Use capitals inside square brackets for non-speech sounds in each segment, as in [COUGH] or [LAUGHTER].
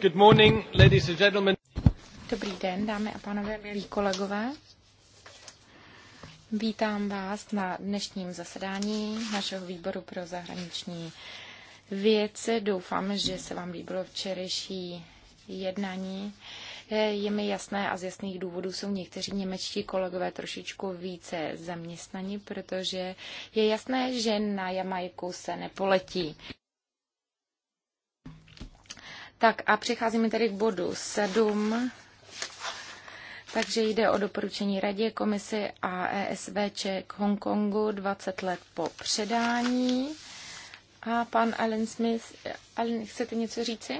Good morning, ladies and gentlemen. Dobrý den, dámy a pánové, milí kolegové. Vítám vás na dnešním zasedání našeho výboru pro zahraniční věci. Doufám, že se vám líbilo včerejší jednání. Je mi jasné a z jasných důvodů jsou někteří němečtí kolegové trošičku více zaměstnaní, protože je jasné, že na Jamajku se nepoletí. Tak a přecházíme tedy k bodu 7. Takže jde o doporučení Radě, komisi a ESVČ k Hongkongu 20 let po předání. A pan Alan Smith, Alan, chcete něco říci?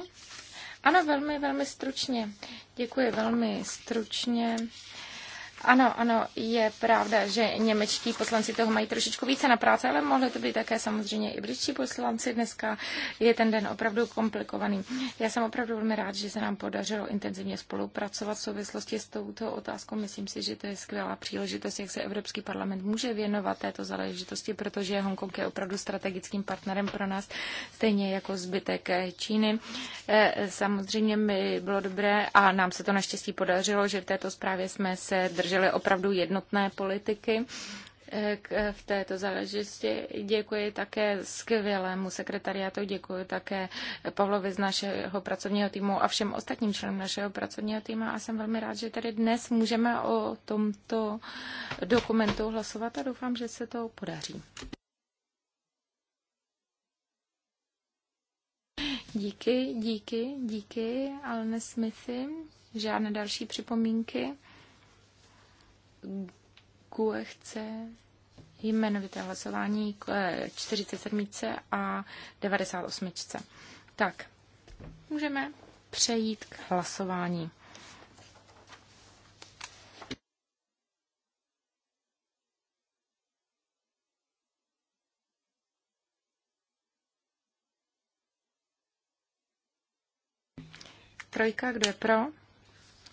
Ano, velmi, velmi stručně. Děkuji, velmi stručně. Ano, ano, je pravda, že němečtí poslanci toho mají trošičku více na práce, ale mohli to být také samozřejmě i britští poslanci. Dneska je ten den opravdu komplikovaný. Já jsem opravdu velmi rád, že se nám podařilo intenzivně spolupracovat v souvislosti s touto otázkou. Myslím si, že to je skvělá příležitost, jak se Evropský parlament může věnovat této záležitosti, protože Hongkong je opravdu strategickým partnerem pro nás, stejně jako zbytek Číny. Eh, samozřejmě mi bylo dobré a nám se to naštěstí podařilo, že v této zprávě jsme se drželi vytvořili opravdu jednotné politiky eh, v této záležitosti. Děkuji také skvělému sekretariátu, děkuji také Pavlovi z našeho pracovního týmu a všem ostatním členům našeho pracovního týmu a jsem velmi rád, že tady dnes můžeme o tomto dokumentu hlasovat a doufám, že se to podaří. Díky, díky, díky, Alne Smithy. Žádné další připomínky. GUE chce jmenovité hlasování k 47. Eh, a 98. Tak, můžeme přejít k hlasování. Trojka, kdo je pro?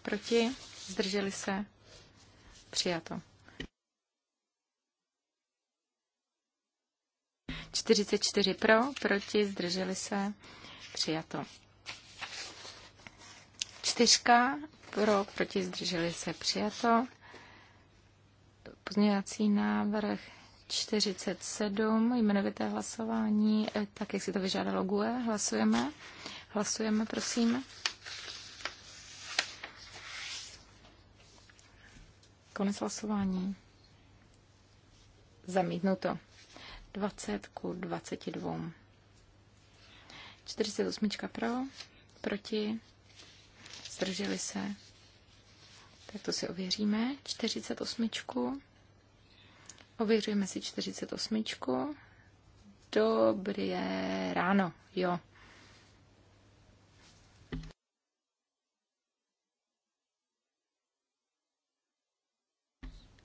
Proti? Zdrželi se? Přijato. 44 pro, proti, zdrželi se, přijato. Čtyřka pro, proti, zdrželi se, přijato. Pozměňovací návrh 47, jmenovité hlasování, eh, tak jak si to vyžádalo GUE, hlasujeme. Hlasujeme, prosím. Konec hlasování. Zamítnuto. 20 ku 22. 48 pro, proti, zdrželi se. Tak to si ověříme. 48. Ověřujeme si 48. Dobré ráno, jo.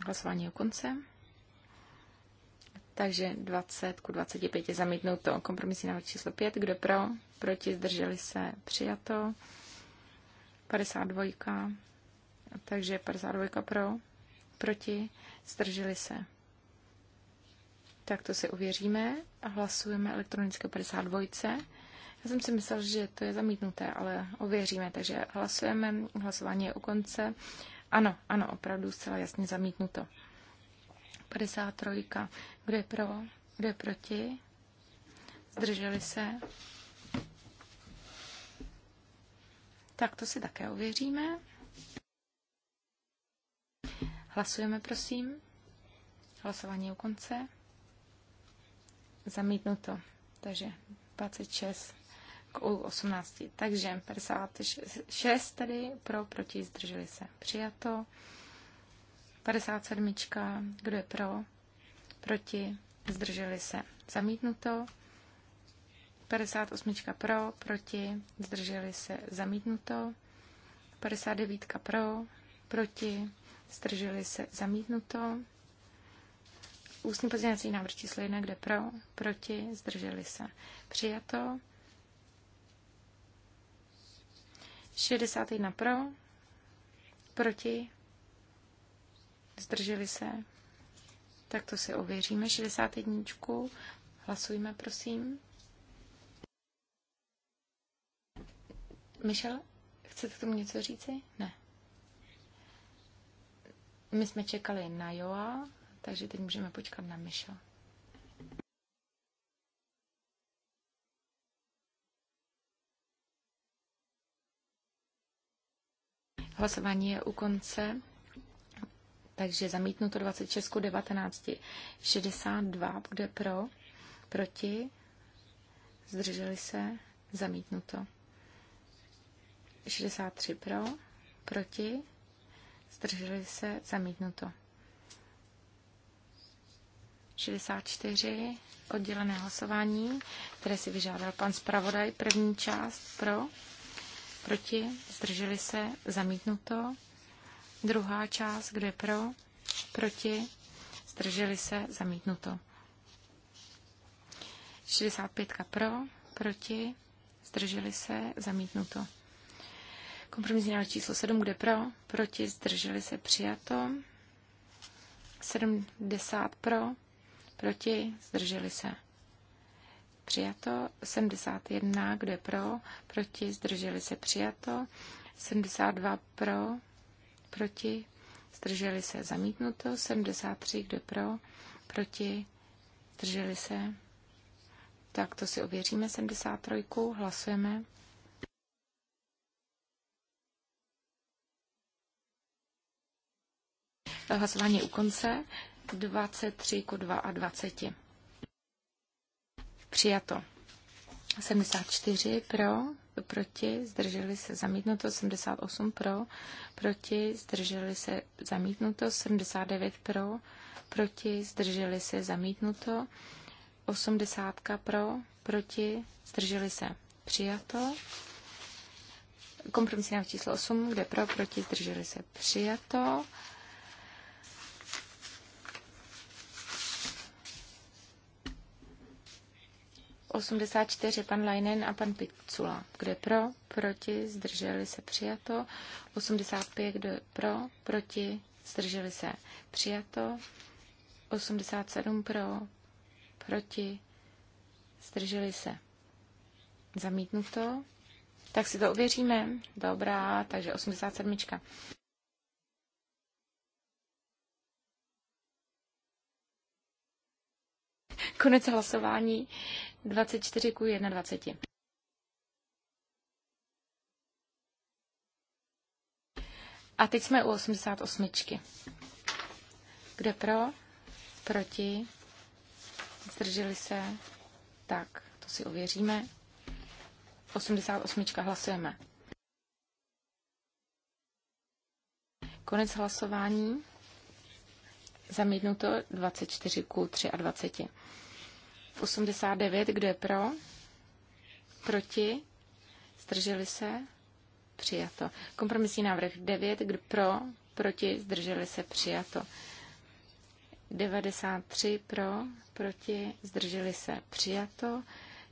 Hlasování o konce. Takže 20 ku 25 je zamítnuto. Kompromisní návrh číslo 5. Kdo pro? Proti zdrželi se přijato. 52. Takže 52 pro. Proti zdrželi se. Tak to si uvěříme a hlasujeme elektronicky 52. Já jsem si myslel, že to je zamítnuté, ale ověříme, takže hlasujeme. Hlasování je u konce. Ano, ano, opravdu zcela jasně zamítnuto. 53. Kdo je pro? Kdo je proti? Zdrželi se? Tak to si také ověříme. Hlasujeme, prosím. Hlasování je u konce. Zamítnuto. Takže 26 k 18. Takže 56 tedy pro, proti, zdrželi se. Přijato. 57. Kdo je pro? Proti, zdrželi se. Zamítnuto. 58. pro, proti, zdrželi se. Zamítnuto. 59. pro, proti, zdrželi se. Zamítnuto. Ústní pozměňovací návrh číslo 1, kde pro, proti, zdrželi se. Přijato. 61 pro, proti, zdrželi se. Tak to si ověříme. 61. Hlasujme, prosím. Michel, chcete k tomu něco říci? Ne. My jsme čekali na Joa, takže teď můžeme počkat na Michela. Hlasování je u konce. Takže zamítnuto 26 19. 62 bude pro, proti, zdrželi se, zamítnuto. 63 pro, proti, zdrželi se, zamítnuto. 64 oddělené hlasování, které si vyžádal pan zpravodaj, první část pro, proti, zdrželi se, zamítnuto. Druhá část, kdo je pro, proti, zdrželi se, zamítnuto. 65 pro, proti, zdrželi se, zamítnuto. Kompromisní návrh číslo 7, kde pro, proti, zdrželi se, přijato. 70 pro, proti, zdrželi se, přijato. 71, kdo je pro, proti, zdrželi se přijato. 72 pro, proti, zdrželi se zamítnuto. 73, kdo je pro, proti, zdrželi se. Tak to si ověříme 73, hlasujeme. Hlasování u konce 23 ku 2 a 20. Přijato. 74 pro, proti, zdrželi se zamítnuto, 78 pro, proti, zdrželi se zamítnuto, 79 pro, proti, zdrželi se zamítnuto, 80 pro, proti, zdrželi se přijato. Kompromisní návrh číslo 8, kde pro, proti, zdrželi se přijato. 84 pan Leinen a pan Picula. Kdo je pro, proti, zdrželi se přijato. 85, kdo je pro, proti, zdrželi se přijato. 87 pro, proti, zdrželi se zamítnuto. Tak si to ověříme. Dobrá, takže 87. konec hlasování. 24 ku 21. A teď jsme u 88. Kde pro? Proti? Zdrželi se? Tak, to si ověříme. 88. hlasujeme. Konec hlasování. Zamítnuto 24 ku 23. 89, kdo je pro, proti, zdrželi se, přijato. Kompromisní návrh 9, kdo pro, proti, zdrželi se, přijato. 93 pro, proti, zdrželi se, přijato.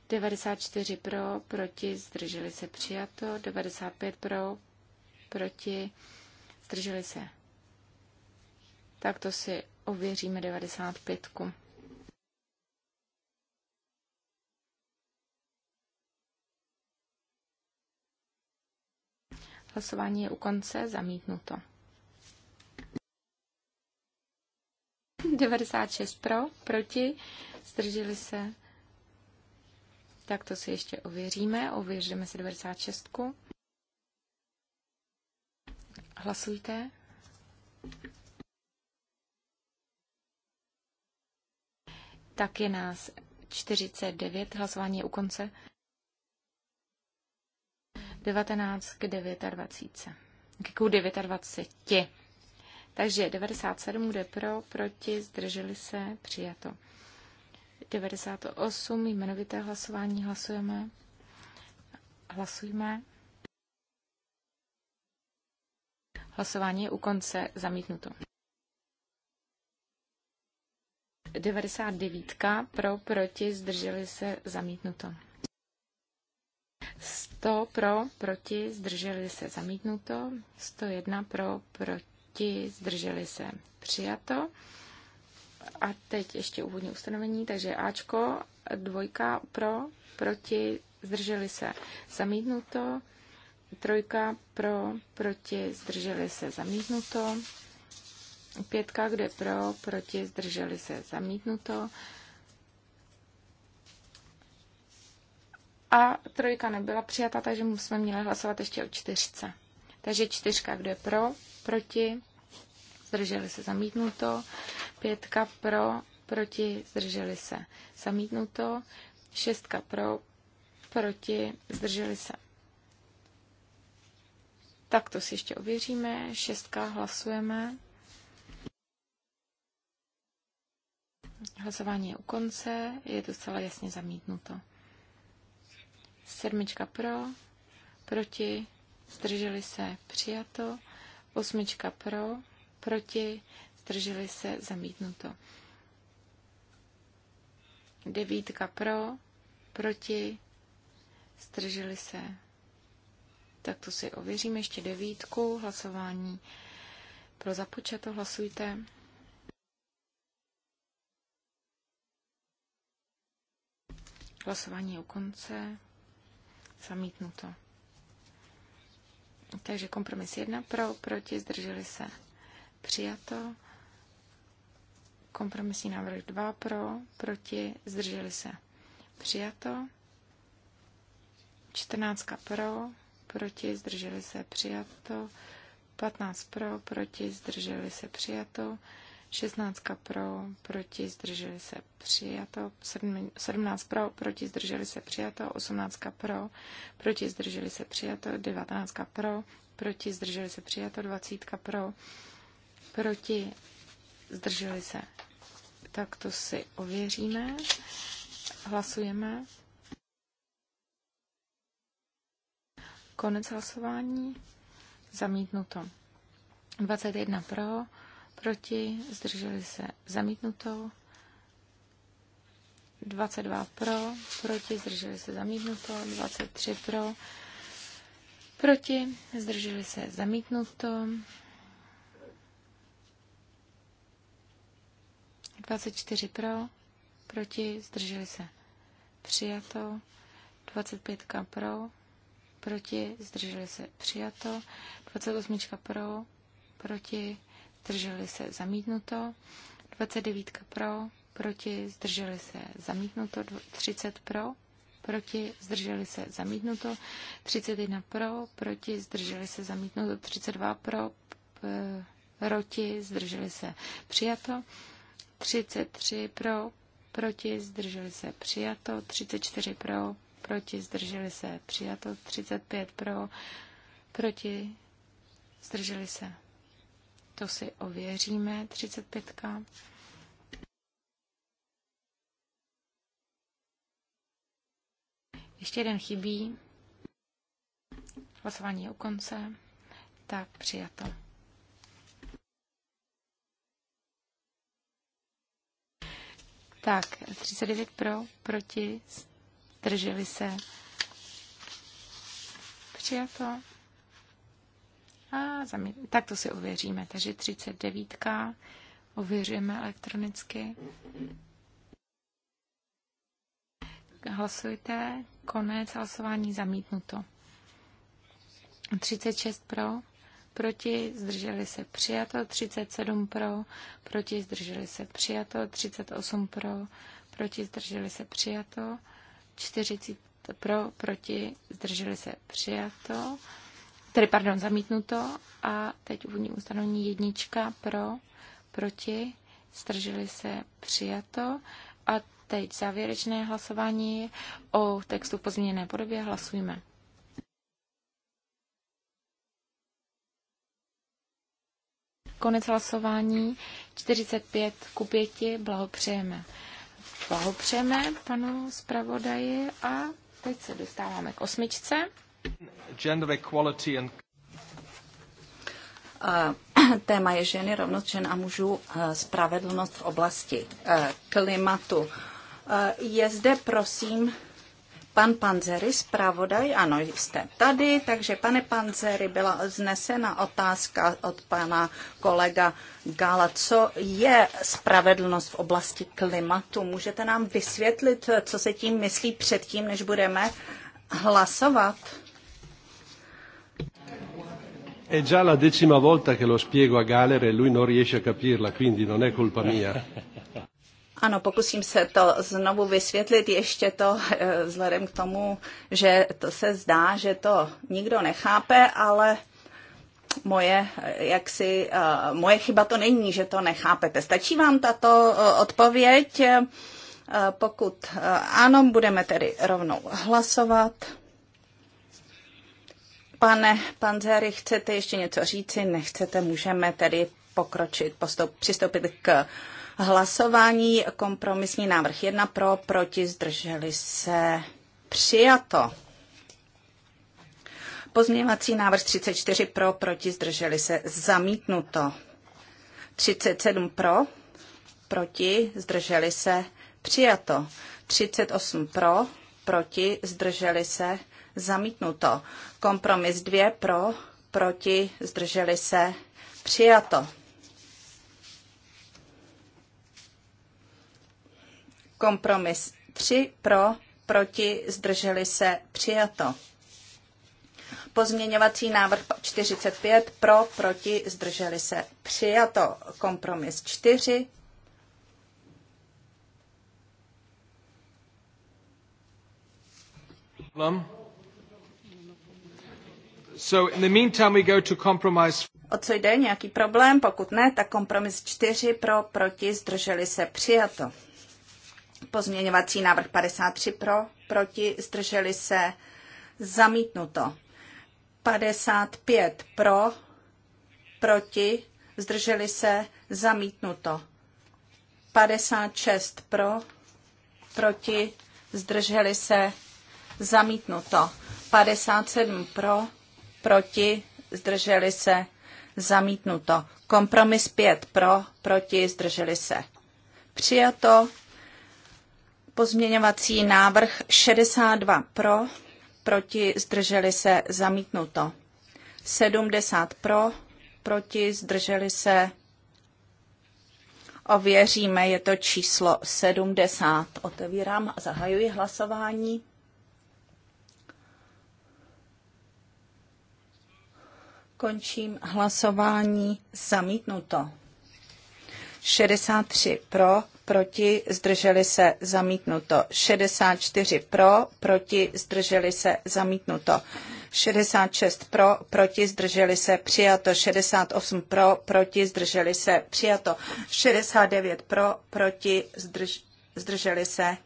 94 pro, proti, zdrželi se, přijato. 95 pro, proti, zdrželi se. Tak to si ověříme 95. -ku. Hlasování je u konce zamítnuto. 96 pro, proti, zdrželi se. Tak to si ještě ověříme. Ověříme si 96. Hlasujte. Tak je nás 49, hlasování je u konce. 19 k 29. K 29. Takže 97 bude pro, proti, zdrželi se, přijato. 98 jmenovité hlasování hlasujeme. Hlasujme. Hlasování je u konce zamítnuto. 99 pro, proti, zdrželi se, zamítnuto. 100 pro, proti, zdrželi se zamítnuto. 101 pro, proti, zdrželi se přijato. A teď ještě úvodní ustanovení, takže Ačko, dvojka pro, proti, zdrželi se zamítnuto. Trojka pro, proti, zdrželi se zamítnuto. Pětka, kde pro, proti, zdrželi se zamítnuto. A trojka nebyla přijata, takže jsme měli hlasovat ještě o čtyřce. Takže čtyřka, kdo je pro, proti, zdrželi se zamítnuto. Pětka pro, proti, zdrželi se zamítnuto. Šestka pro, proti, zdrželi se. Tak to si ještě ověříme. Šestka hlasujeme. Hlasování je u konce, je to celé jasně zamítnuto. Sedmička pro, proti, zdrželi se, přijato. Osmička pro, proti, zdrželi se, zamítnuto. Devítka pro, proti, zdrželi se. Tak to si ověřím ještě devítku, hlasování pro započato, hlasujte. Hlasování je u konce zamítnuto. Takže kompromis jedna pro, proti, zdrželi se, přijato. Kompromisní návrh dva pro, proti, zdrželi se, přijato. čtrnáctka pro, proti, zdrželi se, přijato. 15 pro, proti, zdrželi se, přijato. 16 pro, proti, zdrželi se přijato, 17 pro, proti, zdrželi se přijato, 18 pro, proti, zdrželi se přijato, 19 pro, proti, zdrželi se přijato, 20 pro, proti, zdrželi se. Tak to si ověříme, hlasujeme. Konec hlasování, zamítnuto. 21 pro, proti, zdrželi se zamítnuto. 22 pro, proti, zdrželi se zamítnuto. 23 pro, proti, zdrželi se zamítnuto. 24 pro, proti, zdrželi se přijato. 25 pro, proti, zdrželi se přijato. 28 pro, proti, zdrželi se zamítnuto, 29 pro, proti, zdrželi se zamítnuto, 30 pro, proti, zdrželi se zamítnuto, 31 pro, proti, zdrželi se zamítnuto, 32 pro, proti, zdrželi se přijato, 33 pro, proti, zdrželi se přijato, 34 pro, proti, zdrželi se přijato, 35 pro, proti, zdrželi se to si ověříme. 35. Ještě jeden chybí. Hlasování je u konce. Tak přijato. Tak, 39 pro, proti, drželi se. Přijato. A zamě- tak to si ověříme. Takže 39. Ověřujeme elektronicky. Hlasujte. Konec hlasování zamítnuto. 36 pro, proti, zdrželi se přijato, 37 pro, proti, zdrželi se přijato, 38 pro, proti, zdrželi se přijato, 40 pro, proti, zdrželi se přijato, tedy pardon, zamítnuto a teď úvodní ustanovení jednička pro, proti, strželi se přijato a teď závěrečné hlasování o textu v pozměněné podobě hlasujeme. Konec hlasování 45 ku 5 blahopřejeme. Blahopřejeme panu zpravodaji a teď se dostáváme k osmičce. Gender equality and... [CLEARS THROAT] Téma je ženy, rovnost žen a mužů, spravedlnost v oblasti e, klimatu. E, je zde, prosím, Pan Panzery, zpravodaj, ano, jste tady, takže pane Panzery, byla znesena otázka od pana kolega Gala, co je spravedlnost v oblasti klimatu. Můžete nám vysvětlit, co se tím myslí předtím, než budeme hlasovat? È già la decima volta che lo spiego a Galer e lui non riesce a capirla, quindi non è colpa mia. Ano, pokusím se to znovu vysvětlit, ještě to eh, vzhledem k tomu, že to se zdá, že to nikdo nechápe, ale moje, eh, jaksi, eh, moje chyba to není, že to nechápete. Stačí vám tato odpověď? Pokud ano, budeme tedy rovnou hlasovat. Pane Panzeri, chcete ještě něco říci? Nechcete, můžeme tedy pokročit, postup, přistoupit k hlasování. Kompromisní návrh jedna pro, proti, zdrželi se, přijato. Pozměňovací návrh 34 pro, proti, zdrželi se, zamítnuto. 37 pro, proti, zdrželi se, přijato. 38 pro, proti, zdrželi se, zamítnuto. Kompromis 2 pro, proti, zdrželi se, přijato. Kompromis 3 pro, proti, zdrželi se, přijato. Pozměňovací návrh 45 pro, proti, zdrželi se, přijato. Kompromis 4 problém? So in the meantime we go to compromise. O co jde? Nějaký problém? Pokud ne, tak kompromis 4 pro, proti, zdrželi se, přijato. Pozměňovací návrh 53 pro, proti, zdrželi se, zamítnuto. 55 pro, proti, zdrželi se, zamítnuto. 56 pro, proti, zdrželi se, zamítnuto. 57 pro, proti, zdrželi se, zamítnuto. Kompromis 5 pro, proti, zdrželi se. Přijato. Pozměňovací návrh 62 pro, proti, zdrželi se, zamítnuto. 70 pro, proti, zdrželi se. Ověříme, je to číslo 70. Otevírám a zahajuji hlasování. Končím hlasování zamítnuto. 63 pro, proti, zdrželi se, zamítnuto. 64 pro, proti, zdrželi se, zamítnuto. 66 pro, proti, zdrželi se, přijato. 68 pro, proti, zdrželi se, přijato. 69 pro, proti, zdrž, zdrželi se,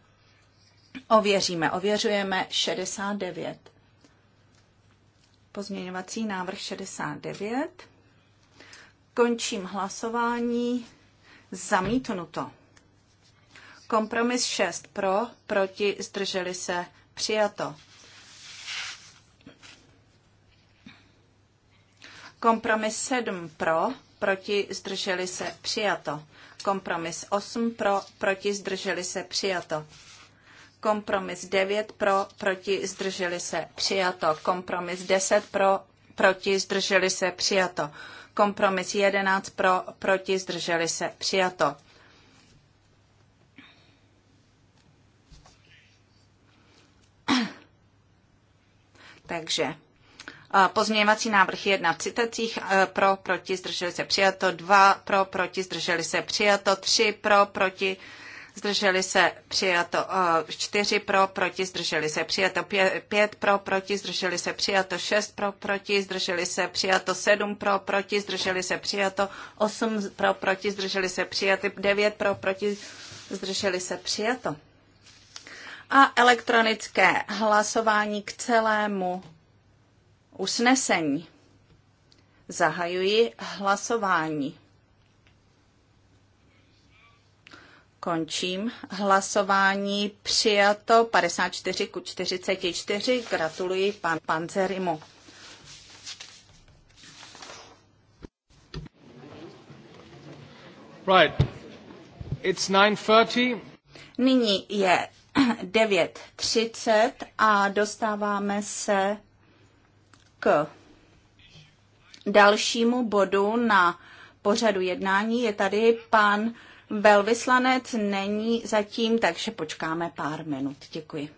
ověříme, ověřujeme 69. Pozměňovací návrh 69. Končím hlasování. Zamítnuto. Kompromis 6 pro, proti, zdrželi se, přijato. Kompromis 7 pro, proti, zdrželi se, přijato. Kompromis 8 pro, proti, zdrželi se, přijato. Kompromis 9 pro, proti, zdrželi se, přijato. Kompromis 10 pro, proti, zdrželi se, přijato. Kompromis 11 pro, proti, zdrželi se, přijato. [CLEARS THROAT] Takže pozměňovací návrh 1 v citacích e, pro, proti, zdrželi se, přijato. 2 pro, proti, zdrželi se, přijato. 3 pro, proti, zdrželi se přijato 4 eh, pro, proti, zdrželi se přijato 5 pro, proti, zdrželi se přijato 6 pro, proti, zdrželi se přijato 7 pro, proti, zdrželi se přijato 8 pro, proti, zdrželi se přijato 9 pro, proti, zdrželi se přijato. A elektronické hlasování k celému usnesení. Zahajuji hlasování. Končím hlasování. Přijato 54 ku 44. Gratuluji pan Panzerimu. Right. It's 9.30. Nyní je 9.30 [CLEARS THROAT] a dostáváme se k dalšímu bodu na pořadu jednání. Je tady pan Velvyslanec není zatím, takže počkáme pár minut. Děkuji.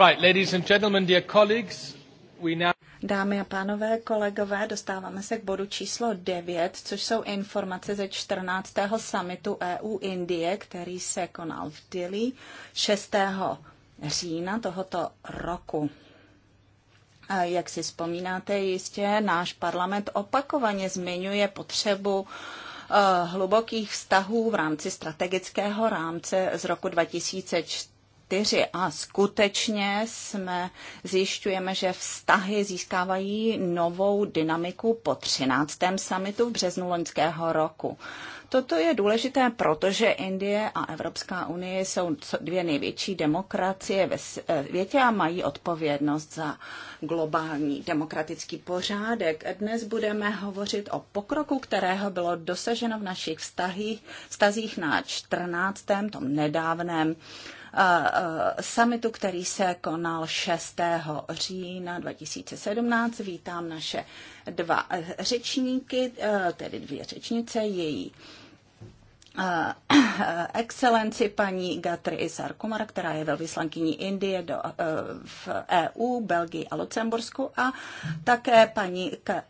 Right, ladies and gentlemen, dear colleagues, we now... Dámy a pánové, kolegové, dostáváme se k bodu číslo 9, což jsou informace ze 14. samitu EU-Indie, který se konal v Dili 6. října tohoto roku. Jak si vzpomínáte jistě, náš parlament opakovaně zmiňuje potřebu eh, hlubokých vztahů v rámci strategického rámce z roku 2014 4 a skutečně jsme zjišťujeme, že vztahy získávají novou dynamiku po 13. samitu v březnu loňského roku. Toto je důležité, protože Indie a Evropská unie jsou dvě největší demokracie ve eh, světě a mají odpovědnost za globální demokratický pořádek. Dnes budeme hovořit o pokroku, kterého bylo dosaženo v našich vztazích na 14. tom nedávném summitu, který se konal 6. října 2017. Vítám naše dva eh, řečníky, eh, tedy dvě řečnice, její eh, excelenci paní Gatry Isarkumar, která je velvyslankyní Indie do, v EU, Belgii a Lucembursku a také paní K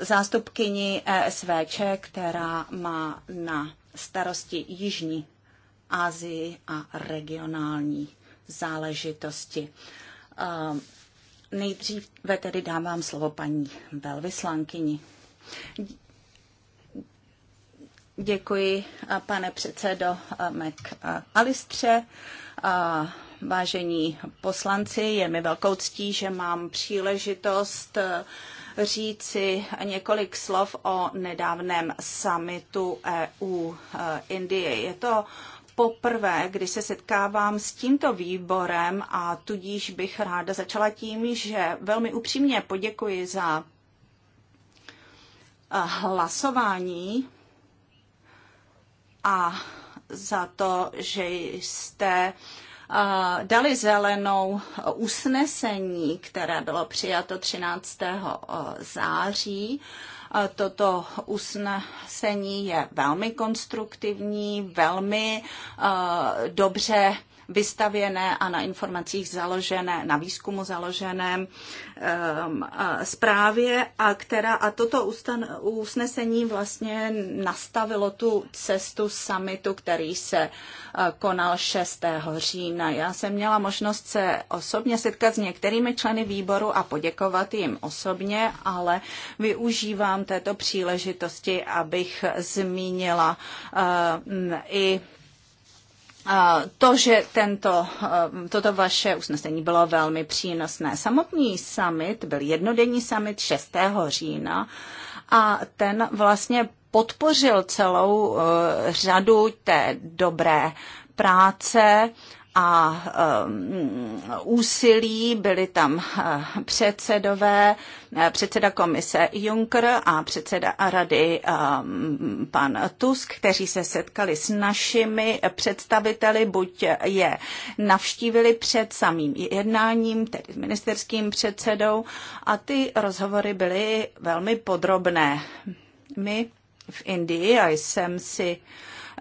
zástupkyni ESVČ, která má na starosti Jižní Asii a regionální záležitosti. Um, nejdříve tedy dávám slovo paní velvyslankyni. Děkuji, pane předsedo Alistře. Vážení poslanci, je mi velkou ctí, že mám příležitost uh, říci několik slov o nedávném summitu EU uh, Indie. Je to poprvé, kdy se setkávám s tímto výborem a tudíž bych ráda začala tím, že velmi upřímně poděkuji za eh, hlasování a za to, že jste eh, dali zelenou usnesení, které bylo přijato 13. Eh, září Toto usnesení je velmi konstruktivní, velmi eh, dobře vystavěné a na informacích založené, na výzkumu založeném um, zprávě a, která, a toto usnesení vlastně nastavilo tu cestu summitu, který se uh, konal 6. října. Já jsem měla možnost se osobně setkat s některými členy výboru a poděkovat jim osobně, ale využívám této příležitosti, abych zmínila uh, i Eh, to, že tento, eh, toto vaše usnesení bylo velmi přínosné. Samotný summit byl jednodenní summit 6. října a ten vlastně podpořil celou eh, řadu té dobré práce, a um, úsilí. Byli tam uh, předsedové, uh, předseda komise Juncker a předseda rady um, pan Tusk, kteří se setkali s našimi představiteli, buď je navštívili před samým jednáním, tedy s ministerským předsedou, a ty rozhovory byly velmi podrobné. My v Indii, a jsem si uh,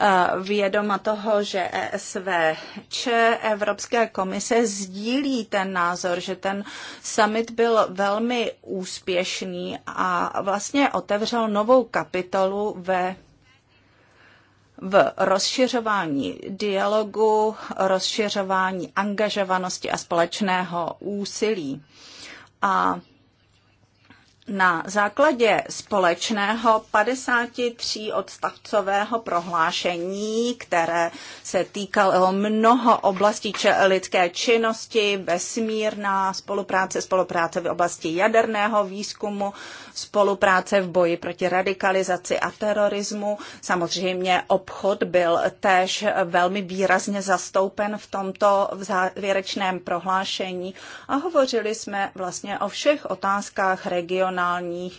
Eh, vědoma toho, že ESVČ Evropské komise sdílí ten názor, že ten summit byl velmi úspěšný a vlastně otevřel novou kapitolu ve v rozšiřování dialogu, rozšiřování angažovanosti a společného úsilí. A na základě společného 53 odstavcového prohlášení, které se týkalo mnoho oblastí lidské činnosti, vesmírná spolupráce, spolupráce v oblasti jaderného výzkumu, spolupráce v boji proti radikalizaci a terorismu. Samozřejmě obchod byl též velmi výrazně zastoupen v tomto závěrečném prohlášení a hovořili jsme vlastně o všech otázkách regionu regionální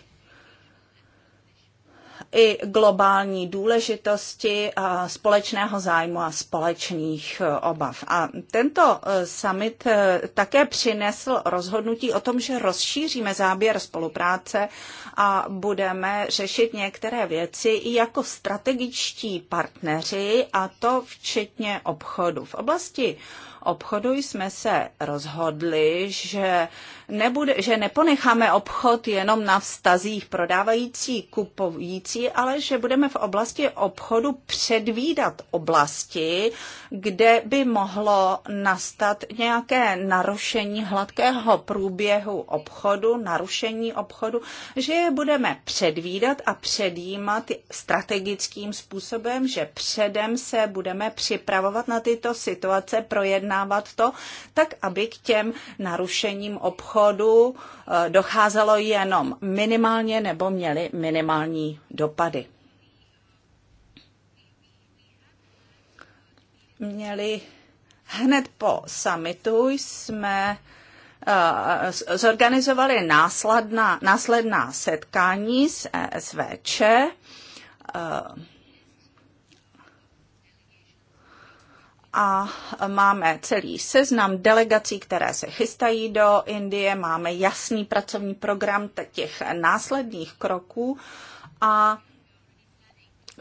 i globální důležitosti společného zájmu a společných e, obav. A tento e, summit e, také přinesl rozhodnutí o tom, že rozšíříme záběr spolupráce a budeme řešit některé věci i jako strategičtí partneři, a to včetně obchodu. V oblasti obchodu jsme se rozhodli, že, nebude, že neponecháme obchod jenom na vztazích prodávající, kupující, ale že budeme v oblasti obchodu předvídat oblasti, kde by mohlo nastat nějaké narušení hladkého průběhu obchodu, narušení obchodu, že je budeme předvídat a předjímat strategickým způsobem, že předem se budeme připravovat na tyto situace, projednávat vyjednávat to, tak aby k těm narušením obchodu eh, docházelo jenom minimálně nebo měly minimální dopady. Měli hned po summitu jsme eh, zorganizovali následná, následná setkání s eh, SVČ, a máme celý seznam delegací, které se chystají do Indie, máme jasný pracovní program těch následných kroků a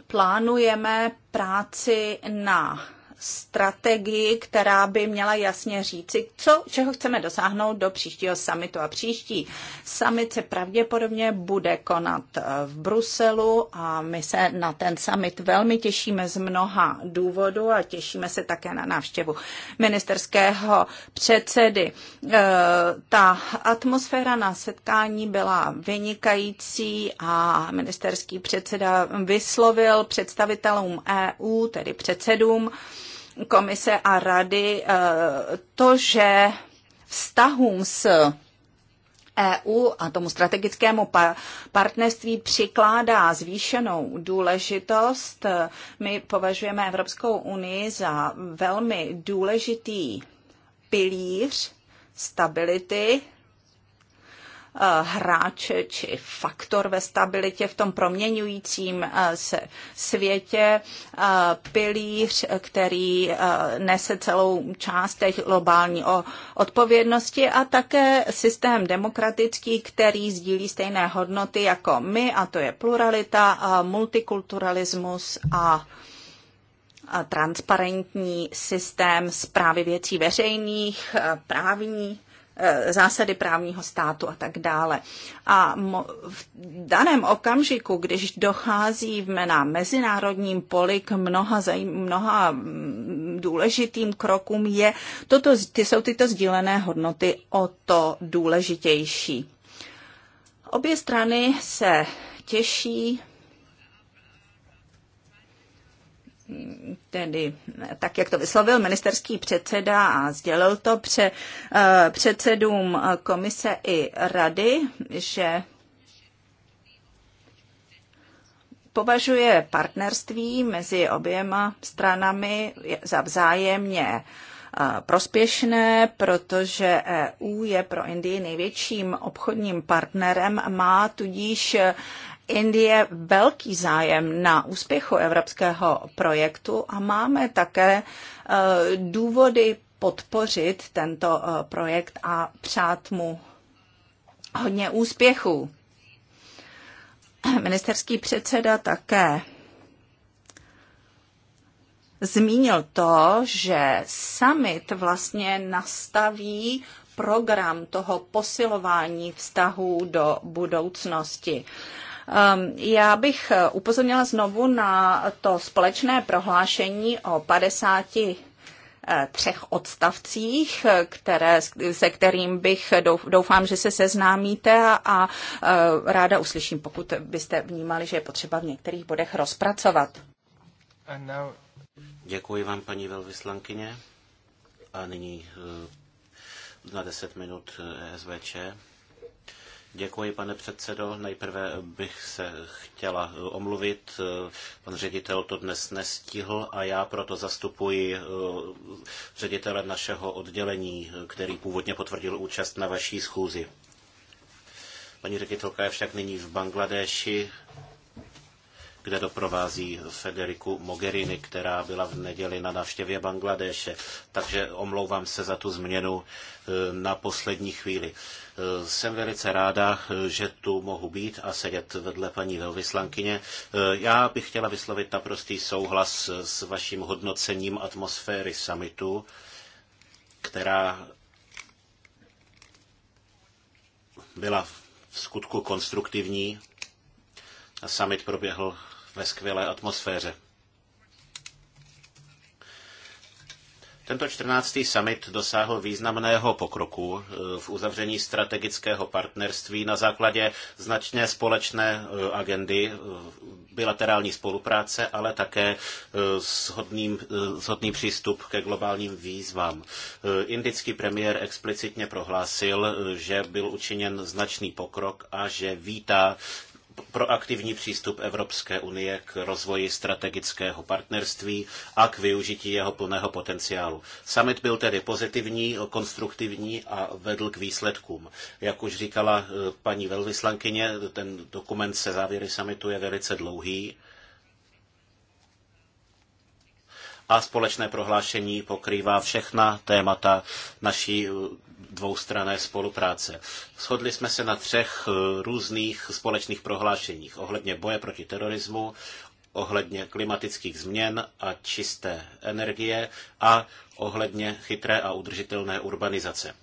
plánujeme práci na strategii, která by měla jasně říci, co, čeho chceme dosáhnout do příštího summitu. A příští summit se pravděpodobně bude konat eh, v Bruselu a my se na ten summit velmi těšíme z mnoha důvodů a těšíme se také na návštěvu ministerského předsedy. Eh, ta atmosféra na setkání byla vynikající a ministerský předseda vyslovil představitelům EU, tedy předsedům, komise a rady eh, to, že vztahům s EU a tomu strategickému partnerství přikládá zvýšenou důležitost. My považujeme Evropskou unii za velmi důležitý pilíř stability Eh, hráče či faktor ve stabilitě v tom proměňujícím eh, se světě. Eh, pilíř, který nese celou část té globální odpovědnosti a také systém demokratický, který sdílí stejné hodnoty jako my, a to je pluralita, multikulturalismus a transparentní systém zprávy věcí veřejných, právní Eh, zásady právního státu a tak dále. A v daném okamžiku, když dochází na mezinárodním poli k mnoha, mnoha mm, důležitým krokům, je toto, ty jsou tyto sdílené hodnoty o to důležitější. Obě strany se těší tedy tak, jak to vyslovil ministerský předseda a sdělil to pře, eh, předsedům komise i rady, že považuje partnerství mezi oběma stranami za vzájemně eh, prospěšné, protože EU je pro Indii největším obchodním partnerem, má tudíž Indie velký zájem na úspěchu evropského projektu a máme také eh, důvody podpořit tento eh, projekt a přát mu hodně úspěchů. [CLEARS THROAT] Ministerský předseda také zmínil to, že summit vlastně nastaví program toho posilování vztahů do budoucnosti. Ehm, já bych eh, upozornila znovu na to společné prohlášení o 50 eh, třech odstavcích, eh, které, se kterým bych doufám, že se seznámíte a ráda uslyším, pokud byste vnímali, že je potřeba v některých bodech rozpracovat. Now... Děkuji vám, paní velvyslankyně. A nyní na 10 minut SVČ. Děkuji, pane předsedo. Nejprve bych se chtěla omluvit. Pan ředitel to dnes nestihl a já proto zastupuji eh, ředitele našeho oddělení, který původně potvrdil účast na vaší schůzi. Paní ředitelka je však nyní v Bangladeši, kde doprovází Federiku Mogherini, která byla v neděli na návštěvě Bangladéše. Takže omlouvám se za tu změnu eh, na poslední chvíli. Jsem velice ráda, že tu mohu být a sedět vedle paní velvyslankyně. Já bych chtěla vyslovit naprostý souhlas s vaším hodnocením atmosféry summitu, která byla v skutku konstruktivní a summit proběhl ve skvělé atmosféře. Tento 14. summit dosáhl významného pokroku eh, v uzavření strategického partnerství na základě značně společné eh, agendy eh, bilaterální spolupráce, ale také shodným, shodný přístup ke globálním výzvám. Indický premiér explicitně prohlásil, že byl učiněn značný pokrok a že vítá proaktivní přístup Evropské unie k rozvoji strategického partnerství a k využití jeho plného potenciálu. Summit byl tedy pozitivní, konstruktivní a vedl k výsledkům. Jak už říkala eh, paní velvyslankyně, ten dokument se závěry summitu je velice dlouhý. a společné prohlášení pokrývá všechna témata naší eh, dvoustrané spolupráce. Shodli jsme se na třech eh, různých společných prohlášeních ohledně boje proti terorismu, ohledně klimatických změn a čisté energie a ohledně chytré a udržitelné urbanizace.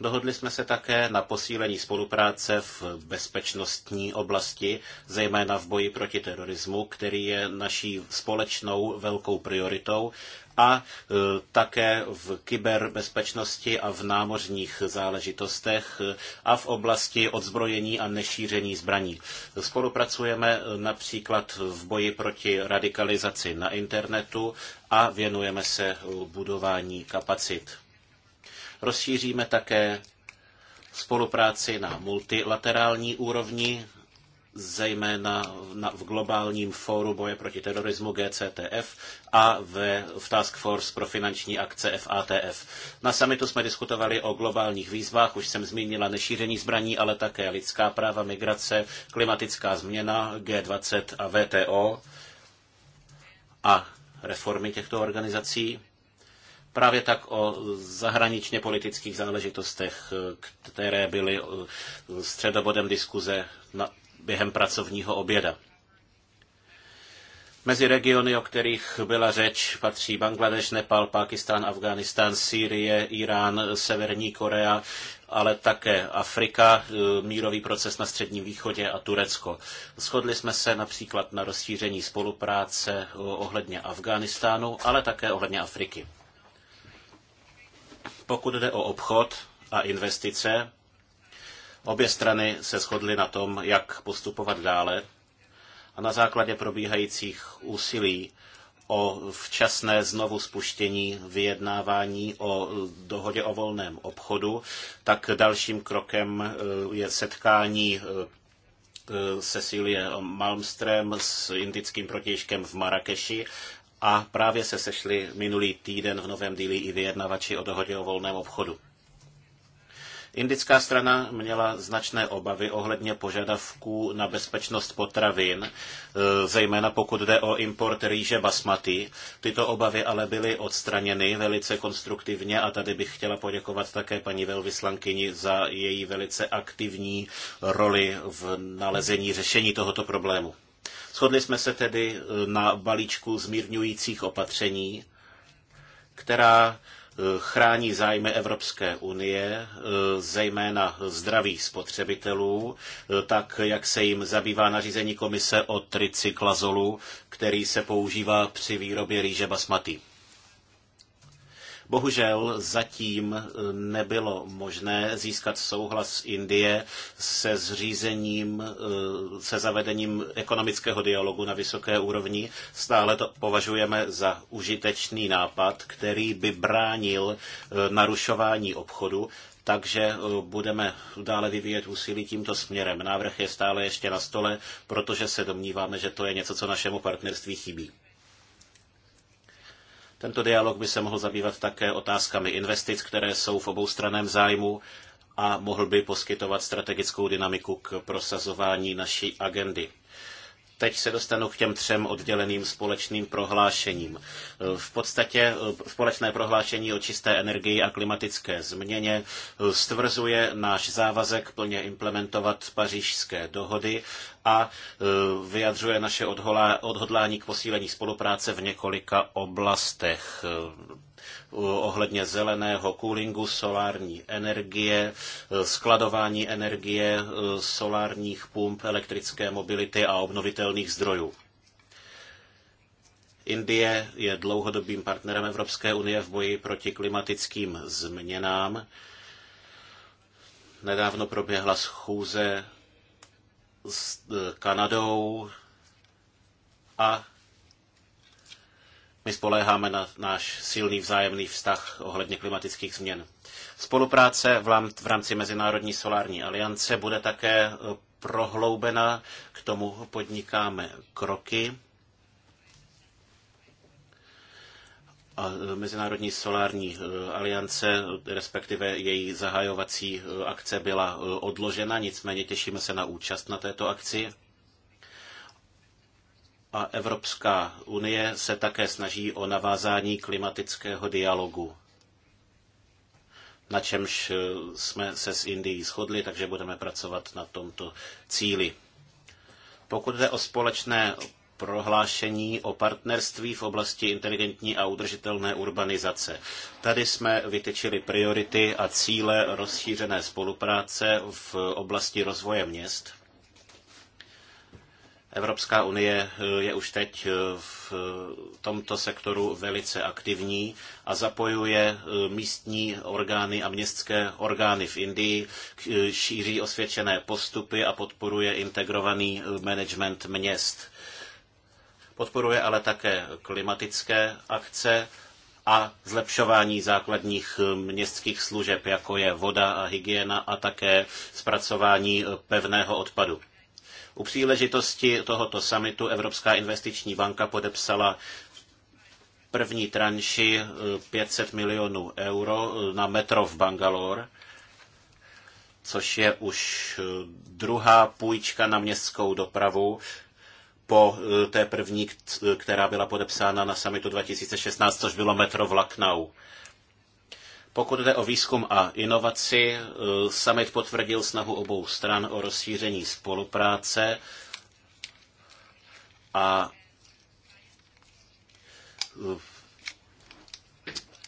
Dohodli jsme se také na posílení spolupráce v bezpečnostní oblasti, zejména v boji proti terorismu, který je naší společnou velkou prioritou a e, také v kyberbezpečnosti a v námořních záležitostech e, a v oblasti odzbrojení a nešíření zbraní. Spolupracujeme e, například v boji proti radikalizaci na internetu a věnujeme se budování kapacit. Rozšíříme také spolupráci na multilaterální úrovni zejména v globálním fóru boje proti terorismu GCTF a v, v Task Force pro finanční akce FATF. Na samitu jsme diskutovali o globálních výzvách, už jsem zmínila nešíření zbraní, ale také lidská práva, migrace, klimatická změna, G20 a VTO a reformy těchto organizací právě tak o zahraničně politických záležitostech, které byly eh, středobodem diskuze na během pracovního oběda. Mezi regiony, o kterých byla řeč, patří Bangladeš, Nepal, Pákistán, Afghánistán, Sýrie, Irán, Severní Korea, ale také Afrika, e, mírový proces na Středním východě a Turecko. Shodli jsme se například na rozšíření spolupráce e, ohledně Afghánistánu, ale také ohledně Afriky. Pokud jde o obchod a investice, Obě strany se shodly na tom, jak postupovat dále a na základě probíhajících úsilí o včasné znovu spuštění vyjednávání o dohodě o volném obchodu, tak dalším krokem eh, je setkání eh, Cecilie Malmström s indickým protějškem v Marrakeši a právě se sešli minulý týden v Novém Dílí i vyjednavači o dohodě o volném obchodu. Indická strana měla značné obavy ohledně požadavků na bezpečnost potravin, e, zejména pokud jde o import rýže basmati. Tyto obavy ale byly odstraněny velice konstruktivně a tady bych chtěla poděkovat také paní velvyslankyni za její velice aktivní roli v nalezení řešení tohoto problému. Shodli jsme se tedy e, na balíčku zmírňujících opatření, která chrání zájmy Evropské unie, e, zejména zdraví spotřebitelů, e, tak jak se jim zabývá nařízení komise o tricyklazolu, který se používá při výrobě rýže basmati. Bohužel zatím e, nebylo možné získat souhlas Indie se zřízením, e, se zavedením ekonomického dialogu na vysoké úrovni. Stále to považujeme za užitečný nápad, který by bránil e, narušování obchodu, takže budeme dále vyvíjet úsilí tímto směrem. Návrh je stále ještě na stole, protože se domníváme, že to je něco, co našemu partnerství chybí. Tento dialog by se mohl zabývat také otázkami investic, které jsou v oboustraném zájmu a mohl by poskytovat strategickou dynamiku k prosazování naší agendy. Teď se dostanu k těm třem odděleným společným prohlášením. V podstatě eh, společné prohlášení o čisté energii a klimatické změně eh, stvrzuje náš závazek plně implementovat pařížské dohody a eh, vyjadřuje naše odhodlání k posílení spolupráce v několika oblastech. Eh, ohledně zeleného coolingu, solární energie, eh, skladování energie, eh, solárních pump, elektrické mobility a obnovitelných zdrojů. Indie je dlouhodobým partnerem Evropské unie v boji proti klimatickým změnám. Nedávno proběhla schůze s Kanadou a my spoléháme na náš silný vzájemný vztah ohledně klimatických změn. Spolupráce v rámci Mezinárodní solární aliance bude také e, prohloubena, k tomu podnikáme kroky. A e, Mezinárodní solární e, aliance, respektive její zahajovací akce byla odložena, nicméně těšíme se na účast na této akci a Evropská unie se také snaží o navázání klimatického dialogu, na čemž eh, jsme se s Indií shodli, takže budeme pracovat na tomto cíli. Pokud jde o společné prohlášení o partnerství v oblasti inteligentní a udržitelné urbanizace. Tady jsme vytyčili priority a cíle rozšířené spolupráce v oblasti rozvoje měst Evropská unie eh, je už teď eh, v eh, tomto sektoru velice aktivní a zapojuje místní orgány a městské orgány v Indii, šíří osvědčené postupy a podporuje integrovaný management měst. Podporuje ale také klimatické akce a zlepšování základních městských služeb, jako je voda a hygiena a také zpracování pevného odpadu. U příležitosti tohoto samitu Evropská investiční banka podepsala první tranši 500 eh, milionů euro eh, na metro v Bangalore, což je už eh, druhá půjčka na městskou dopravu po té první, která byla podepsána na samitu 2016, což bylo metro v Laknau. Pokud jde o výzkum a inovaci, eh, summit potvrdil snahu obou stran o rozšíření spolupráce a eh,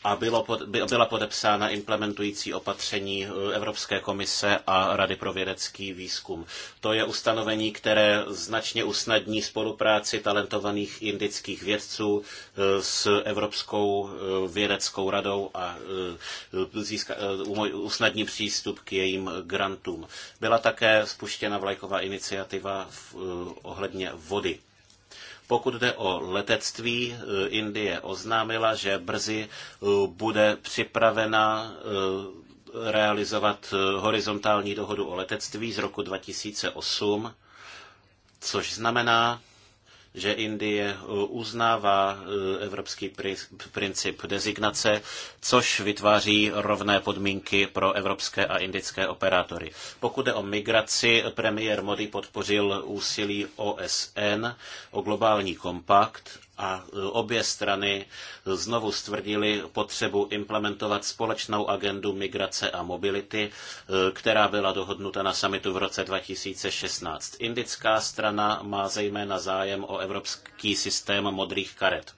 a bylo, byla podepsána implementující opatření Evropské komise a Rady pro vědecký výzkum. To je ustanovení, které značně usnadní spolupráci talentovaných indických vědců e, s Evropskou e, vědeckou radou a e, získa, usnadní přístup k jejím grantům. Byla také spuštěna vlajková iniciativa ohledně vody. Pokud jde o letectví, eh, Indie oznámila, že brzy eh, bude připravena eh, realizovat horizontální dohodu o letectví z roku 2008, což znamená, že Indie eh, uznává eh, evropský princip designace, což vytváří rovné podmínky pro evropské a indické operátory. Pokud jde o migraci, premiér Modi podpořil úsilí OSN o globální kompakt a obě strany znovu stvrdili potřebu implementovat společnou agendu migrace a mobility, e, která byla dohodnuta na samitu v roce 2016. Indická strana má zejména zájem o evropský systém modrých karet.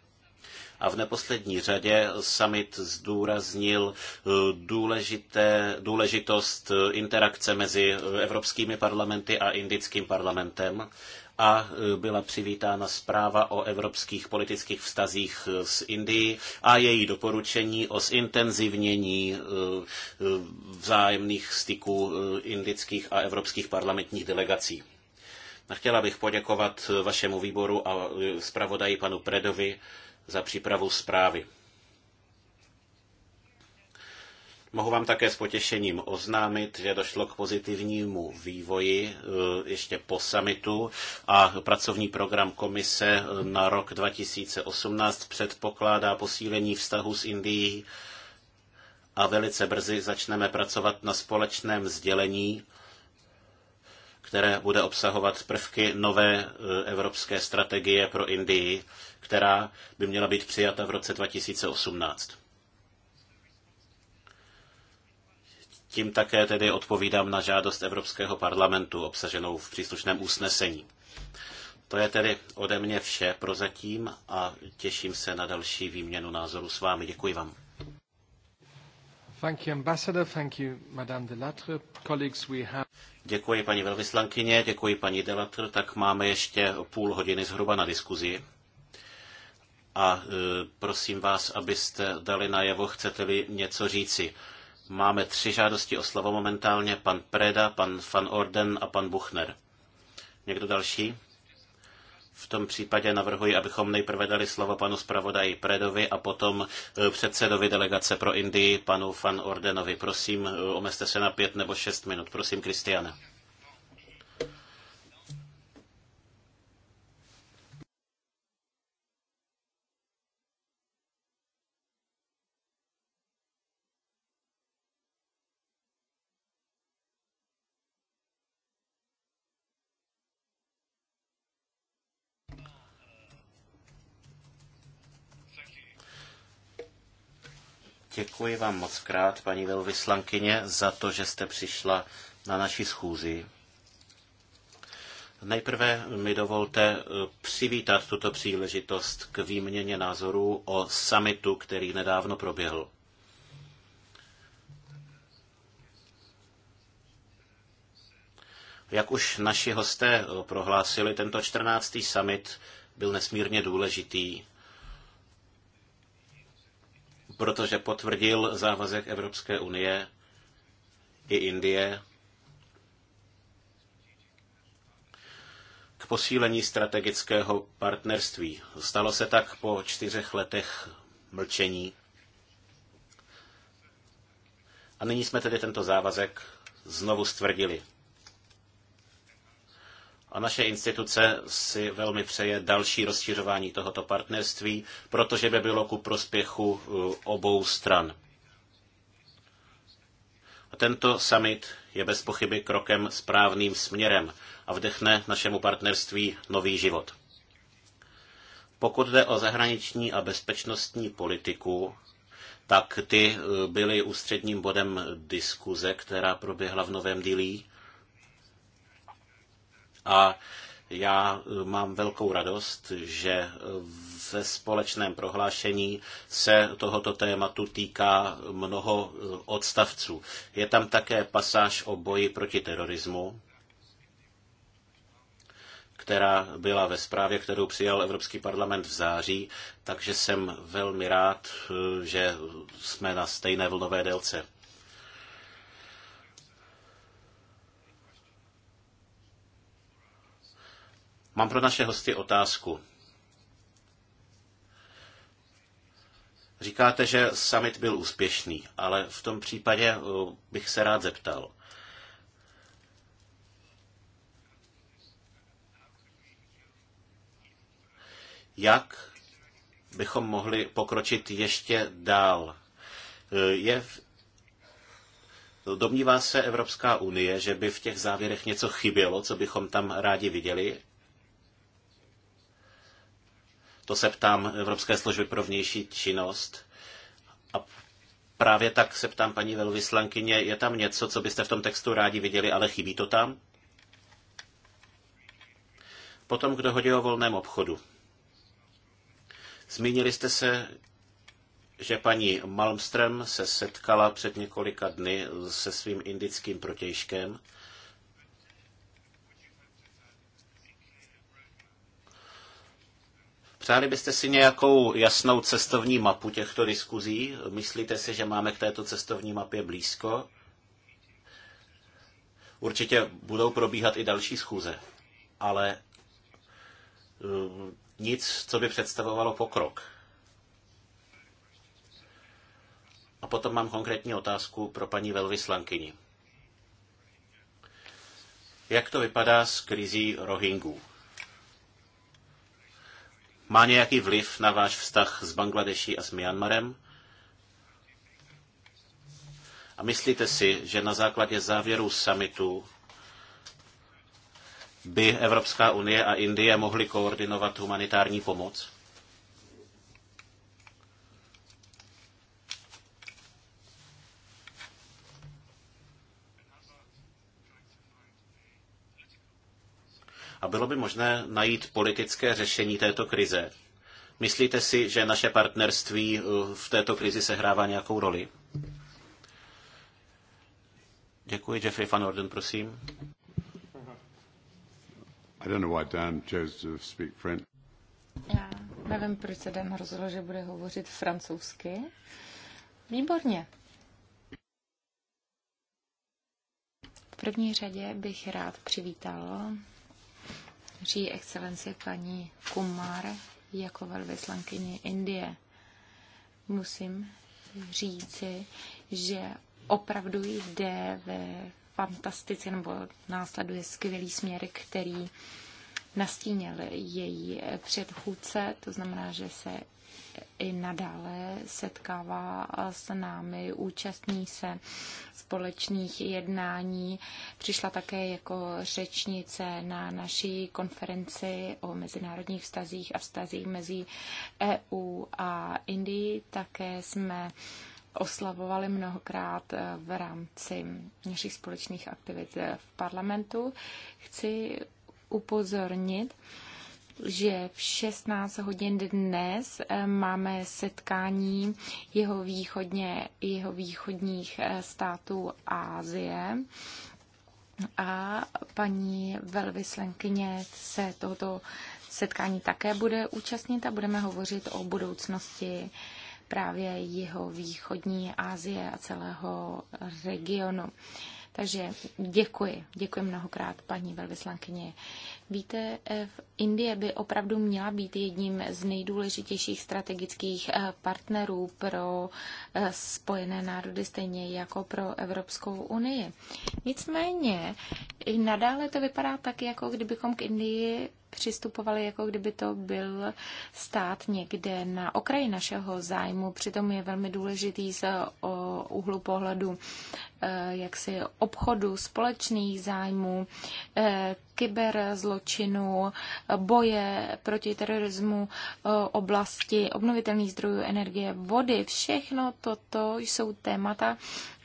A v neposlední řadě summit zdůraznil e, důležité, důležitost e, interakce mezi evropskými parlamenty a indickým parlamentem a e, byla přivítána zpráva o evropských politických vztazích e, s Indií a její doporučení o zintenzivnění e, vzájemných styků indických a evropských parlamentních delegací. Chtěla bych poděkovat vašemu výboru a zpravodaji panu Predovi za přípravu zprávy. Mohu vám také s potěšením oznámit, že došlo k pozitivnímu vývoji e, ještě po summitu a pracovní program komise e, na rok 2018 předpokládá posílení vztahu s Indií a velice brzy začneme pracovat na společném sdělení, které bude obsahovat prvky nové e, evropské strategie pro Indii, která by měla být přijata v roce 2018. Tím také tedy odpovídám na žádost Evropského parlamentu obsaženou v příslušném usnesení. To je tedy ode mě vše prozatím a těším se na další výměnu názoru s vámi. Děkuji vám. Thank you, Ambassador. Thank you, Madame de Latre. Colleagues, we have... Děkuji paní velvyslankyně, děkuji paní Delatr. Tak máme ještě půl hodiny zhruba na diskuzi. A e, prosím vás, abyste dali najevo, chcete-li něco říci. Máme tři žádosti o slovo momentálně. Pan Preda, pan Van Orden a pan Buchner. Někdo další? V tom případě navrhuji, abychom nejprve dali slovo panu zpravodaji Predovi a potom e, předsedovi delegace pro Indii, panu Van Ordenovi. Prosím, e, omezte se na pět nebo šest minut. Prosím, Kristiana. Děkuji vám moc krát, paní velvyslankyně, za to, že jste přišla na naši schůzi. Nejprve mi dovolte eh, přivítat tuto příležitost k výměně názorů o summitu, který nedávno proběhl. Jak už naši hosté eh, prohlásili, tento 14. summit byl nesmírně důležitý protože potvrdil závazek Evropské unie i Indie k posílení strategického partnerství. Stalo se tak po čtyřech letech mlčení. A nyní jsme tedy tento závazek znovu stvrdili. A naše instituce si velmi přeje další rozšiřování tohoto partnerství, protože by bylo ku prospěchu eh, obou stran. A tento summit je bez pochyby krokem správným směrem a vdechne našemu partnerství nový život. Pokud jde o zahraniční a bezpečnostní politiku, tak ty eh, byly ústředním bodem diskuze, která proběhla v Novém Dilí. A já eh, mám velkou radost, že eh, ve společném prohlášení se tohoto tématu týká mnoho eh, odstavců. Je tam také pasáž o boji proti terorismu, která byla ve zprávě, kterou přijal Evropský parlament v září, takže jsem velmi rád, že jsme na stejné vlnové délce. Mám pro naše hosty otázku. Říkáte, že summit byl úspěšný, ale v tom případě eh, bych se rád zeptal. Jak bychom mohli pokročit ještě dál? Eh, je v... Domnívá se Evropská unie, že by v těch závěrech něco chybělo, co bychom tam rádi viděli? To se ptám Evropské služby pro vnější činnost. A právě tak se ptám paní velvyslankyně, je tam něco, co byste v tom textu rádi viděli, ale chybí to tam? Potom k dohodě o volném obchodu. Zmínili jste se, že paní Malmström se setkala před několika dny se svým indickým protějškem Přáli byste si nějakou jasnou cestovní mapu těchto diskuzí? Myslíte si, že máme k této cestovní mapě blízko? Určitě budou probíhat i další schůze, ale eh, nic, co by představovalo pokrok. A potom mám konkrétní otázku pro paní velvyslankyni. Jak to vypadá s krizí Rohingů? Má nějaký vliv na váš vztah s Bangladeší a s Myanmarem? A myslíte si, že na základě závěrů summitu by Evropská unie a Indie mohly koordinovat humanitární pomoc? A bylo by možné najít politické řešení této krize? Myslíte si, že naše partnerství eh, v této krizi sehrává nějakou roli? Děkuji. Jeffrey Van Orden, prosím. I don't know why Dan chose to speak French. Já nevím, proč se Dan rozhodl, že bude hovořit francouzsky. Výborně. V první řadě bych rád přivítal Ří excelenci paní Kumar jako velvyslankyni Indie. Musím říci, že opravdu jde ve fantastice nebo následuje skvělý směr, který nastínil její předchůdce, to znamená, že se i nadále setkává s námi, účastní se společných jednání. Přišla také jako řečnice na naší konferenci o mezinárodních vztazích a vztazích mezi EU a Indii. Také jsme oslavovali mnohokrát eh, v rámci našich společných aktivit eh, v parlamentu. Chci upozornit, že v 16 hodin dnes eh, máme setkání jeho, východně, jeho východních eh, států Ázie. A paní velvyslankyně se tohoto setkání také bude účastnit a budeme hovořit o budoucnosti právě jeho východní Asie a celého regionu. Takže děkuji, děkuji mnohokrát paní velvyslankyně Víte, eh, v Indie by opravdu měla být jedním z nejdůležitějších strategických eh, partnerů pro eh, Spojené národy, stejně jako pro Evropskou unii. Nicméně, nadále to vypadá tak, jako kdybychom k Indii přistupovali, jako kdyby to byl stát někde na okraji našeho zájmu. Přitom je velmi důležitý z uhlu pohledu e, jaksi obchodu, společných zájmů, e, kyberzločinu, boje proti terorismu, e, oblasti obnovitelných zdrojů energie, vody. Všechno toto jsou témata,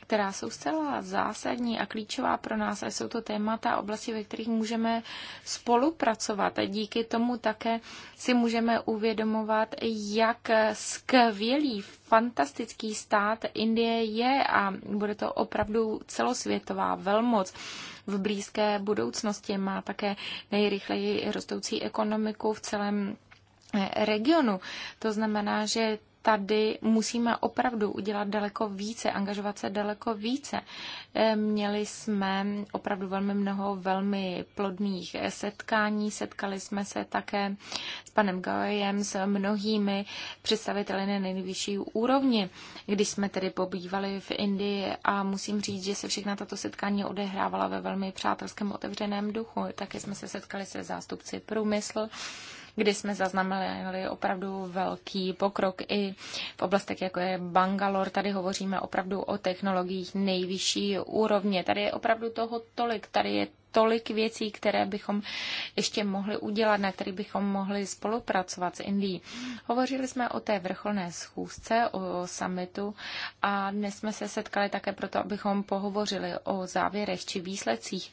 která jsou zcela zásadní a klíčová pro nás a jsou to témata oblasti, ve kterých můžeme spolupracovat a díky tomu také si můžeme uvědomovat, jak skvělý fantastický stát Indie je a bude to opravdu celosvětová velmoc. V blízké budoucnosti má také nejrychleji rostoucí ekonomiku v celém regionu. To znamená, že tady musíme opravdu udělat daleko více, angažovat se daleko více. Eh, měli jsme opravdu velmi mnoho velmi plodných setkání, setkali jsme se také s panem Gaojem, s mnohými představiteli na nejvyšší úrovni, když jsme tedy pobývali v Indii a musím říct, že se všechna tato setkání odehrávala ve velmi přátelském otevřeném duchu. Také jsme se setkali se zástupci průmysl, kdy jsme zaznamenali opravdu velký pokrok i v oblastech, jako je Bangalore. Tady hovoříme opravdu o technologiích nejvyšší úrovně. Tady je opravdu toho tolik, tady je tolik věcí, které bychom ještě mohli udělat, na kterých bychom mohli spolupracovat s Indií. Hovořili jsme o té vrcholné schůzce, o summitu a dnes jsme se setkali také proto, abychom pohovořili o závěrech či výsledcích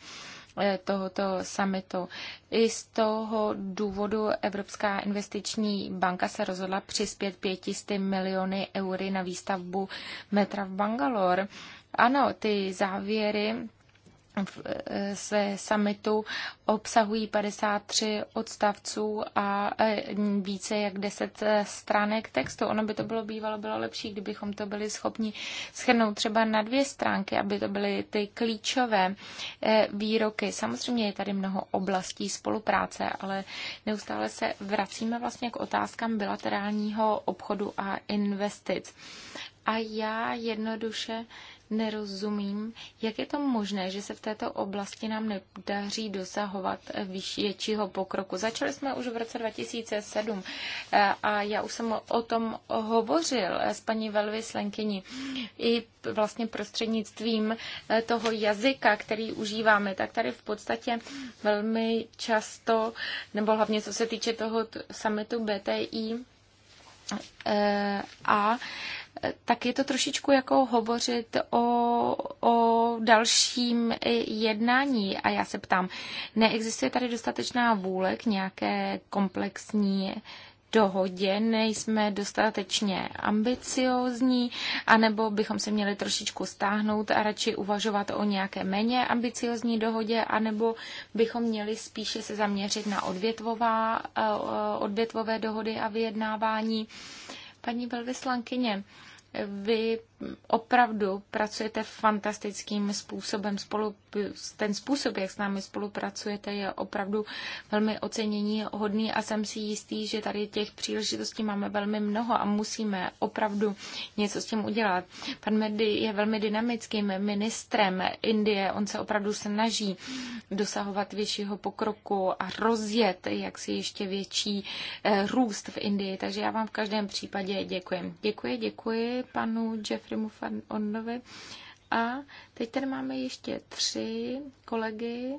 Eh, tohoto summitu. I z toho důvodu Evropská investiční banka se rozhodla přispět 500 miliony eury na výstavbu metra v Bangalore. Ano, ty závěry Eh, se summitu obsahují 53 odstavců a eh, více jak 10 eh, stránek textu. Ono by to bylo bývalo bylo lepší, kdybychom to byli schopni schrnout třeba na dvě stránky, aby to byly ty klíčové výroky. Samozřejmě je tady mnoho oblastí spolupráce, ale neustále se vracíme vlastně k otázkám bilaterálního obchodu a investic. A já jednoduše nerozumím, jak je to možné, že se v této oblasti nám nedaří dosahovat většího pokroku. Začali jsme už v roce 2007 eh, a já už jsem o tom hovořil eh, s paní Slenkyni i vlastně prostřednictvím eh, toho jazyka, který užíváme, tak tady v podstatě velmi často, nebo hlavně co se týče toho summitu BTI, a tak je to trošičku jako hovořit o, o dalším jednání. A já se ptám, neexistuje tady dostatečná vůle k nějaké komplexní dohodě, nejsme dostatečně ambiciozní, anebo bychom se měli trošičku stáhnout a radši uvažovat o nějaké méně ambiciozní dohodě, anebo bychom měli spíše se zaměřit na odvětvová, eh, odvětvové dohody a vyjednávání. Uh, Paní velvyslankyně, vy opravdu pracujete fantastickým způsobem. Spolu, ten způsob, jak s námi spolupracujete, je opravdu velmi ocenění hodný a jsem si jistý, že tady těch příležitostí máme velmi mnoho a musíme opravdu něco s tím udělat. Pan Medi je velmi dynamickým ministrem Indie. On se opravdu snaží dosahovat většího pokroku a rozjet jaksi ještě větší eh, růst v Indii. Takže já vám v každém případě děkuji. Děkuji, děkuji panu Jeffreymu van Onnovi. A teď tady máme ještě tři kolegy,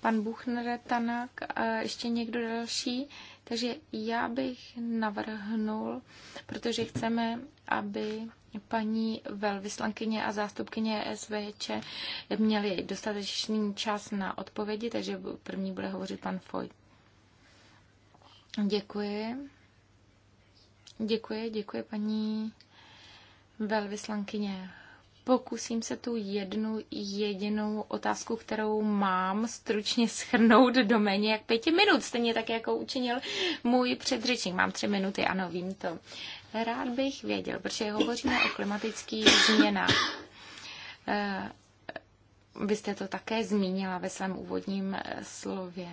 pan Buchner, Tanak a ještě někdo další. Takže já bych navrhnul, protože chceme, aby paní velvyslankyně a zástupkyně SVČ měli dostatečný čas na odpovědi, takže první bude hovořit pan Foy. Děkuji. Děkuji, děkuji paní velvyslankyně. Pokusím se tu jednu jedinou otázku, kterou mám, stručně schrnout do méně jak pěti minut, stejně tak, jako učinil můj předřečník. Mám tři minuty, ano, vím to. Rád bych věděl, protože hovoříme o klimatických změnách. Eh, vy jste to také zmínila ve svém úvodním eh, slově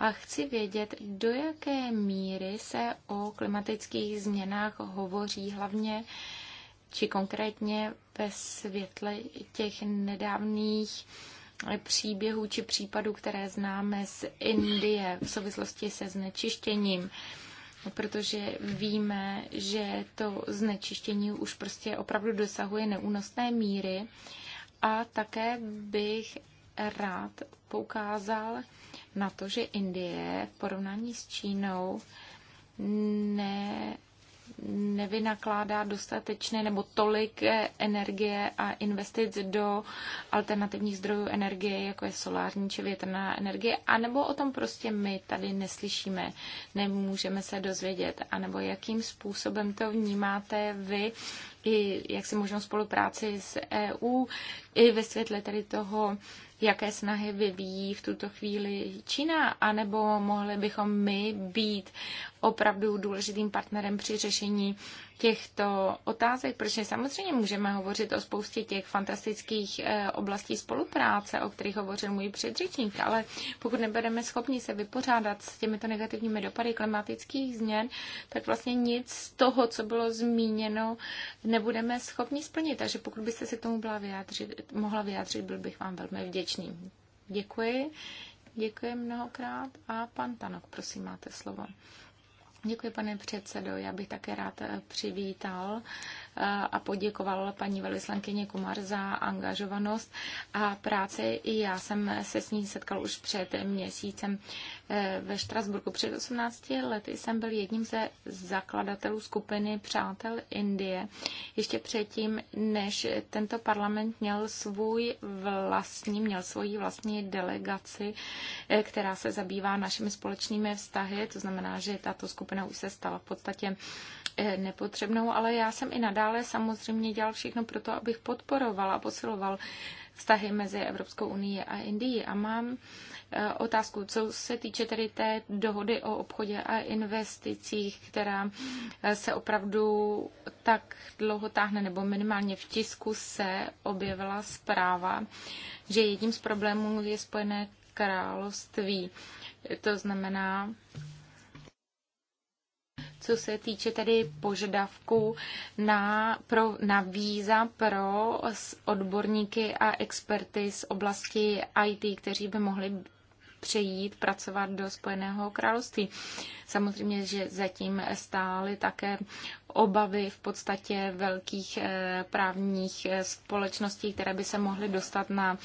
a chci vědět, do jaké míry se o klimatických změnách hovoří hlavně či konkrétně ve světle těch nedávných příběhů či případů, které známe z Indie v souvislosti se znečištěním, protože víme, že to znečištění už prostě opravdu dosahuje neúnosné míry. A také bych rád poukázal na to, že Indie v porovnání s Čínou ne nevynakládá dostatečné nebo tolik eh, energie a investic do alternativních zdrojů energie, jako je solární či větrná energie, anebo o tom prostě my tady neslyšíme, nemůžeme se dozvědět, anebo jakým způsobem to vnímáte vy i jaksi možnou spolupráci s EU, i ve světle tedy toho, jaké snahy vyvíjí v tuto chvíli Čína, anebo mohli bychom my být opravdu důležitým partnerem při řešení těchto otázek, protože samozřejmě můžeme hovořit o spoustě těch fantastických eh, oblastí spolupráce, o kterých hovořil můj předřečník, ale pokud nebudeme schopni se vypořádat s těmito negativními dopady klimatických změn, tak vlastně nic z toho, co bylo zmíněno, nebudeme schopni splnit. Takže pokud byste se k tomu byla vyjádřit, mohla vyjádřit, byl bych vám velmi vděčný. Děkuji. Děkuji mnohokrát a pan Tanok, prosím, máte slovo. Děkuji, pane předsedo. Já bych také rád přivítal a poděkoval paní velislankyně Kumar za angažovanost a práci. I Já jsem se s ní setkal už před měsícem eh, ve Štrasburku. Před 18 lety jsem byl jedním ze zakladatelů skupiny Přátel Indie. Ještě předtím, než tento parlament měl svůj vlastní, měl svoji vlastní delegaci, eh, která se zabývá našimi společnými vztahy. To znamená, že tato skupina už se stala v podstatě eh, nepotřebnou, ale já jsem i nadále nadále samozřejmě dělal všechno pro to, abych podporoval a posiloval vztahy mezi Evropskou unii a Indií. A mám e, otázku, co se týče tedy té dohody o obchodě a investicích, která e, se opravdu tak dlouho táhne, nebo minimálně v tisku se objevila zpráva, že jedním z problémů je spojené království. To znamená, co se týče tedy požadavků na, pro, na víza pro odborníky a experty z oblasti IT, kteří by mohli přejít pracovat do Spojeného království. Samozřejmě, že zatím stály také obavy v podstatě velkých eh, právních eh, společností, které by se mohly dostat na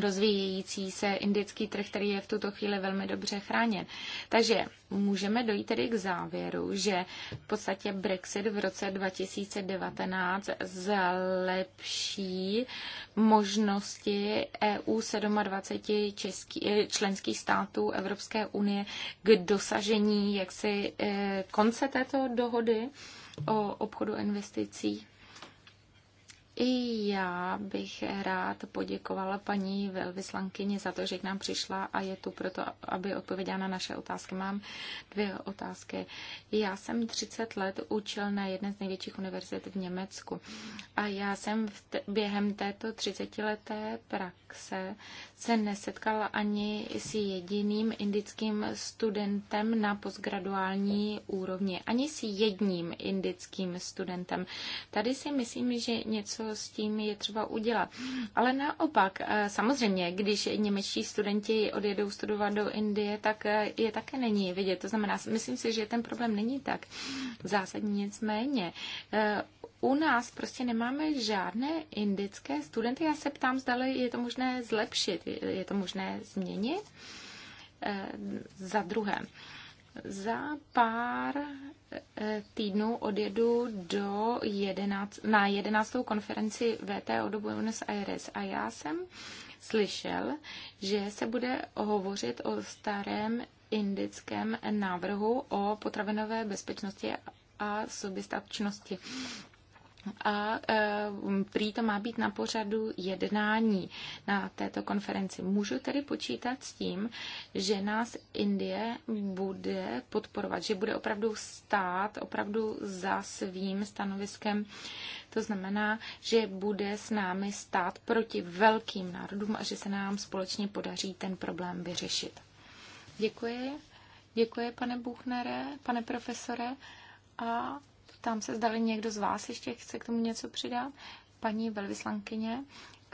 rozvíjející se indický trh, který je v tuto chvíli velmi dobře chráněn. Takže můžeme dojít tedy k závěru, že v podstatě Brexit v roce 2019 zlepší možnosti EU 27 český, eh, členských států Evropské unie k dosažení jaksi eh, konce této dohody o obchodu investicí. I já bych rád poděkovala paní velvyslankyni za to, že k nám přišla a je tu proto, aby odpověděla na naše otázky. Mám dvě otázky. Já jsem 30 let učil na jedné z největších univerzit v Německu a já jsem v během této 30 leté praxe se nesetkala ani s jediným indickým studentem na postgraduální úrovni, ani s jedním indickým studentem. Tady si myslím, že něco s tím je třeba udělat. Ale naopak, eh, samozřejmě, když němečtí studenti odjedou studovat do Indie, tak eh, je také není vidět. To znamená, myslím si, že ten problém není tak zásadní, nicméně eh, u nás prostě nemáme žádné indické studenty. Já se ptám, zdali je to možné zlepšit, je to možné změnit? Eh, za druhé, za pár eh, týdnů odjedu do 11, na 11. konferenci VTO do Buenos Aires a já jsem slyšel, že se bude hovořit o starém indickém návrhu o potravinové bezpečnosti a soběstačnosti a e, um, prý to má být na pořadu jednání na této konferenci. Můžu tedy počítat s tím, že nás Indie bude podporovat, že bude opravdu stát opravdu za svým stanoviskem. To znamená, že bude s námi stát proti velkým národům a že se nám společně podaří ten problém vyřešit. Děkuji. Děkuji, pane Buchnere, pane profesore. A Ptám se zdali někdo z vás ještě chce k tomu něco přidat. Paní velvyslankyně,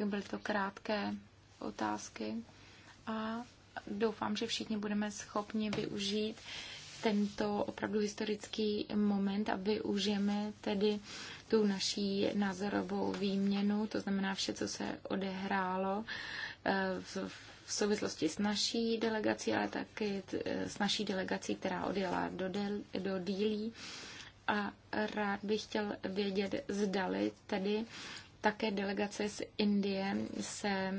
byly to krátké otázky a doufám, že všichni budeme schopni využít tento opravdu historický moment a využijeme tedy tu naší názorovou výměnu, to znamená vše, co se odehrálo eh, v souvislosti s naší delegací, ale taky eh, s naší delegací, která odjela do, del, do dílí a rád bych chtěl vědět, zdali tedy také delegace z Indie se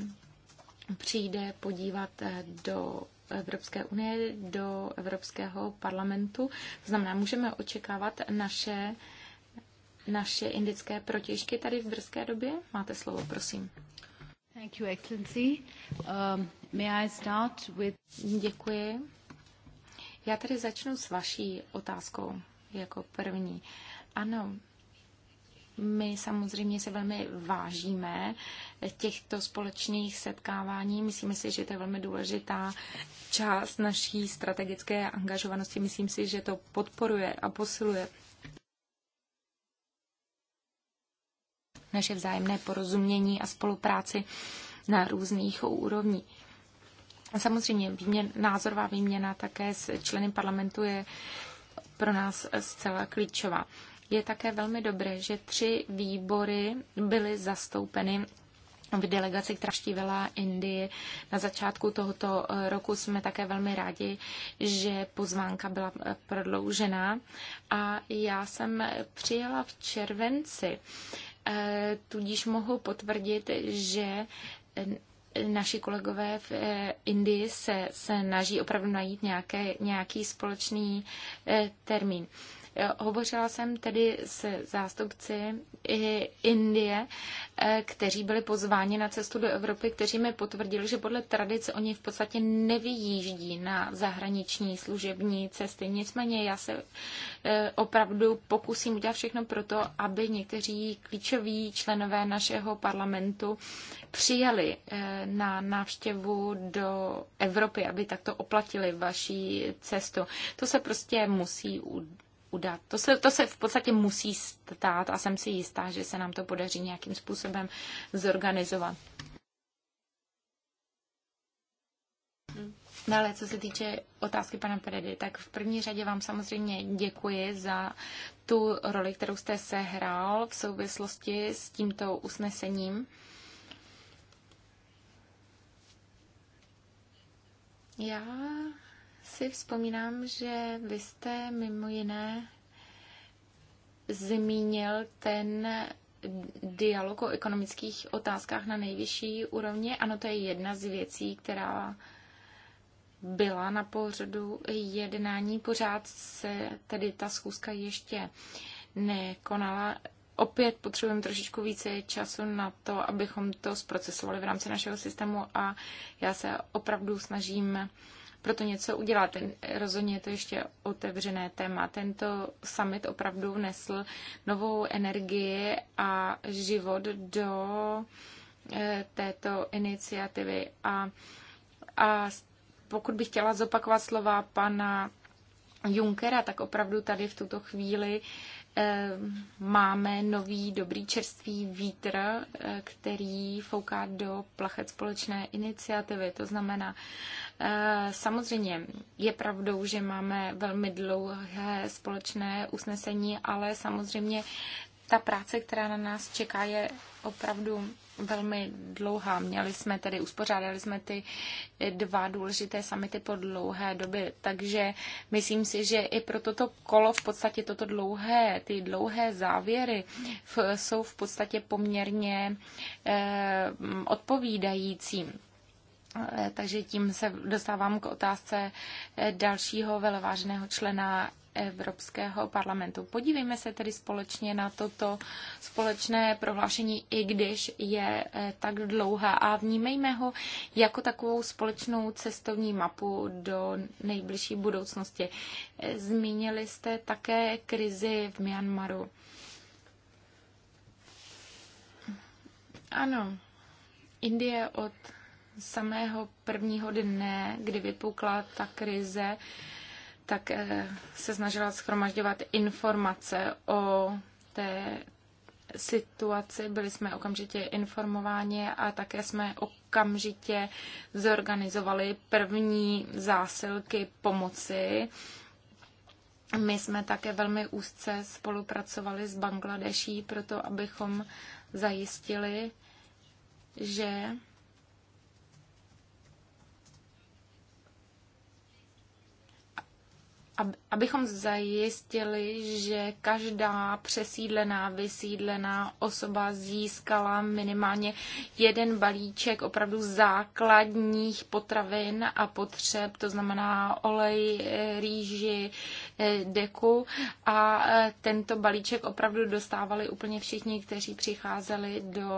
přijde podívat eh, do Evropské unie, do Evropského parlamentu. To znamená, můžeme očekávat naše, naše indické protěžky tady v brzké době. Máte slovo, prosím. Thank you, Excellency. Um, may I start with... Děkuji. Já tady začnu s vaší otázkou jako první. Ano, my samozřejmě se velmi vážíme těchto společných setkávání. Myslíme si, že to je velmi důležitá část naší strategické angažovanosti. Myslím si, že to podporuje a posiluje naše vzájemné porozumění a spolupráci na různých úrovních. Samozřejmě výměn, názorová výměna také s členy parlamentu je pro nás zcela klíčová. Je také velmi dobré, že tři výbory byly zastoupeny v delegaci, která štívila Indii na začátku tohoto eh, roku. Jsme také velmi rádi, že pozvánka byla eh, prodloužená. A já jsem přijela v červenci, eh, tudíž mohu potvrdit, že naši kolegové v eh, Indii se snaží opravdu najít nějaké, nějaký společný eh, termín. Eh, hovořila jsem tedy s zástupci Indie, eh, kteří byli pozváni na cestu do Evropy, kteří mi potvrdili, že podle tradice oni v podstatě nevyjíždí na zahraniční služební cesty. Nicméně já se eh, opravdu pokusím udělat všechno pro to, aby někteří klíčoví členové našeho parlamentu přijali na návštěvu do Evropy, aby takto oplatili vaší cestu. To se prostě musí udat. To se, to se v podstatě musí stát a jsem si jistá, že se nám to podaří nějakým způsobem zorganizovat. Dále, co se týče otázky pana Peredy, tak v první řadě vám samozřejmě děkuji za tu roli, kterou jste sehrál v souvislosti s tímto usnesením. Já si vzpomínám, že vy jste mimo jiné zmínil ten dialog o ekonomických otázkách na nejvyšší úrovni. Ano, to je jedna z věcí, která byla na pořadu jednání. Pořád se tedy ta schůzka ještě nekonala. Opět potřebujeme trošičku více času na to, abychom to zprocesovali v rámci našeho systému a já se opravdu snažím proto něco udělat. Ten, rozhodně je to ještě otevřené téma. Tento summit opravdu vnesl novou energii a život do eh, této iniciativy. A, a pokud bych chtěla zopakovat slova pana Junkera, tak opravdu tady v tuto chvíli Ehm, máme nový dobrý čerstvý vítr, eh, který fouká do plachet společné iniciativy. To znamená, eh, samozřejmě je pravdou, že máme velmi dlouhé společné usnesení, ale samozřejmě ta práce, která na nás čeká, je opravdu velmi dlouhá. Měli jsme tedy, uspořádali jsme ty dva důležité samity po dlouhé době, takže myslím si, že i pro toto kolo v podstatě toto dlouhé, ty dlouhé závěry v, jsou v podstatě poměrně eh, odpovídající. Eh, takže tím se dostávám k otázce eh, dalšího veleváženého člena Evropského parlamentu. Podívejme se tedy společně na toto společné prohlášení, i když je eh, tak dlouhá a vnímejme ho jako takovou společnou cestovní mapu do nejbližší budoucnosti. Eh, Zmínili jste také krizi v Myanmaru. Ano, Indie od samého prvního dne, kdy vypukla ta krize, tak se snažila schromažďovat informace o té situaci. Byli jsme okamžitě informováni a také jsme okamžitě zorganizovali první zásilky pomoci. My jsme také velmi úzce spolupracovali s Bangladeší proto, abychom zajistili, že abychom zajistili, že každá přesídlená, vysídlená osoba získala minimálně jeden balíček opravdu základních potravin a potřeb, to znamená olej, eh, rýži, eh, deku a eh, tento balíček opravdu dostávali úplně všichni, kteří přicházeli do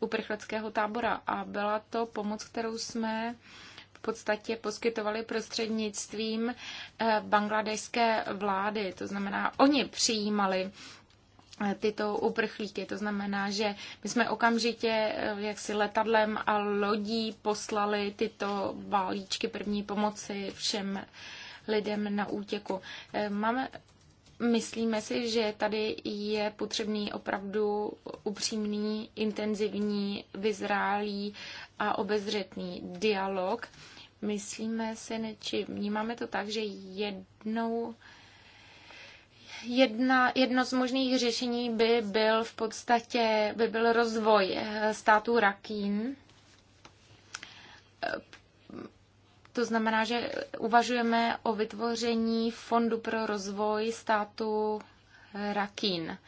uprchleckého tábora a byla to pomoc, kterou jsme podstatě poskytovali prostřednictvím eh, bangladeské vlády. To znamená, oni přijímali eh, tyto uprchlíky. To znamená, že my jsme okamžitě eh, jaksi letadlem a lodí poslali tyto balíčky první pomoci všem lidem na útěku. Máme Myslíme si, že tady je potřebný opravdu upřímný, intenzivní, vyzrálý a obezřetný dialog. Myslíme si, či vnímáme to tak, že jednou jedna, jedno z možných řešení by byl v podstatě by byl rozvoj eh, státu Rakín, to znamená, že uvažujeme o vytvoření fondu pro rozvoj státu Rakín,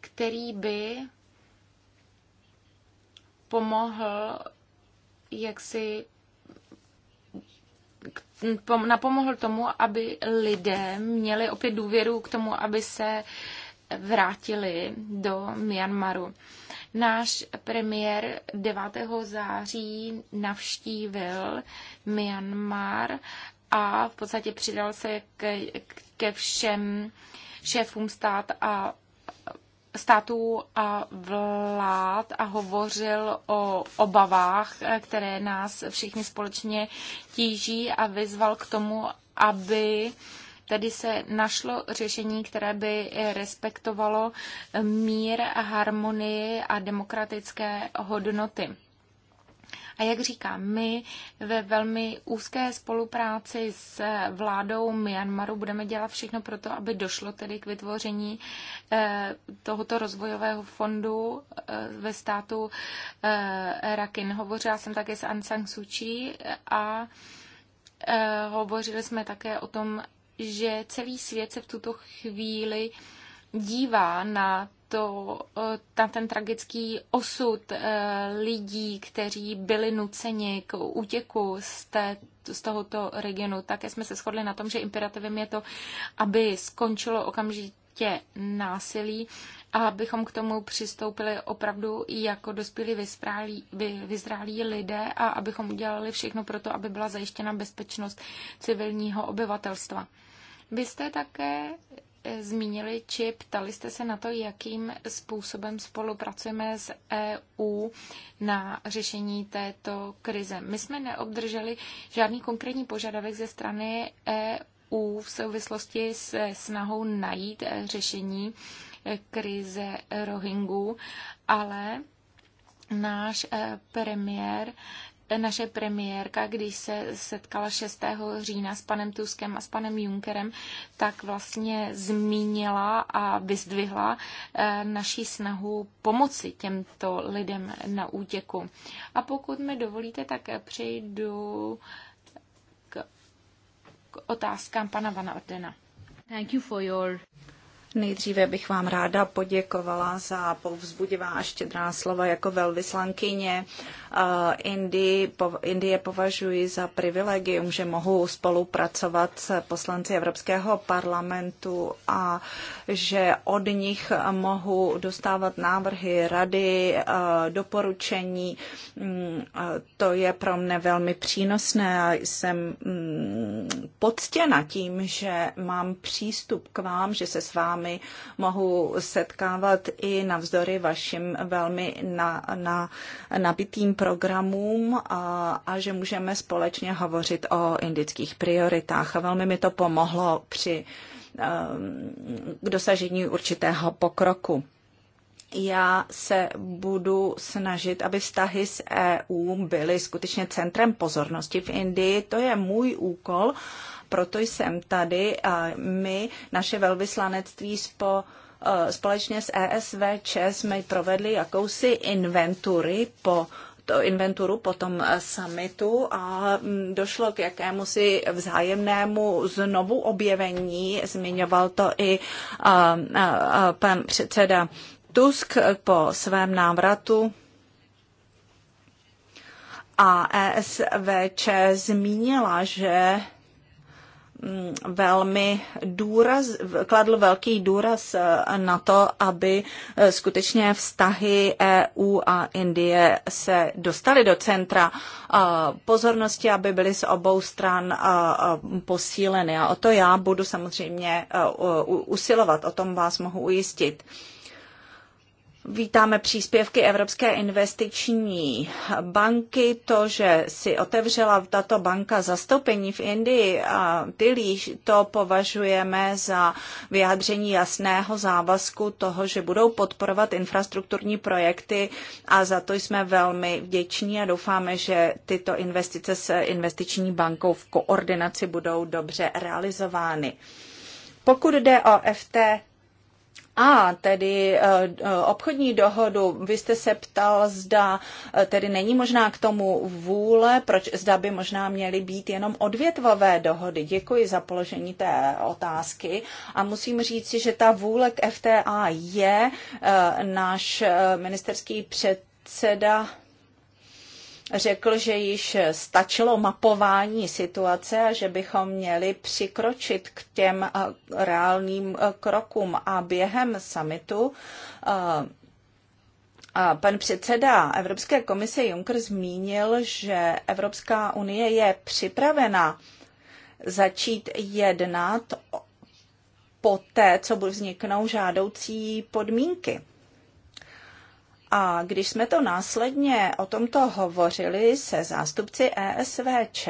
který by pomohl jak si napomohl tomu, aby lidé měli opět důvěru k tomu, aby se vrátili do Myanmaru. Náš premiér 9. září navštívil Myanmar a v podstatě přidal se ke, ke všem šéfům stát a států a vlád a hovořil o obavách, které nás všichni společně tíží a vyzval k tomu, aby Tedy se našlo řešení, které by respektovalo mír, harmonii a demokratické hodnoty. A jak říkám, my ve velmi úzké spolupráci s vládou Myanmaru budeme dělat všechno pro to, aby došlo tedy k vytvoření eh, tohoto rozvojového fondu eh, ve státu eh, Rakin. Hovořila jsem také s Ansang Suu Kyi a hovořili jsme také o tom, že celý svět se v tuto chvíli dívá na to, eh, na ten tragický osud eh, lidí, kteří byli nuceni k útěku z, té, z tohoto regionu. Také jsme se shodli na tom, že imperativem je to, aby skončilo okamžitě násilí abychom k tomu přistoupili opravdu jako dospělí vyzrálí lidé a abychom udělali všechno pro to, aby byla zajištěna bezpečnost civilního obyvatelstva. Vy jste také e, zmínili či ptali jste se na to, jakým způsobem spolupracujeme s EU na řešení této krize. My jsme neobdrželi žádný konkrétní požadavek ze strany EU v souvislosti se snahou najít e, řešení krize Rohingů, ale náš eh, premiér eh, naše premiérka, když se setkala 6. října s panem Tuskem a s panem Junkerem, tak vlastně zmínila a vyzdvihla eh, naší snahu pomoci těmto lidem na útěku. A pokud mi dovolíte, tak přejdu k, k otázkám pana Van Ordena. Thank you for your... Nejdříve bych vám ráda poděkovala za povzbudivá a štědrá slova jako velvyslankyně. Eh, Indii, Indie považuji za privilegium, že mohu spolupracovat s poslanci Evropského parlamentu a že od nich mohu dostávat návrhy, rady, eh, doporučení. Mm, eh, to je pro mne velmi přínosné a jsem mm, poctěna tím, že mám přístup k vám, že se s vámi vámi mohu setkávat i navzdory vašim velmi na, na, nabitým programům a, a že můžeme společně hovořit o indických prioritách. A velmi mi to pomohlo při ehm, k dosažení určitého pokroku já se budu snažit, aby vztahy s EU byly skutečně centrem pozornosti v Indii. To je můj úkol proto jsem tady a my, naše velvyslanectví spo, eh, společně s ESVČ jsme provedli jakousi inventury po to inventuru po tom eh, summitu a mm, došlo k jakémusi vzájemnému znovu objevení. Zmiňoval to i a, a, a pan předseda Tusk po svém návratu a ESVČ zmínila, že Mm, velmi důraz, kladl velký důraz eh, na to, aby eh, skutečně vztahy EU a Indie se dostaly do centra eh, pozornosti, aby byly z obou stran posíleny. A o to já budu samozřejmě usilovat, o tom vás mohu ujistit. Vítáme příspěvky Evropské investiční banky, to, že si otevřela tato banka zastoupení v Indii a Tilíž, to považujeme za vyjádření jasného závazku toho, že budou podporovat infrastrukturní projekty a za to jsme velmi vděční a doufáme, že tyto investice s investiční bankou v koordinaci budou dobře realizovány. Pokud jde o FT, a tedy eh, eh, obchodní dohodu, vy jste se ptal, zda eh, tedy není možná k tomu vůle, proč zda by možná měly být jenom odvětvové dohody. Děkuji za položení té otázky a musím říci, že ta vůle k FTA je náš ministerský před předseda řekl, že již stačilo mapování situace a že bychom měli přikročit k těm eh, reálným eh, krokům. A během summitu eh, a pan předseda Evropské komise Juncker zmínil, že Evropská unie je připravena začít jednat poté, co budou vzniknou žádoucí podmínky. A když jsme to následně o tomto hovořili se zástupci ESVČ,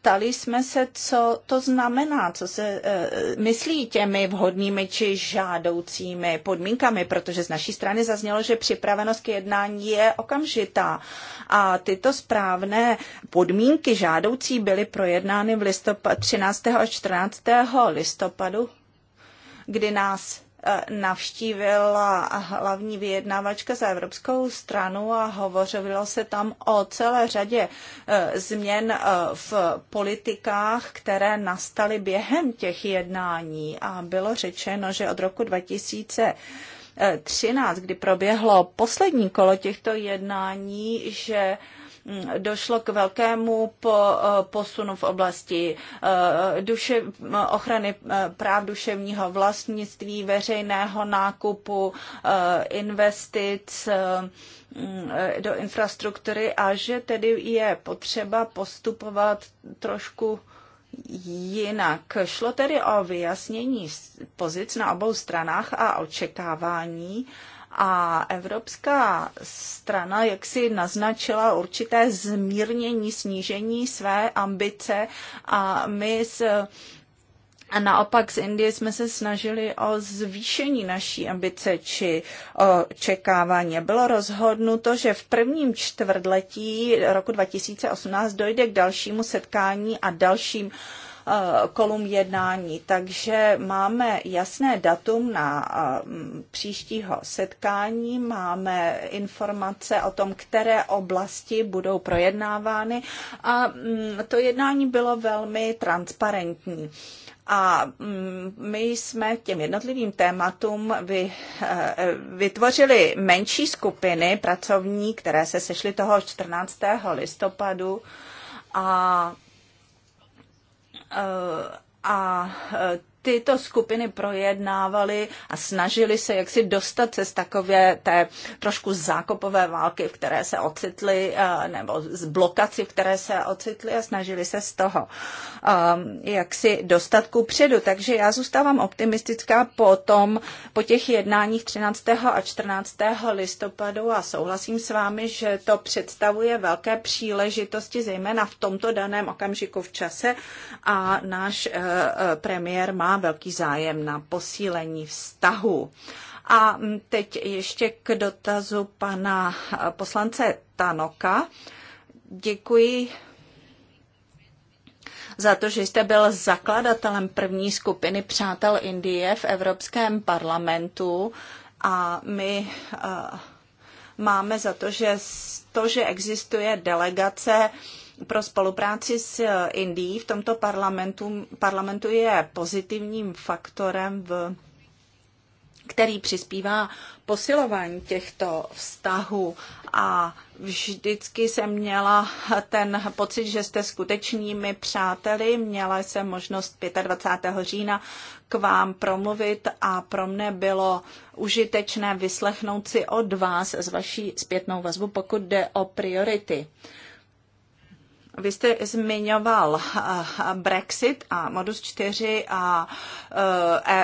ptali jsme se, co to znamená, co se e, myslí těmi vhodnými či žádoucími podmínkami, protože z naší strany zaznělo, že připravenost k jednání je okamžitá. A tyto správné podmínky žádoucí byly projednány v listopad, 13. a 14. listopadu, kdy nás navštívila hlavní vyjednávačka za evropskou stranu a hovořilo se tam o celé řadě e, změn e, v politikách, které nastaly během těch jednání a bylo řečeno, že od roku 2000 13, kdy proběhlo poslední kolo těchto jednání, že došlo k velkému posunu v oblasti eh, duše, ochrany eh, práv duševního vlastnictví, veřejného nákupu, eh, investic mm, do infrastruktury a že tedy je potřeba postupovat trošku jinak. Šlo tedy o vyjasnění pozic na obou stranách a očekávání. Uh, a evropská strana jak si naznačila určité zmírnění, snížení své ambice a my s a naopak z Indie jsme se snažili o zvýšení naší ambice či čekávání. Bylo rozhodnuto, že v prvním čtvrtletí roku 2018 dojde k dalšímu setkání a dalším uh, Eh, kolum jednání. Takže máme jasné datum na eh, příštího setkání, máme informace o tom, které oblasti budou projednávány a mm, to jednání bylo velmi transparentní. A mm, my jsme k těm jednotlivým tématům vy, eh, vytvořili menší skupiny pracovní, které se sešly toho 14. listopadu a Eh, a eh, tyto skupiny projednávaly a snažili se jaksi dostat se z takové té trošku zákopové války, v které se ocitly, eh, nebo z blokaci, v které se ocitly a snažili se z toho ehm, jaksi dostat ku předu. Takže já zůstávám optimistická po tom, po těch jednáních 13. a 14. listopadu a souhlasím s vámi, že to představuje velké příležitosti, zejména v tomto daném okamžiku v čase a náš eh, eh, premiér má velký zájem na posílení vztahu. A teď ještě k dotazu pana eh, poslance Tanoka. Děkuji za to, že jste byl zakladatelem první skupiny Přátel Indie v Evropském parlamentu a my eh, máme za to, že to, že existuje delegace pro spolupráci s eh, Indií v tomto parlamentu, parlamentu je pozitivním faktorem v který přispívá posilování těchto vztahů a vždycky jsem měla ten pocit, že jste skutečními přáteli. Měla jsem možnost 25. října k vám promluvit a pro mne bylo užitečné vyslechnout si od vás z vaší zpětnou vazbu, pokud jde o priority. Vy jste zmiňoval eh, Brexit a modus 4 a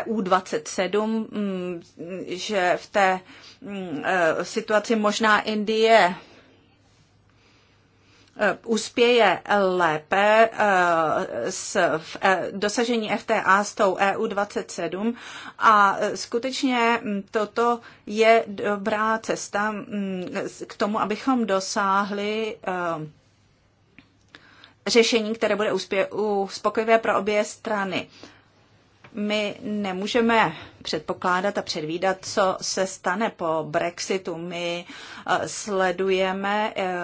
EU eh, e 27, mm, že v té mm, eh, situaci možná Indie uspěje lépe s dosažení FTA s tou EU27 a skutečně mm, toto je dobrá cesta k tomu, abychom dosáhli řešení, které bude uspě- uspokojivé pro obě strany. My nemůžeme předpokládat a předvídat, co se stane po Brexitu. My eh, sledujeme eh,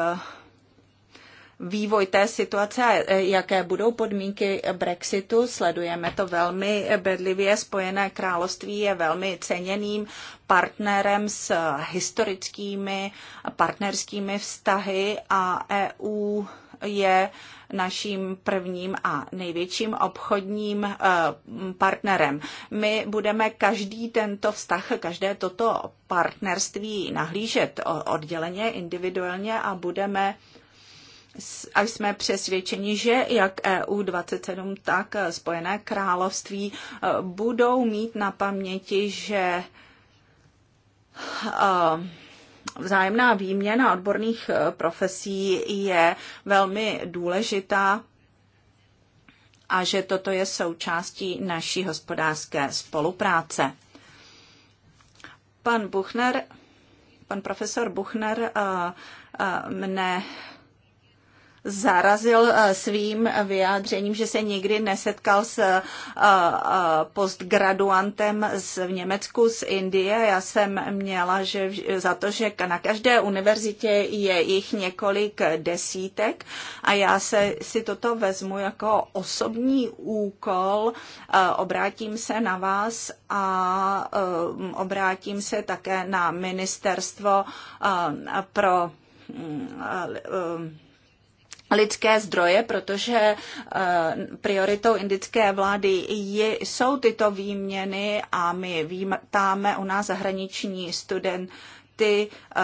vývoj té situace a eh, jaké budou podmínky Brexitu. Sledujeme to velmi bedlivě. Spojené království je velmi ceněným partnerem s historickými partnerskými vztahy a EU je uh, naším prvním a největším obchodním eh, partnerem. My budeme každý tento vztah, každé toto partnerství nahlížet odděleně, individuálně a budeme a jsme přesvědčeni, že jak EU27, tak Spojené království eh, budou mít na paměti, že uh, vzájemná výměna odborných eh, profesí je velmi důležitá a že toto je součástí naší hospodářské spolupráce. Pan Buchner, pan profesor Buchner eh, eh, mne zarazil eh, svým vyjádřením, že se nikdy nesetkal s eh, eh, postgraduantem z, v Německu z Indie. Já jsem měla že za to, že na každé univerzitě je jich několik desítek a já se, si toto vezmu jako osobní úkol. Obrátím se na vás a obrátím se také na ministerstvo pro mm, lidské zdroje, protože eh, prioritou indické vlády je, jsou tyto výměny a my vítáme u nás zahraniční student ty eh,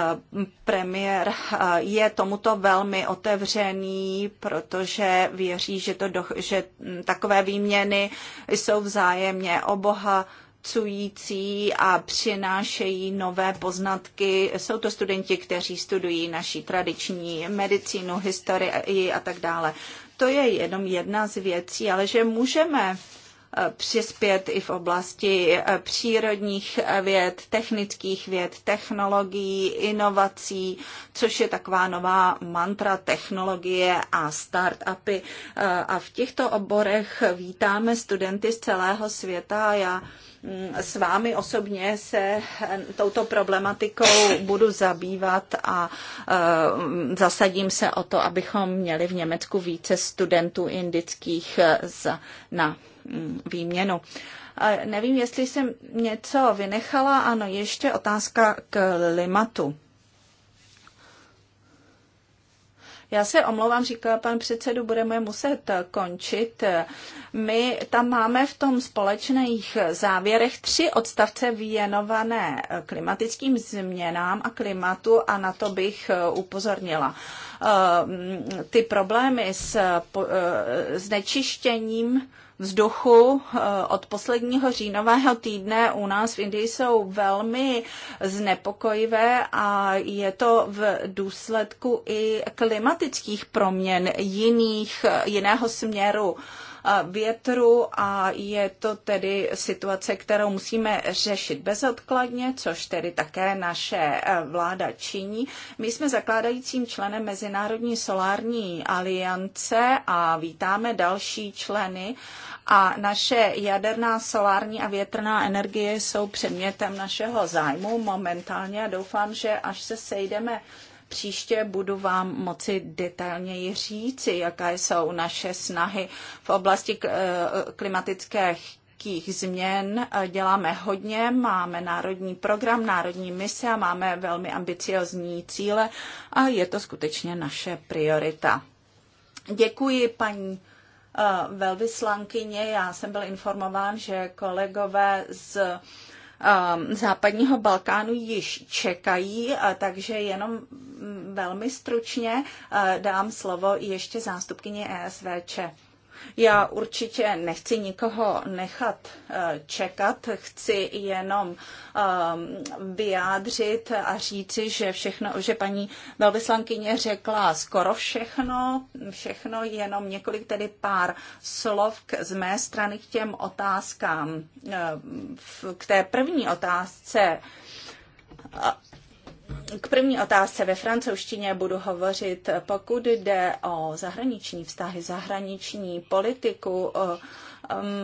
premiér eh, je tomuto velmi otevřený, protože věří, že, to, že hm, takové výměny jsou vzájemně oboha pracující a přinášejí nové poznatky. Jsou to studenti, kteří studují naši tradiční medicínu, historii a tak dále. To je jenom jedna z věcí, ale že můžeme přispět i v oblasti eh, přírodních eh, věd, technických věd, technologií, inovací, což je taková nová mantra technologie a startupy. Eh, a v těchto oborech vítáme studenty z celého světa. Já mm, s vámi osobně se touto problematikou budu zabývat a zasadím se o to, abychom měli v Německu více studentů indických na Mm, výměnu. Nevím, jestli jsem něco vynechala. Ano, ještě otázka k limatu. Já se omlouvám, říkala pan předsedu, budeme muset končit. My tam máme v tom společných závěrech tři odstavce věnované klimatickým změnám a klimatu a na to bych upozornila. Ehm, ty problémy s znečištěním eh, vzduchu eh, od posledního říjnového týdne u nás v Indii jsou velmi znepokojivé a je to v důsledku i klimatických proměn jiných, jiného směru větru a je to tedy situace, kterou musíme řešit bezodkladně, což tedy také naše e, vláda činí. My jsme zakládajícím členem Mezinárodní solární aliance a vítáme další členy a naše jaderná, solární a větrná energie jsou předmětem našeho zájmu momentálně a doufám, že až se sejdeme příště budu vám moci detailněji říci, jaké jsou naše snahy v oblasti eh, klimatických změn děláme hodně, máme národní program, národní mise a máme velmi ambiciozní cíle a je to skutečně naše priorita. Děkuji paní eh, velvyslankyně. Já jsem byl informován, že kolegové z Um, západního Balkánu již čekají, takže jenom velmi stručně uh, dám slovo ještě zástupkyni ESVČ. Já určitě nechci nikoho nechat eh, čekat, chci jenom ehm, vyjádřit a říci, že všechno, že paní velvyslankyně řekla skoro všechno, všechno jenom několik tedy pár slov z mé strany k těm otázkám. Eh, k té první otázce k první otázce ve francouzštině budu hovořit, pokud jde o zahraniční vztahy, zahraniční politiku, eh,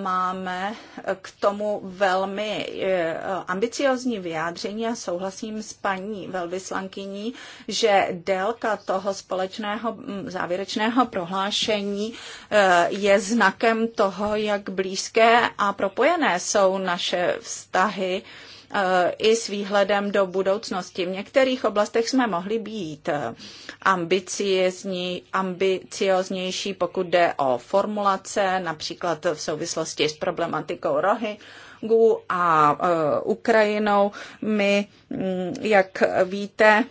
máme k tomu velmi eh, ambiciozní vyjádření a souhlasím s paní velvyslankyní, že délka toho společného mm, závěrečného prohlášení eh, je znakem toho, jak blízké a propojené jsou naše vztahy Eh, i s výhledem do budoucnosti. V některých oblastech jsme mohli být eh, ambicioznější, pokud jde o formulace, například v souvislosti s problematikou rohy, a eh, Ukrajinou. My, mm, jak víte,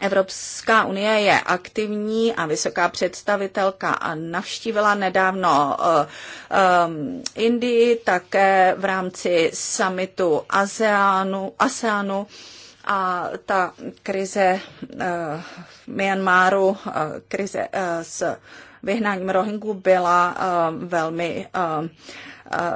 Evropská unie je aktivní a vysoká představitelka a navštívila nedávno um, Indii také v rámci summitu ASEANu. ASEANu a ta krize uh, eh, v Myanmaru, uh, krize uh, s vyhnáním Rohingů byla uh, velmi uh,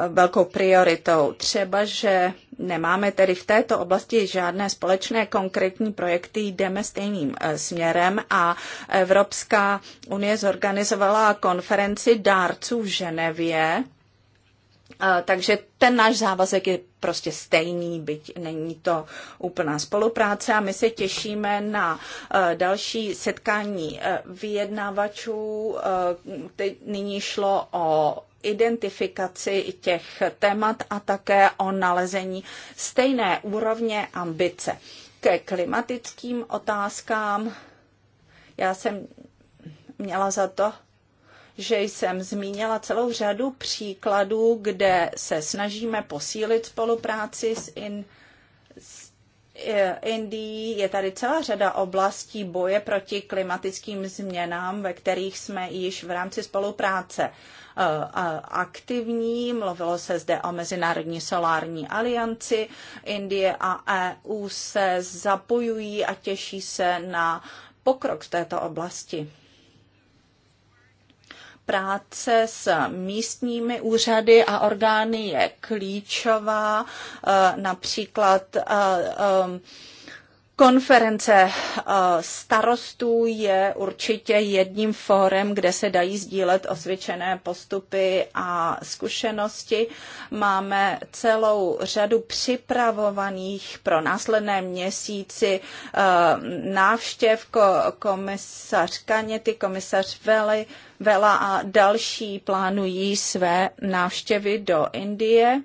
velkou prioritou. Třeba, že nemáme tedy v této oblasti žádné společné konkrétní projekty, jdeme stejným e, směrem a Evropská unie zorganizovala konferenci dárců v Ženevě, e, takže ten náš závazek je prostě stejný, byť není to úplná spolupráce a my se těšíme na e, další setkání vyjednavačů. Teď nyní šlo o identifikaci těch témat a také o nalezení stejné úrovně ambice. Ke klimatickým otázkám já jsem měla za to, že jsem zmínila celou řadu příkladů, kde se snažíme posílit spolupráci s, in, s e, Indií. Je tady celá řada oblastí boje proti klimatickým změnám, ve kterých jsme již v rámci spolupráce Eh, aktivní. Mluvilo se zde o Mezinárodní solární alianci. Indie a EU se zapojují a těší se na pokrok v této oblasti práce s místními úřady a orgány je klíčová. Eh, například eh, Konference eh, starostů je určitě jedním fórem, kde se dají sdílet osvědčené postupy a zkušenosti. Máme celou řadu připravovaných pro následné měsíci eh, návštěv komisař Kaněty, komisař Veli, Vela a další plánují své návštěvy do Indie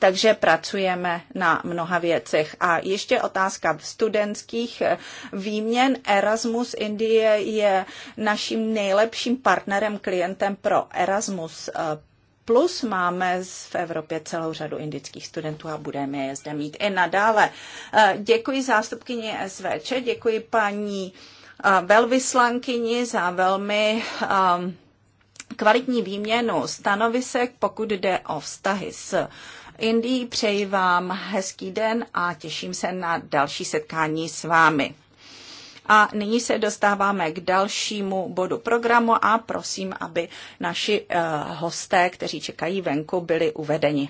takže pracujeme na mnoha věcech. A ještě otázka v studentských eh, výměn. Erasmus Indie je naším nejlepším partnerem, klientem pro Erasmus eh, Plus máme v Evropě celou řadu indických studentů a budeme je zde mít i nadále. Eh, děkuji zástupkyni SVČ, děkuji paní velvyslankyni za velmi kvalitní výměnu stanovisek, pokud jde o vztahy s Indii. Přeji vám hezký den a těším se na další setkání s vámi. A nyní se dostáváme k dalšímu bodu programu a prosím, aby naši eh, hosté, kteří čekají venku, byli uvedeni.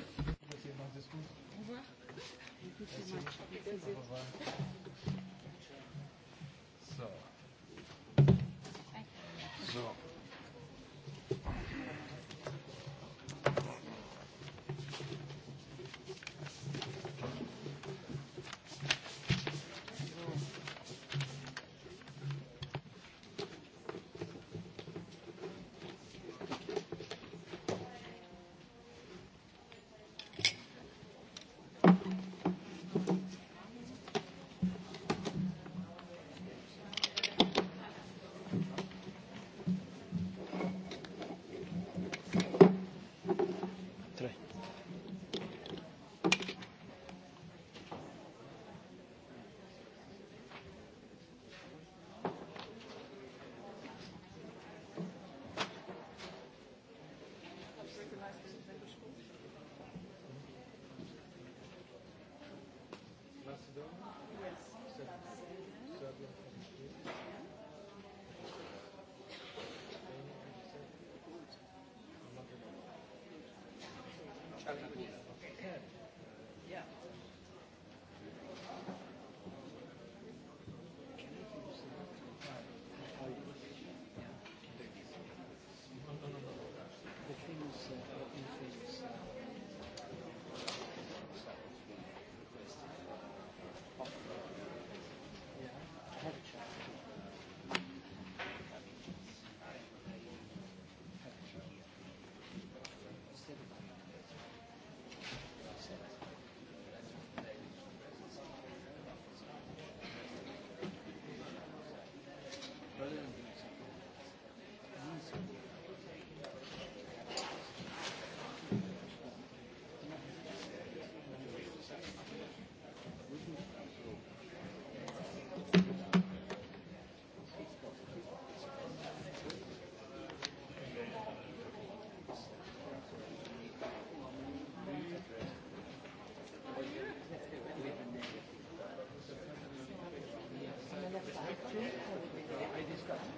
I discussed.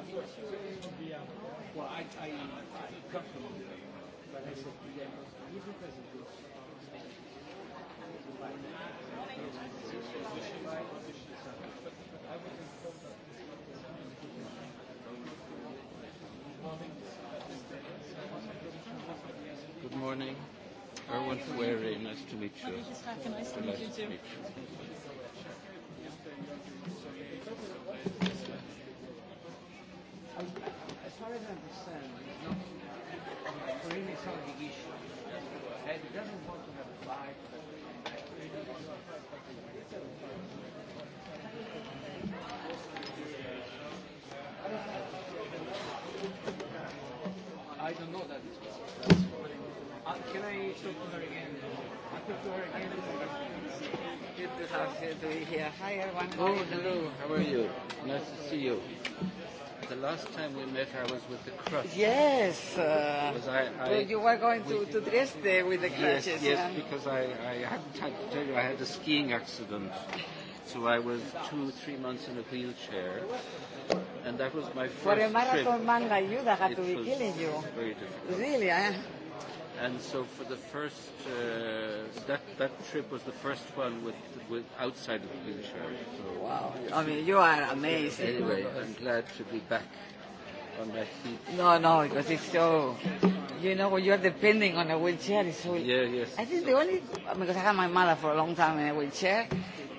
Of course, Well, I, I, I come from but I said to them, you this. Good morning. Erwin nice to meet you. Nice to meet you too. don't understand is not for him it's not a big issue. And he doesn't want to have a fight. I don't know that. Uh, can I talk to her again? I talk to her again. Good to have her here. Hi, everyone. Oh, hello. How are you? Nice to see you. The last time we met, I was with the crutches. Yes. Uh, I, I, well, you were going to, we, to Dresde with the crutches. Yes, yes yeah. because I, I haven't time to tell you, I had a skiing accident. So I was two, three months in a wheelchair. And that was my first For a marathon trip. man like you, that had it to be killing you. Very difficult. Really, eh? and so for the first uh, that that trip was the first one with with outside of the So wow! I mean, you are amazing. Anyway, I'm glad to be back on my feet. No, no, because it's so. You know, when you're depending on a wheelchair, it's so. Yeah, yes. I think the only because I had my mother for a long time in a wheelchair,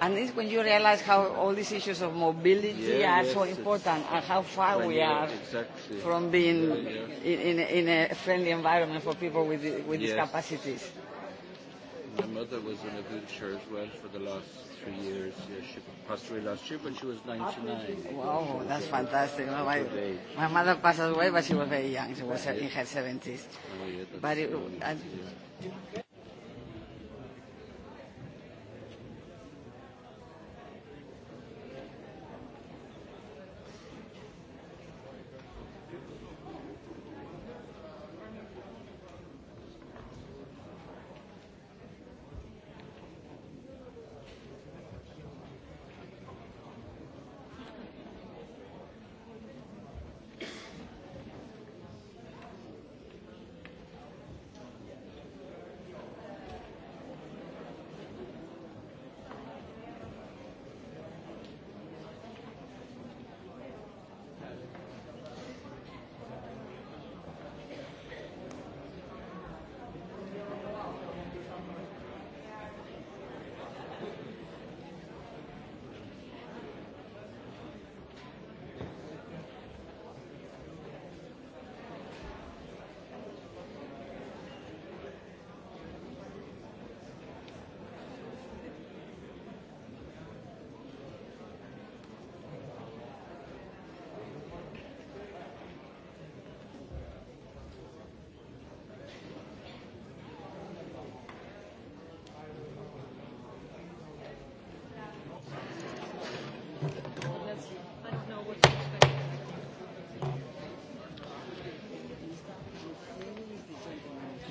And it's when you realize how all these issues of mobility yeah, are yes, so important and how far we are exactly. from being yeah, yeah. In, in, a, in a friendly environment for people with, with yes. discapacities. My mother was in a wheelchair as well for the last three years. Yeah, she passed away last year when she was 99. Wow, that's fantastic. No, my, my mother passed away, but she was very young. She was in her 70s. Oh, yeah, but it,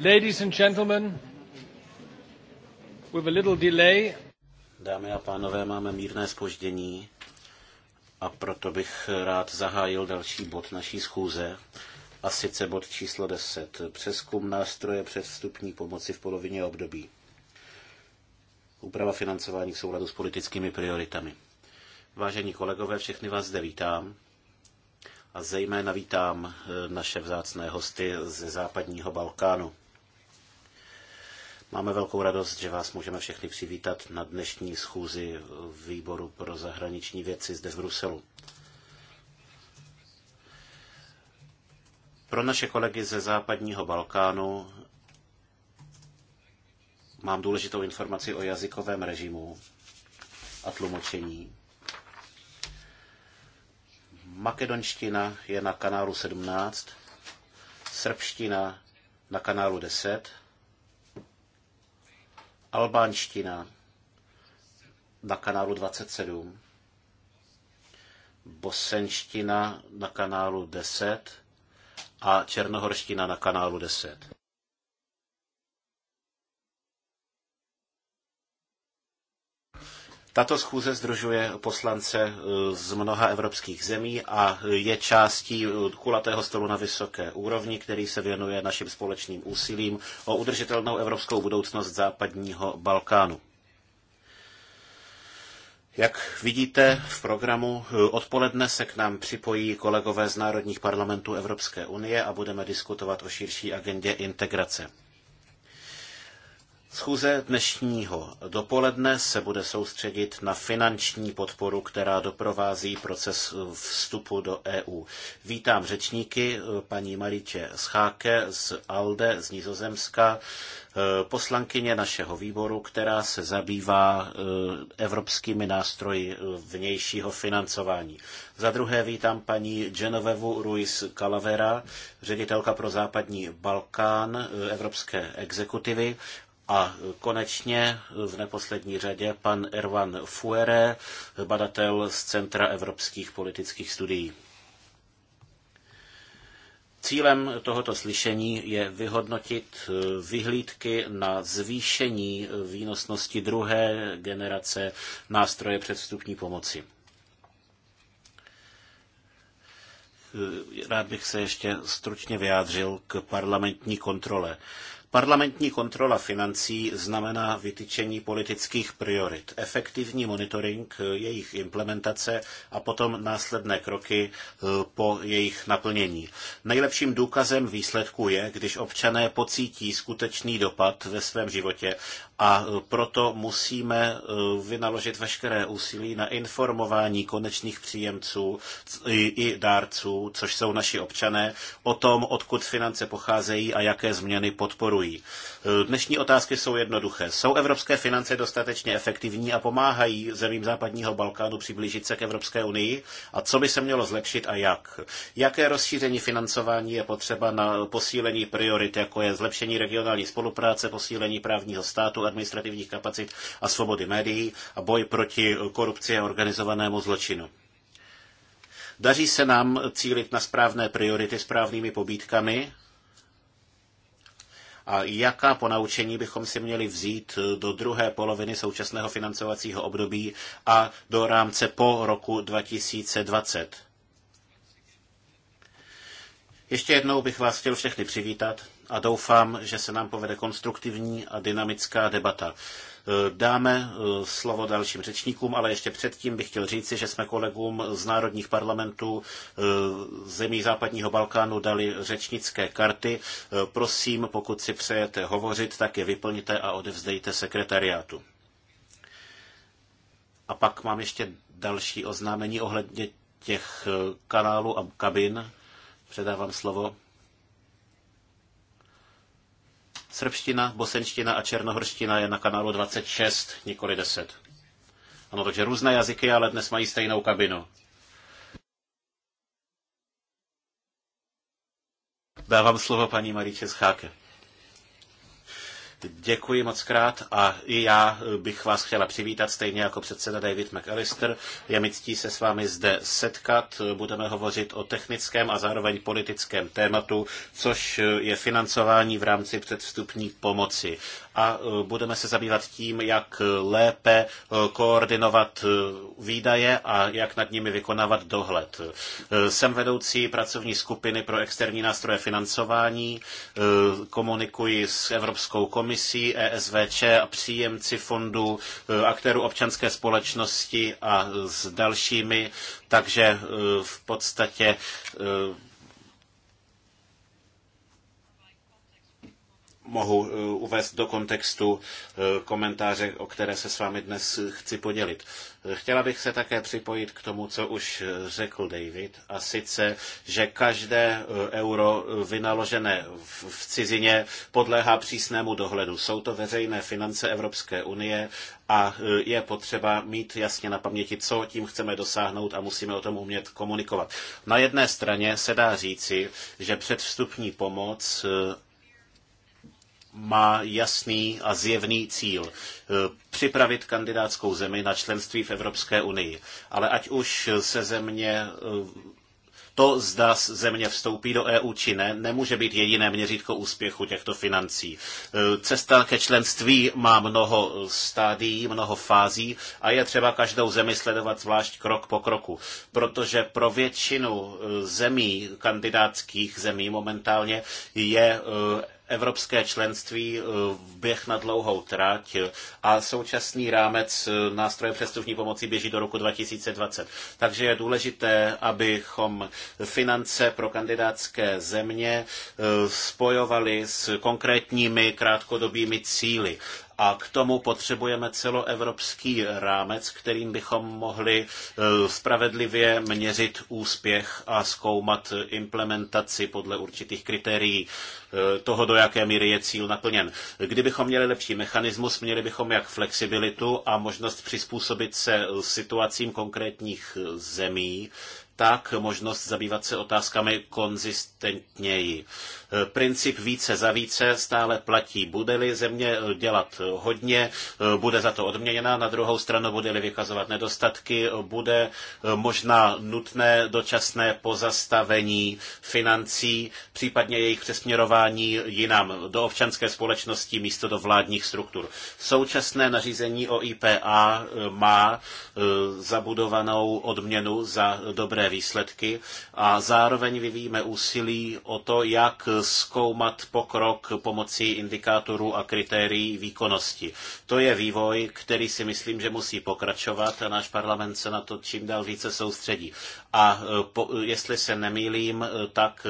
Ladies and gentlemen, with a little delay. Dámy a pánové, máme mírné spoždění a proto bych rád zahájil další bod naší schůze, a sice bod číslo 10, přeskum nástroje předstupní pomoci v polovině období. Úprava financování v souladu s politickými prioritami. Vážení kolegové, všechny vás zde vítám a zejména vítám eh, naše vzácné hosty ze západního Balkánu. Máme velkou radost, že vás můžeme všechny přivítat na dnešní schůzi výboru pro zahraniční věci zde v Bruselu. Pro naše kolegy ze západního Balkánu mám důležitou informaci o jazykovém režimu a tlumočení. Makedonština je na kanálu 17, srbština na kanálu 10, Albánština na kanálu 27, bosenština na kanálu 10 a černohorština na kanálu 10. Tato schůze združuje poslance eh, z mnoha evropských zemí a je částí eh, kulatého stolu na vysoké úrovni, který se věnuje našim společným úsilím o udržitelnou evropskou budoucnost západního Balkánu. Jak vidíte v programu, eh, odpoledne se k nám připojí kolegové z národních parlamentů Evropské unie a budeme diskutovat o širší agendě integrace. Schůze dnešního dopoledne se bude soustředit na finanční podporu, která doprovází proces vstupu do EU. Vítám řečníky, paní Maritě Scháke z ALDE z Nizozemska, poslankyně našeho výboru, která se zabývá eh, evropskými nástroji eh, vnějšího financování. Za druhé vítám paní Genovevu Ruiz Calavera, ředitelka pro západní Balkán eh, Evropské exekutivy a konečně v neposlední řadě pan Ervan Fuere, badatel z Centra evropských politických studií. Cílem tohoto slyšení je vyhodnotit eh, vyhlídky na zvýšení eh, výnosnosti druhé generace nástroje předstupní pomoci. Eh, rád bych se ještě stručně vyjádřil k parlamentní kontrole. Parlamentní kontrola financí znamená vytyčení politických priorit, efektivní monitoring eh, jejich implementace a potom následné kroky eh, po jejich naplnění. Nejlepším důkazem výsledku je, když občané pocítí skutečný dopad ve svém životě a eh, proto musíme vynaložit veškeré úsilí na informování konečných příjemců i dárců, což jsou naši občané, o tom, odkud finance pocházejí a jaké změny podporují podporují. Dnešní otázky jsou jednoduché. Jsou evropské finance dostatečně efektivní a pomáhají zemím západního Balkánu přiblížit se k Evropské unii? A co by se mělo zlepšit a jak? Jaké rozšíření financování je potřeba na posílení priorit, jako je zlepšení regionální spolupráce, posílení právního státu, administrativních kapacit a svobody médií a boj proti korupci a organizovanému zločinu? Daří se nám cílit na správné priority správnými pobídkami? a jaká ponaučení bychom si měli vzít do druhé poloviny současného financovacího období a do rámce po roku 2020. Ještě jednou bych vás chtěl všechny přivítat a doufám, že se nám povede konstruktivní a dynamická debata. Dáme eh, slovo dalším řečníkům, ale ještě předtím bych chtěl říci, že jsme kolegům z národních parlamentů eh, zemí západního Balkánu dali řečnické karty. Eh, prosím, pokud si přejete hovořit, tak je vyplňte a odevzdejte sekretariátu. A pak mám ještě další oznámení ohledně těch kanálů a kabin. Předávám slovo Srbština, bosenština a černohorština je na kanálu 26, nikoli 10. Ano, takže různé jazyky, ale dnes mají stejnou kabinu. Dávám slovo paní Maríče Scháke. Děkuji moc krát a i já bych vás chtěla přivítat, stejně jako předseda David McAllister. Je mi ctí se s vámi zde setkat. Budeme hovořit o technickém a zároveň politickém tématu, což je financování v rámci předvstupní pomoci a e, budeme se zabývat tím, jak lépe e, koordinovat e, výdaje a jak nad nimi vykonávat dohled. Jsem vedoucí pracovní skupiny pro externí nástroje financování, komunikuji s Evropskou komisí, ESVČ a příjemci fondů, aktérů občanské společnosti a s dalšími, takže v podstatě mohu eh, uvést do kontextu eh, komentáře, o které se s vámi dnes chci podělit. Eh, chtěla bych se také připojit k tomu, co už řekl David, a sice, že každé euro vynaložené v cizině podléhá přísnému dohledu. Jsou to veřejné finance Evropské unie a je potřeba mít jasně na paměti, co tím chceme dosáhnout a musíme o tom umět komunikovat. Na jedné straně se dá říci, že předvstupní pomoc má jasný a zjevný cíl eh, připravit kandidátskou zemi na členství v Evropské unii. Ale ať už se země eh, to, zda země vstoupí do EU či ne, nemůže být jediné měřítko úspěchu těchto financí. Eh, cesta ke členství má mnoho stádií, mnoho fází a je třeba každou zemi sledovat zvlášť krok po kroku, protože pro většinu zemí, kandidátských zemí momentálně, je evropské členství eh, v běh na dlouhou trať eh, a současný rámec eh, nástroje přestupní pomoci běží do roku 2020. Takže je důležité, abychom finance pro kandidátské země spojovali s konkrétními krátkodobými cíly a k tomu potřebujeme celoevropský rámec, kterým bychom mohli eh, spravedlivě měřit úspěch a zkoumat implementaci podle určitých kritérií eh, toho, do jaké míry je cíl naplněn. Kdybychom měli lepší mechanismus, měli bychom jak flexibilitu a možnost přizpůsobit se eh, situacím konkrétních zemí, tak možnost zabývat se otázkami konzistentněji. Princip více za více stále platí. Bude-li země dělat hodně, bude za to odměněna, na druhou stranu bude-li vykazovat nedostatky, bude možná nutné dočasné pozastavení financí, případně jejich přesměrování jinam do občanské společnosti místo do vládních struktur. Současné nařízení o IPA má e, zabudovanou odměnu za dobré výsledky a zároveň vyvíjíme úsilí o to, jak zkoumat pokrok pomocí indikátorů a kritérií výkonnosti. To je vývoj, který si myslím, že musí pokračovat a náš parlament se na to čím dál více soustředí. A eh, po, eh, jestli se nemýlím, eh, tak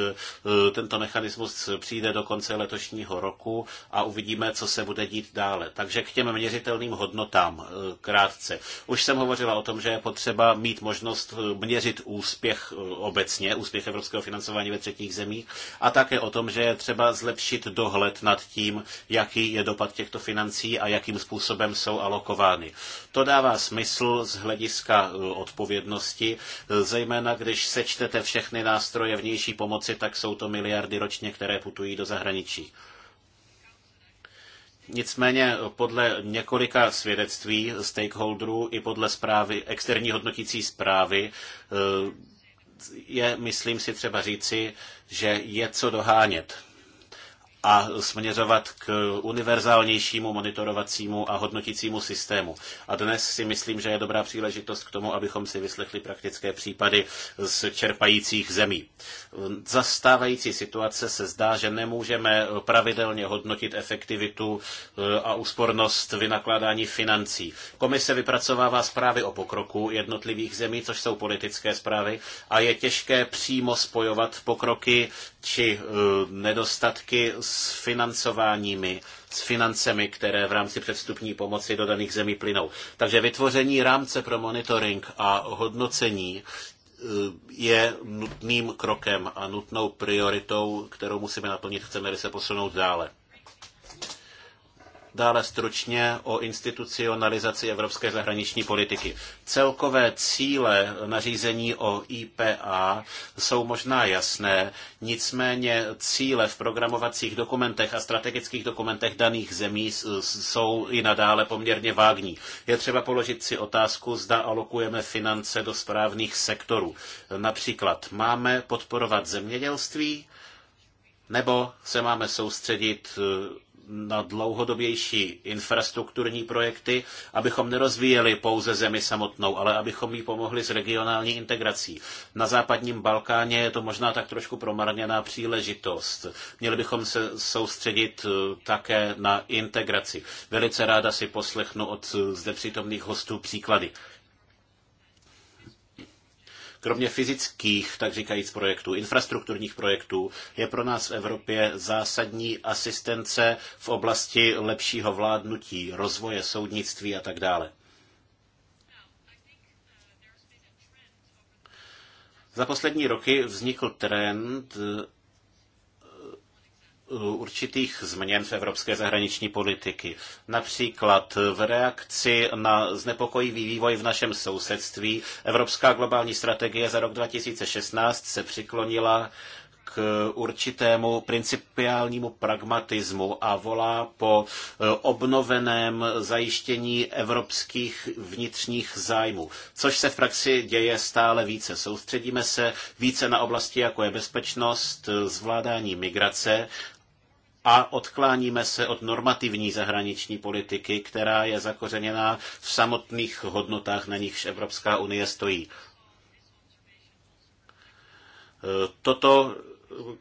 tento mechanismus přijde do konce letošního roku a uvidíme, co se bude dít dále. Takže k těm měřitelným hodnotám krátce. Už jsem hovořila o tom, že je potřeba mít možnost měřit úspěch obecně, úspěch evropského financování ve třetích zemích a také o tom, tom, že je třeba zlepšit dohled nad tím, jaký je dopad těchto financí a jakým způsobem jsou alokovány. To dává smysl z hlediska e, odpovědnosti, zejména když sečtete všechny nástroje vnější pomoci, tak jsou to miliardy ročně, které putují do zahraničí. Nicméně podle několika svědectví stakeholderů i podle zprávy, externí hodnotící zprávy e, je, myslím si, třeba říci, že je co dohánět a směřovat k univerzálnějšímu monitorovacímu a hodnotícímu systému. A dnes si myslím, že je dobrá příležitost k tomu, abychom si vyslechli praktické případy z čerpajících zemí. Zastávající situace se zdá, že nemůžeme pravidelně hodnotit efektivitu eh, a úspornost vynakládání financí. Komise vypracovává zprávy o pokroku jednotlivých zemí, což jsou politické zprávy, a je těžké přímo spojovat pokroky či eh, nedostatky s s financováními, s financemi, které v rámci předstupní pomoci do daných zemí plynou. Takže vytvoření rámce pro monitoring a hodnocení e, je nutným krokem a nutnou prioritou, kterou musíme naplnit, chceme-li se posunout dále. Dále stručně o institucionalizaci evropské zahraniční politiky. Celkové cíle nařízení o IPA jsou možná jasné, nicméně cíle v programovacích dokumentech a strategických dokumentech daných zemí jsou i nadále poměrně vágní. Je třeba položit si otázku, zda alokujeme finance do správných sektorů. Například máme podporovat zemědělství, nebo se máme soustředit na dlouhodobější infrastrukturní projekty, abychom nerozvíjeli pouze zemi samotnou, ale abychom jí pomohli s regionální integrací. Na západním Balkáně je to možná tak trošku promarněná příležitost. Měli bychom se soustředit eh, také na integraci. Velice ráda si poslechnu od eh, zde přítomných hostů příklady Kromě fyzických, tak říkajíc, projektů, infrastrukturních projektů, je pro nás v Evropě zásadní asistence v oblasti lepšího vládnutí, rozvoje soudnictví a tak dále. Za poslední roky vznikl trend určitých změn v evropské zahraniční politiky. Například v reakci na znepokojivý vývoj v našem sousedství Evropská globální strategie za rok 2016 se přiklonila k určitému principiálnímu pragmatismu a volá po eh, obnoveném zajištění evropských vnitřních zájmů, což se v praxi děje stále více. Soustředíme se více na oblasti, jako je bezpečnost, eh, zvládání migrace a odkláníme se od normativní zahraniční politiky, která je zakořeněná v samotných hodnotách, na nichž Evropská unie stojí. Toto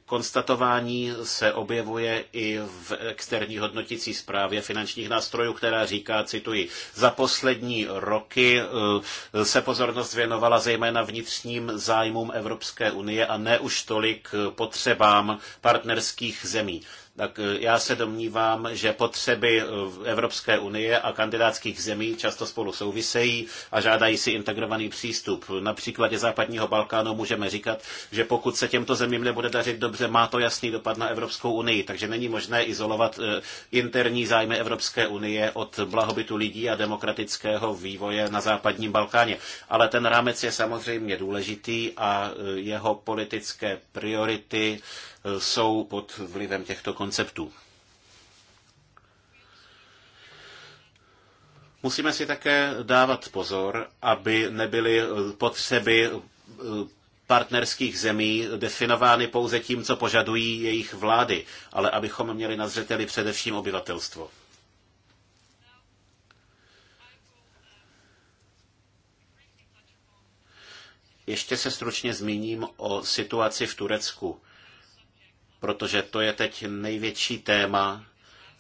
konstatování se objevuje i v externí hodnotící zprávě finančních nástrojů, která říká, cituji, za poslední roky eh, se pozornost věnovala zejména vnitřním zájmům Evropské unie a ne už tolik potřebám partnerských zemí tak eh, já se domnívám, že potřeby eh, Evropské unie a kandidátských zemí často spolu souvisejí a žádají si integrovaný přístup. Na příkladě západního Balkánu můžeme říkat, že pokud se těmto zemím nebude dařit dobře, má to jasný dopad na Evropskou unii, takže není možné izolovat eh, interní zájmy Evropské unie od blahobytu lidí a demokratického vývoje na západním Balkáně. Ale ten rámec je samozřejmě důležitý a jeho politické priority jsou pod vlivem těchto konceptů. Musíme si také dávat pozor, aby nebyly potřeby eh, partnerských zemí definovány pouze tím, co požadují jejich vlády, ale abychom měli na zřeteli především obyvatelstvo. Ještě se stručně zmíním o situaci v Turecku protože to je teď největší téma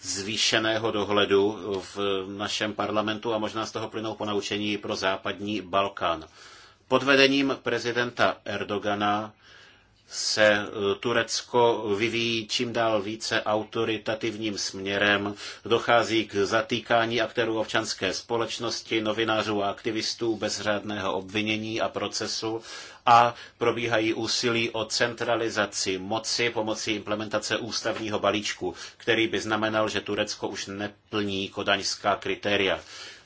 zvýšeného dohledu v našem parlamentu a možná z toho plynou ponaučení pro západní Balkán. Pod vedením prezidenta Erdogana se e, Turecko vyvíjí čím dál více autoritativním směrem. Dochází k zatýkání aktérů občanské společnosti, novinářů a aktivistů bez řádného obvinění a procesu a probíhají úsilí o centralizaci moci pomocí implementace ústavního balíčku, který by znamenal, že Turecko už neplní kodaňská kritéria.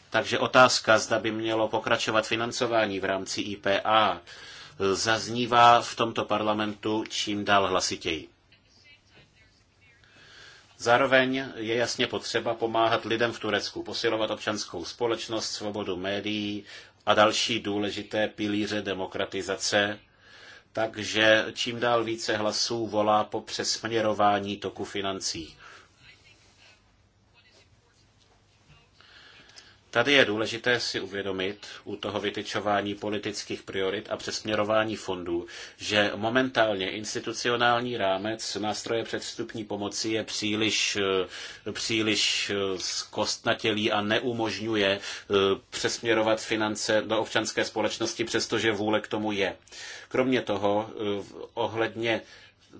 Takže otázka, zda by mělo pokračovat financování v rámci IPA, zaznívá v tomto parlamentu čím dál hlasitěji. Zároveň je jasně potřeba pomáhat lidem v Turecku, posilovat občanskou společnost, svobodu médií a další důležité pilíře demokratizace, takže čím dál více hlasů volá po přesměrování toku financí. Tady je důležité si uvědomit u toho vytyčování politických priorit a přesměrování fondů, že momentálně institucionální rámec nástroje předstupní pomoci je příliš, eh, příliš eh, zkostnatělý a neumožňuje eh, přesměrovat finance do občanské společnosti, přestože vůle k tomu je. Kromě toho, ohledně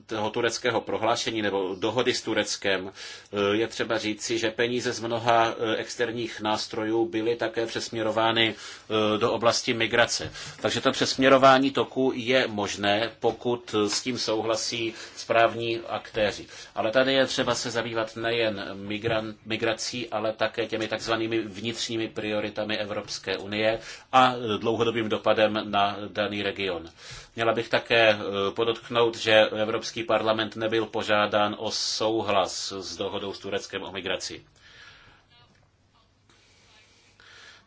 toho tureckého prohlášení nebo dohody s Tureckem eh, je třeba říci, že peníze z mnoha eh, externích nástrojů byly také přesměrovány eh, do oblasti migrace. Takže to přesměrování toku je možné, pokud s tím souhlasí správní aktéři. Ale tady je třeba se zabývat nejen migran, migrací, ale také těmi takzvanými vnitřními prioritami Evropské unie a dlouhodobým dopadem na daný region. Měla bych také eh, podotknout, že Evropský parlament nebyl požádán o souhlas s dohodou s Tureckem o migraci.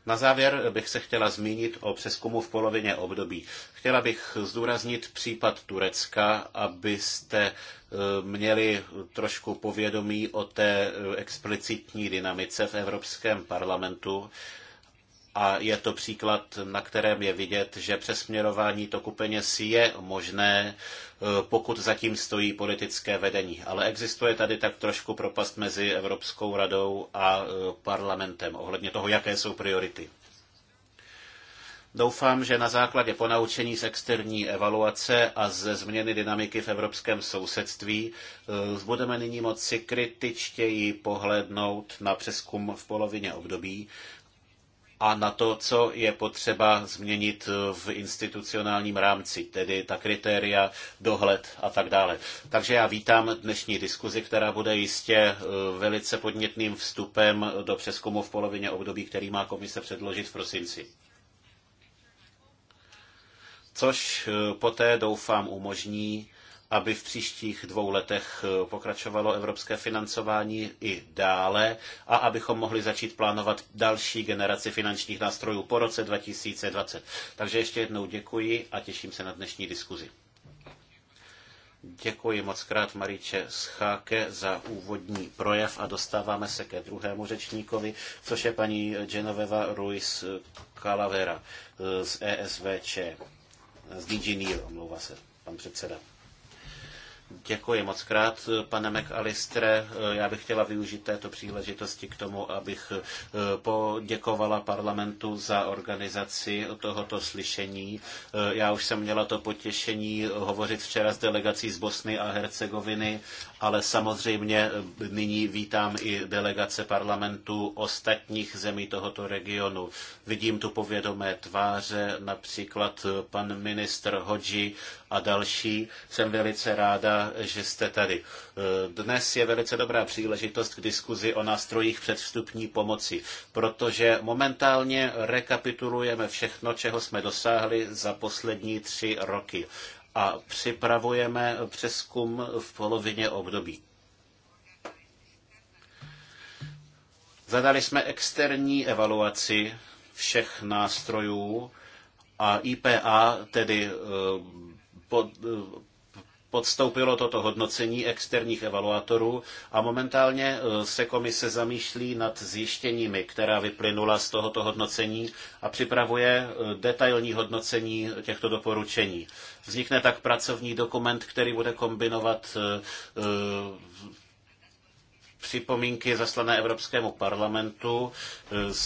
Na závěr bych se chtěla zmínit o přeskumu v polovině období. Chtěla bych zdůraznit případ Turecka, abyste eh, měli trošku povědomí o té eh, explicitní dynamice v Evropském parlamentu, a je to příklad, na kterém je vidět, že přesměrování toku peněz je možné, e, pokud zatím stojí politické vedení. Ale existuje tady tak trošku propast mezi Evropskou radou a e, parlamentem ohledně toho, jaké jsou priority. Doufám, že na základě ponaučení z externí evaluace a ze změny dynamiky v evropském sousedství e, budeme nyní moci kritičtěji pohlédnout na přeskum v polovině období a na to, co je potřeba změnit v institucionálním rámci, tedy ta kritéria, dohled a tak dále. Takže já vítám dnešní diskuzi, která bude jistě eh, velice podnětným vstupem do přeskumu v polovině období, který má komise předložit v prosinci. Což eh, poté doufám umožní aby v příštích dvou letech eh, pokračovalo evropské financování i dále a abychom mohli začít plánovat další generaci finančních nástrojů po roce 2020. Takže ještě jednou děkuji a těším se na dnešní diskuzi. Děkuji moc krát Maríče Scháke za úvodní projev a dostáváme se ke druhému řečníkovi, což je paní Genoveva Ruiz Calavera eh, z ESVČ, z DG NIR, omlouvá se pan předseda. Děkuji moc krát, pane McAllistre. Já bych chtěla využít této příležitosti k tomu, abych eh, poděkovala parlamentu za organizaci tohoto slyšení. Eh, já už jsem měla to potěšení hovořit včera s delegací z Bosny a Hercegoviny ale samozřejmě eh, nyní vítám i delegace parlamentů ostatních zemí tohoto regionu. Vidím tu povědomé tváře, například eh, pan ministr Hodži a další. Jsem velice ráda, že jste tady. Eh, dnes je velice dobrá příležitost k diskuzi o nástrojích předvstupní pomoci, protože momentálně rekapitulujeme všechno, čeho jsme dosáhli za poslední tři roky a připravujeme přeskum v polovině období. Zadali jsme externí evaluaci všech nástrojů a IPA, tedy eh, eh, podstoupilo toto hodnocení externích evaluátorů a momentálně e, se komise zamýšlí nad zjištěními, která vyplynula z tohoto hodnocení a připravuje e, detailní hodnocení těchto doporučení. Vznikne tak pracovní dokument, který bude kombinovat e, připomínky zaslané Evropskému parlamentu s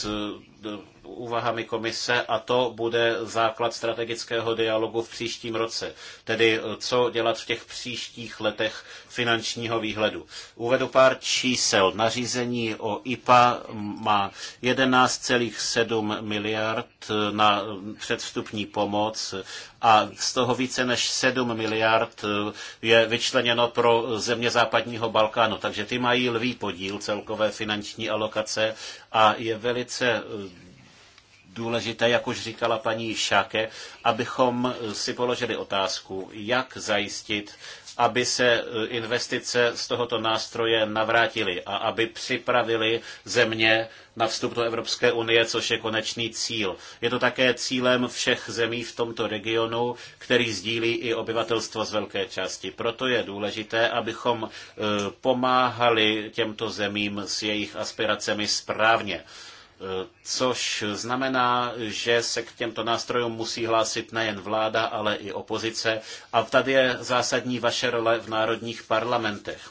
úvahami komise a to bude základ strategického dialogu v příštím roce, tedy eh, co dělat v těch příštích letech finančního výhledu. Uvedu pár čísel. Nařízení o IPA má 11,7 miliard eh, na eh, předvstupní pomoc a z toho více než 7 miliard je vyčleněno pro země západního Balkánu, takže ty mají lvý podíl celkové finanční alokace a je velice eh, důležité, jak už říkala paní Šáke, abychom eh, si položili otázku, jak zajistit aby se eh, investice z tohoto nástroje navrátily a aby připravili země na vstup do Evropské unie, což je konečný cíl. Je to také cílem všech zemí v tomto regionu, který sdílí i obyvatelstvo z velké části. Proto je důležité, abychom eh, pomáhali těmto zemím s jejich aspiracemi správně což znamená, že se k těmto nástrojům musí hlásit nejen vláda, ale i opozice. A tady je zásadní vaše role v národních parlamentech.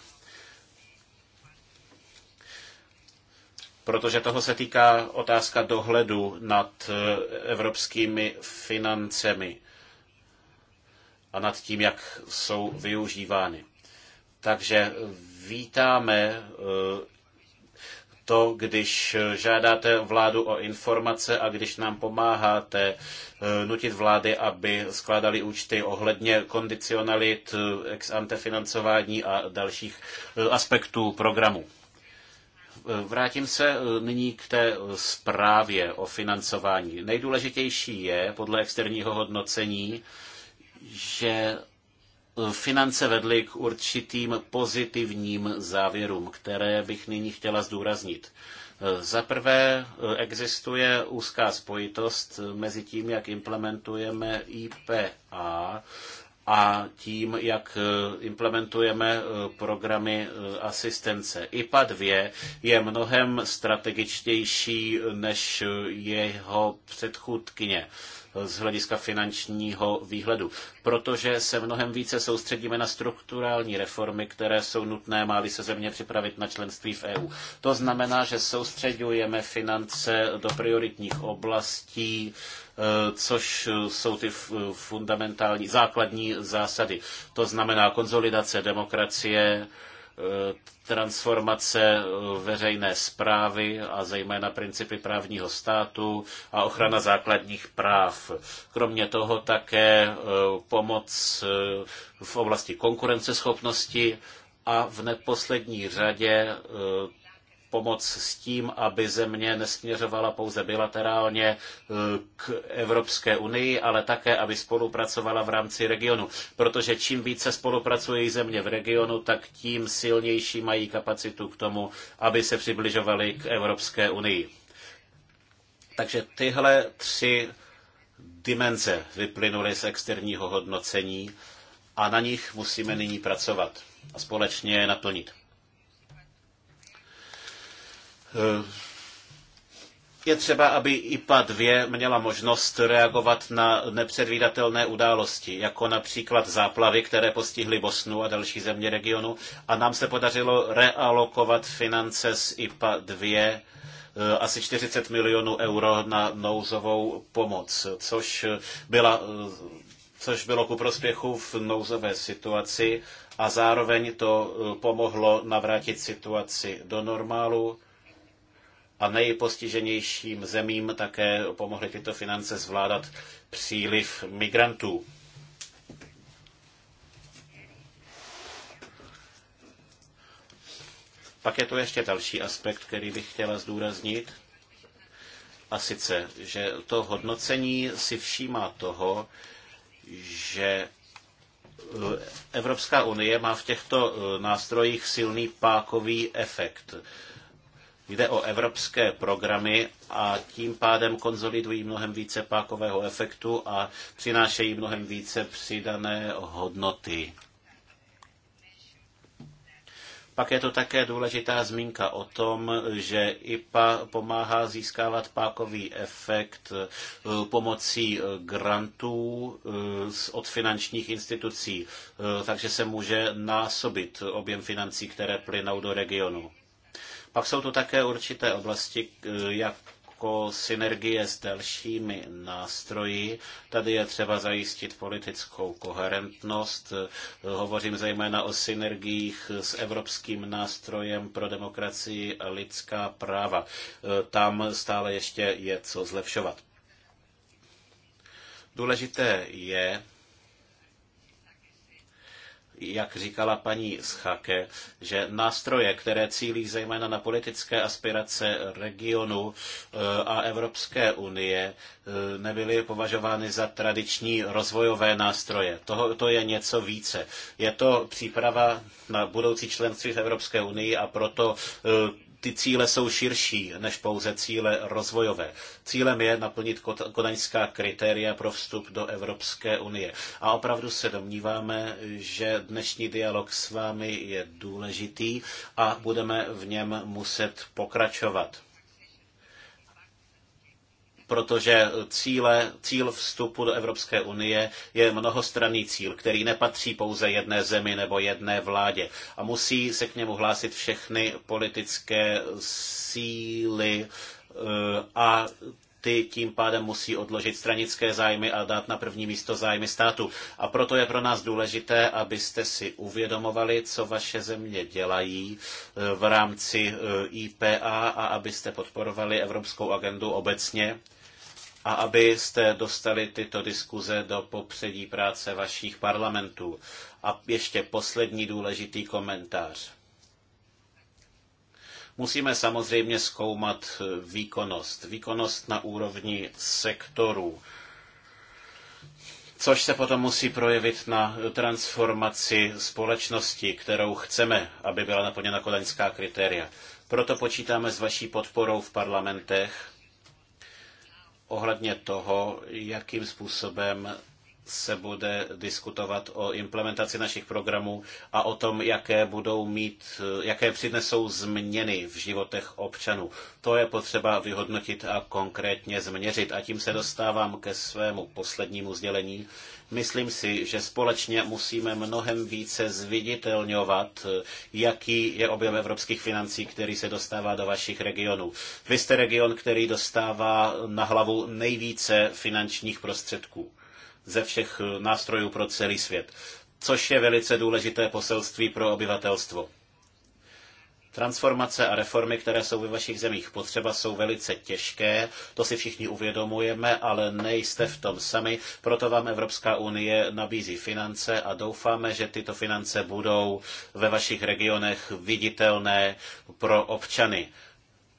protože toho se týká otázka dohledu nad eh, evropskými financemi a nad tím, jak jsou využívány. Takže vítáme eh, to, když žádáte vládu o informace a když nám pomáháte eh, nutit vlády, aby skládali účty ohledně kondicionalit, eh, ex ante financování a dalších eh, aspektů programu. Vrátím se nyní k té zprávě o financování. Nejdůležitější je, podle externího hodnocení, že finance vedly k určitým pozitivním závěrům, které bych nyní chtěla zdůraznit. Za prvé existuje úzká spojitost mezi tím, jak implementujeme IPA a tím, jak implementujeme programy asistence. IPA 2 je mnohem strategičtější než jeho předchůdkyně z hlediska finančního výhledu, protože se mnohem více soustředíme na strukturální reformy, které jsou nutné, má-li se země připravit na členství v EU. To znamená, že soustředujeme finance do prioritních oblastí, e, což jsou ty fundamentální, základní zásady. To znamená konsolidace demokracie, transformace veřejné zprávy a zejména principy právního státu a ochrana základních práv. Kromě toho také e, pomoc e, v oblasti konkurenceschopnosti a v neposlední řadě e, pomoc s tím, aby země nesměřovala pouze bilaterálně eh, k Evropské unii, ale také, aby spolupracovala v rámci regionu. Protože čím více spolupracují země v regionu, tak tím silnější mají kapacitu k tomu, aby se přibližovaly k Evropské unii. Takže tyhle tři dimenze vyplynuly z externího hodnocení a na nich musíme nyní pracovat a společně je naplnit. Je třeba, aby IPA 2 měla možnost reagovat na nepředvídatelné události, jako například záplavy, které postihly Bosnu a další země regionu. A nám se podařilo realokovat finance z IPA 2 eh, asi 40 milionů euro na nouzovou pomoc, což, byla, eh, což bylo ku prospěchu v nouzové situaci a zároveň to eh, pomohlo navrátit situaci do normálu a nejpostiženějším zemím také pomohly tyto finance zvládat příliv migrantů. Pak je tu ještě další aspekt, který bych chtěla zdůraznit. A sice, že to hodnocení si všímá toho, že eh, Evropská unie má v těchto eh, nástrojích silný pákový efekt. Jde o evropské programy a tím pádem konzolidují mnohem více pákového efektu a přinášejí mnohem více přidané hodnoty. Pak je to také důležitá zmínka o tom, že IPA pomáhá získávat pákový efekt eh, pomocí eh, grantů eh, od finančních institucí, takže se může násobit objem financí, které plynou do regionu. Pak jsou tu také určité oblasti, eh, jako synergie s dalšími nástroji. Tady je třeba zajistit politickou koherentnost. Eh, hovořím zejména o synergiích s Evropským nástrojem pro demokracii a lidská práva. Eh, tam stále ještě je co zlepšovat. Důležité je, jak říkala paní Schake, že nástroje, které cílí zejména na politické aspirace regionu eh, a Evropské unie, eh, nebyly považovány za tradiční rozvojové nástroje. Toho, to je něco více. Je to příprava na budoucí členství v Evropské unii a proto eh, ty cíle jsou širší než pouze cíle rozvojové. Cílem je naplnit kodaňská kritéria pro vstup do Evropské unie. A opravdu se domníváme, že dnešní dialog s vámi je důležitý a budeme v něm muset pokračovat protože cíle, cíl vstupu do Evropské unie je mnohostranný cíl, který nepatří pouze jedné zemi nebo jedné vládě a musí se k němu hlásit všechny politické síly eh, a ty tím pádem musí odložit stranické zájmy a dát na první místo zájmy státu. A proto je pro nás důležité, abyste si uvědomovali, co vaše země dělají eh, v rámci eh, IPA a abyste podporovali evropskou agendu obecně a abyste dostali tyto diskuze do popředí práce vašich parlamentů. A ještě poslední důležitý komentář. Musíme samozřejmě zkoumat výkonnost. Výkonnost na úrovni sektorů což se potom musí projevit na transformaci společnosti, kterou chceme, aby byla naplněna kodaňská kritéria. Proto počítáme s vaší podporou v parlamentech ohledně toho, jakým způsobem se bude diskutovat o implementaci našich programů a o tom, jaké budou mít, jaké přinesou změny v životech občanů. To je potřeba vyhodnotit a konkrétně změřit. A tím se dostávám ke svému poslednímu sdělení, Myslím si, že společně musíme mnohem více zviditelňovat, jaký je objem evropských financí, který se dostává do vašich regionů. Vy jste region, který dostává na hlavu nejvíce finančních prostředků ze všech nástrojů pro celý svět, což je velice důležité poselství pro obyvatelstvo. Transformace a reformy, které jsou ve vašich zemích potřeba, jsou velice těžké, to si všichni uvědomujeme, ale nejste v tom sami, proto vám Evropská unie nabízí finance a doufáme, že tyto finance budou ve vašich regionech viditelné pro občany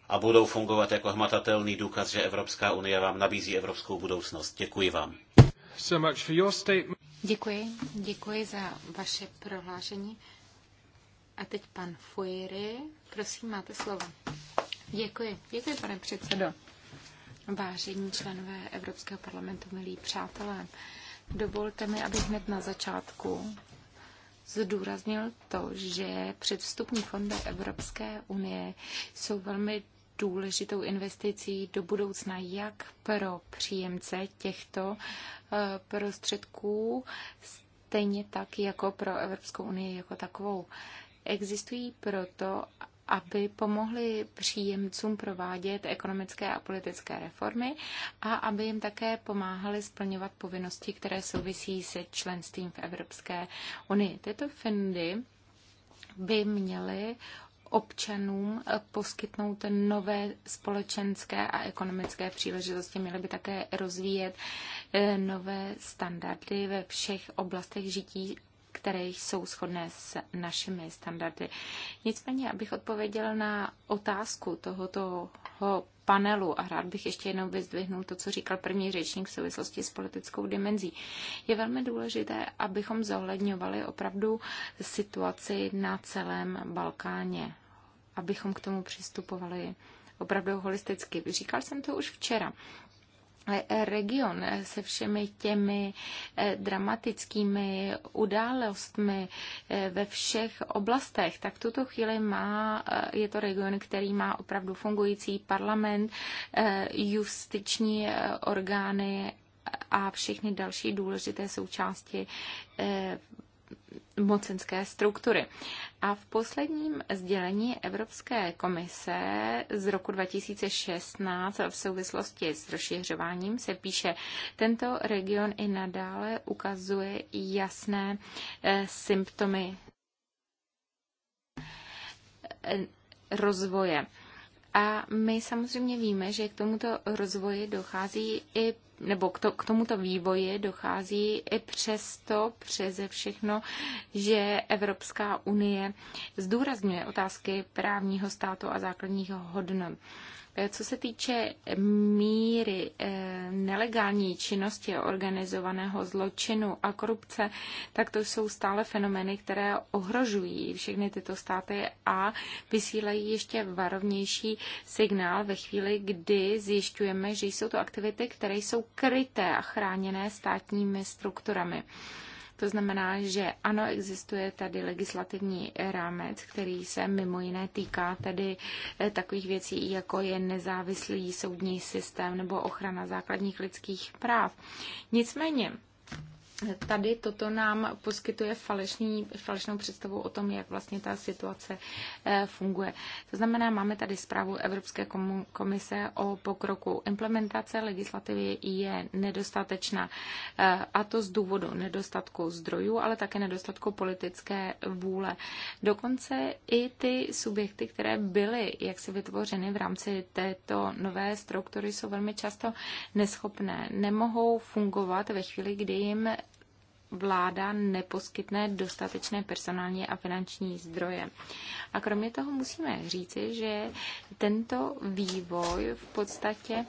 a budou fungovat jako hmatatelný důkaz, že Evropská unie vám nabízí evropskou budoucnost. Děkuji vám. So much for your statement. Děkuji, děkuji za vaše prohlášení. A teď pan Fuiri, Prosím, máte slovo. Děkuji. Děkuji, pane předsedo. Vážení členové Evropského parlamentu, milí přátelé, dovolte mi, abych hned na začátku zdůraznil to, že předvstupní fondy Evropské unie jsou velmi důležitou investicí do budoucna jak pro příjemce těchto eh, prostředků, stejně tak jako pro Evropskou unii jako takovou existují proto, aby pomohly příjemcům provádět ekonomické a politické reformy a aby jim také pomáhaly splňovat povinnosti, které souvisí se členstvím v Evropské unii. Tyto findy by měly občanům poskytnout nové společenské a ekonomické příležitosti. Měly by také rozvíjet eh, nové standardy ve všech oblastech žití které jsou shodné s našimi standardy. Nicméně, abych odpověděl na otázku tohoto panelu a rád bych ještě jednou vyzdvihnul to, co říkal první řečník v souvislosti s politickou dimenzí. Je velmi důležité, abychom zohledňovali opravdu situaci na celém Balkáně, abychom k tomu přistupovali opravdu holisticky. Říkal jsem to už včera region se všemi těmi eh, dramatickými událostmi eh, ve všech oblastech, tak v tuto chvíli má, eh, je to region, který má opravdu fungující parlament, justiční orgány a všechny další důležité součásti mocenské struktury. A v posledním sdělení Evropské komise z roku 2016 v souvislosti s rozšiřováním se píše, tento region i nadále ukazuje jasné eh, symptomy eh, rozvoje. A my samozřejmě víme, že k tomuto rozvoji dochází i nebo k, to, k tomuto vývoji dochází i přesto, přeze všechno, že Evropská unie zdůrazňuje otázky právního státu a základních hodnot. Eh, co se týče míry eh, nelegální činnosti organizovaného zločinu a korupce, tak to jsou stále fenomény, které ohrožují všechny tyto státy a vysílají ještě varovnější signál ve chvíli, kdy zjišťujeme, že jsou to aktivity, které jsou kryté a chráněné státními strukturami. To znamená, že ano, existuje tady legislativní rámec, který se mimo jiné týká tedy eh, takových věcí, jako je nezávislý soudní systém nebo ochrana základních lidských práv. Nicméně, tady toto nám poskytuje falešný, falešnou představu o tom, jak vlastně ta situace eh, funguje. To znamená, máme tady zprávu Evropské komise o pokroku. Implementace legislativy je nedostatečná eh, a to z důvodu nedostatku zdrojů, ale také nedostatku politické vůle. Dokonce i ty subjekty, které byly jaksi vytvořeny v rámci této nové struktury, jsou velmi často neschopné, nemohou fungovat ve chvíli, kdy jim vláda neposkytne dostatečné personální a finanční zdroje. A kromě toho musíme říci, že tento vývoj v podstatě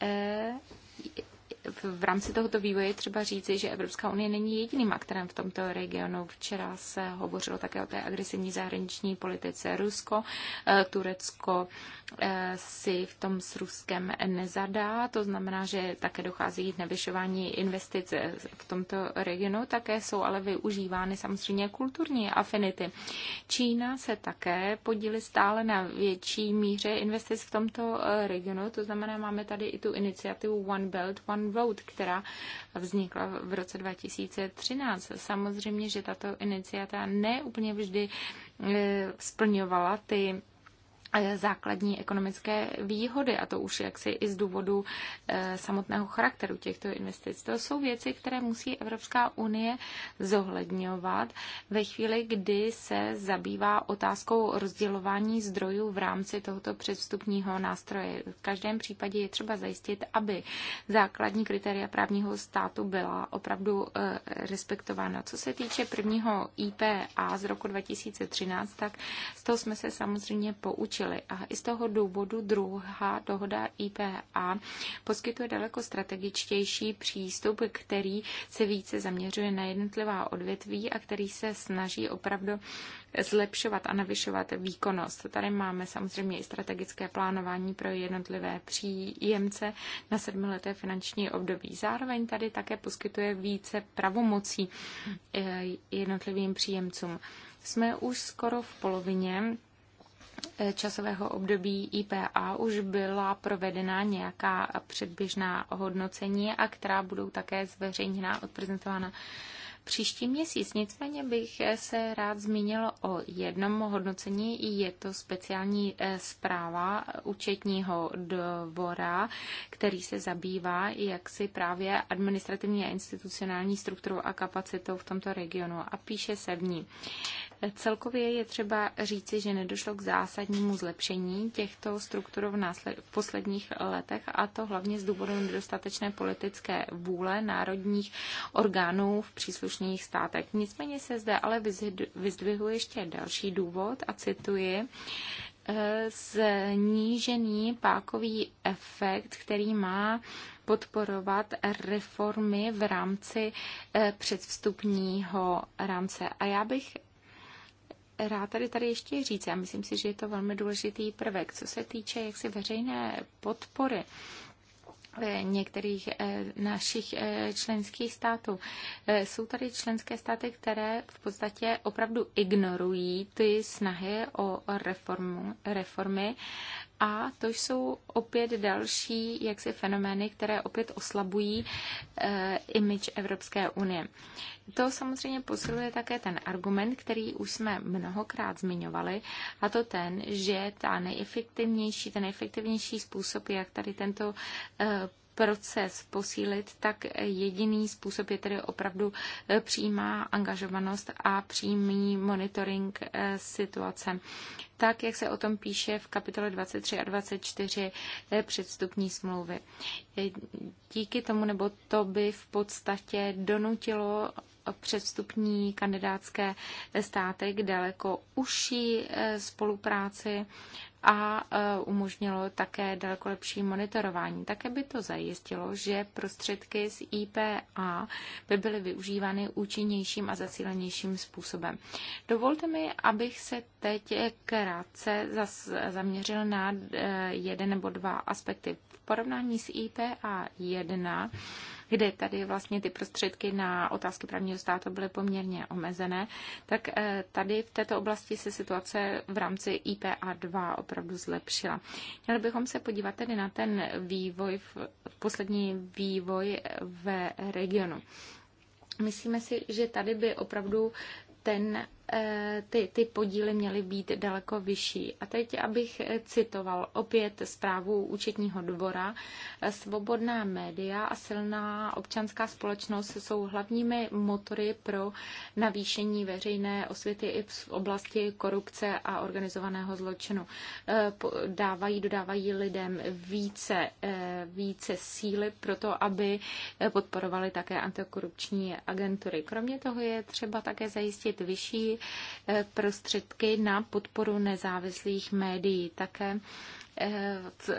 eh, v rámci tohoto vývoje je třeba říci, že Evropská unie není jediným aktérem v tomto regionu. Včera se hovořilo také o té agresivní zahraniční politice Rusko. Eh, Turecko eh, si v tom s Ruskem nezadá, to znamená, že také dochází k navyšování investic eh, v tomto regionu. Také jsou ale využívány samozřejmě kulturní afinity. Čína se také podílí stále na větší míře investic v tomto regionu, to znamená, máme tady i tu iniciativu One Belt, One Vote, která vznikla v roce 2013. Samozřejmě, že tato iniciativa neúplně vždy eh, splňovala ty základní ekonomické výhody a to už jaksi i z důvodu eh, samotného charakteru těchto investic. To jsou věci, které musí Evropská unie zohledňovat ve chvíli, kdy se zabývá otázkou rozdělování zdrojů v rámci tohoto předstupního nástroje. V každém případě je třeba zajistit, aby základní kritéria právního státu byla opravdu eh, respektována. Co se týče prvního IPA z roku 2013, tak z toho jsme se samozřejmě poučili podpořili. A i z toho důvodu druhá dohoda IPA poskytuje daleko strategičtější přístup, který se více zaměřuje na jednotlivá odvětví a který se snaží opravdu zlepšovat a navyšovat výkonnost. Tady máme samozřejmě i strategické plánování pro jednotlivé příjemce na sedmileté finanční období. Zároveň tady také poskytuje více pravomocí eh, jednotlivým příjemcům. Jsme už skoro v polovině Eh, časového období IPA už byla provedena nějaká předběžná hodnocení a která budou také zveřejněna, odprezentována příští měsíc. Nicméně bych se rád zmínil o jednom hodnocení. Je to speciální eh, zpráva účetního dvora, který se zabývá jaksi právě administrativní a institucionální strukturou a kapacitou v tomto regionu a píše se v ní. Celkově je třeba říci, že nedošlo k zásadnímu zlepšení těchto struktur v, násled, v posledních letech a to hlavně z důvodu nedostatečné politické vůle národních orgánů v příslušných státech. Nicméně se zde ale vyzdvihuje ještě další důvod a cituji, e, znížený pákový efekt, který má podporovat reformy v rámci e, předvstupního rámce. A já bych rád tady, tady ještě říct, já myslím si, že je to velmi důležitý prvek, co se týče jaksi veřejné podpory eh, některých eh, našich eh, členských států. Jsou tady členské státy, které v podstatě opravdu ignorují ty snahy o reformu, reformy a to jsou opět další jaksi fenomény, které opět oslabují e, image Evropské unie. To samozřejmě posiluje také ten argument, který už jsme mnohokrát zmiňovali, a to ten, že ta nejefektivnější, ten nejefektivnější způsob, jak tady tento e, proces posílit, tak jediný způsob je tedy opravdu eh, přímá angažovanost a přímý monitoring situace tak jak se o tom píše v kapitole 23 a 24 předstupní smlouvy. Díky tomu, nebo to by v podstatě donutilo předstupní kandidátské státy k daleko užší e, spolupráci a e, umožnilo také daleko lepší monitorování. Také by to zajistilo, že prostředky z IPA by byly využívány účinnějším a zacílenějším způsobem. Dovolte mi, abych se teď k krátce zaměřil na eh, jeden nebo dva aspekty. V porovnání s IPA 1 kde tady vlastně ty prostředky na otázky právního státu byly poměrně omezené, tak eh, tady v této oblasti se situace v rámci IPA 2 opravdu zlepšila. Měli bychom se podívat tedy na ten vývoj, poslední vývoj ve regionu. Myslíme si, že tady by opravdu ten Eh, ty, ty podíly měly být daleko vyšší. A teď, abych citoval opět zprávu účetního dvora, eh, svobodná média a silná občanská společnost jsou hlavními motory pro navýšení veřejné osvěty i v oblasti korupce a organizovaného zločinu. Eh, dávají, dodávají lidem více, více síly pro to, aby podporovali také antikorupční agentury. Kromě toho je třeba také zajistit vyšší Eh, prostředky na podporu nezávislých médií. Také eh, v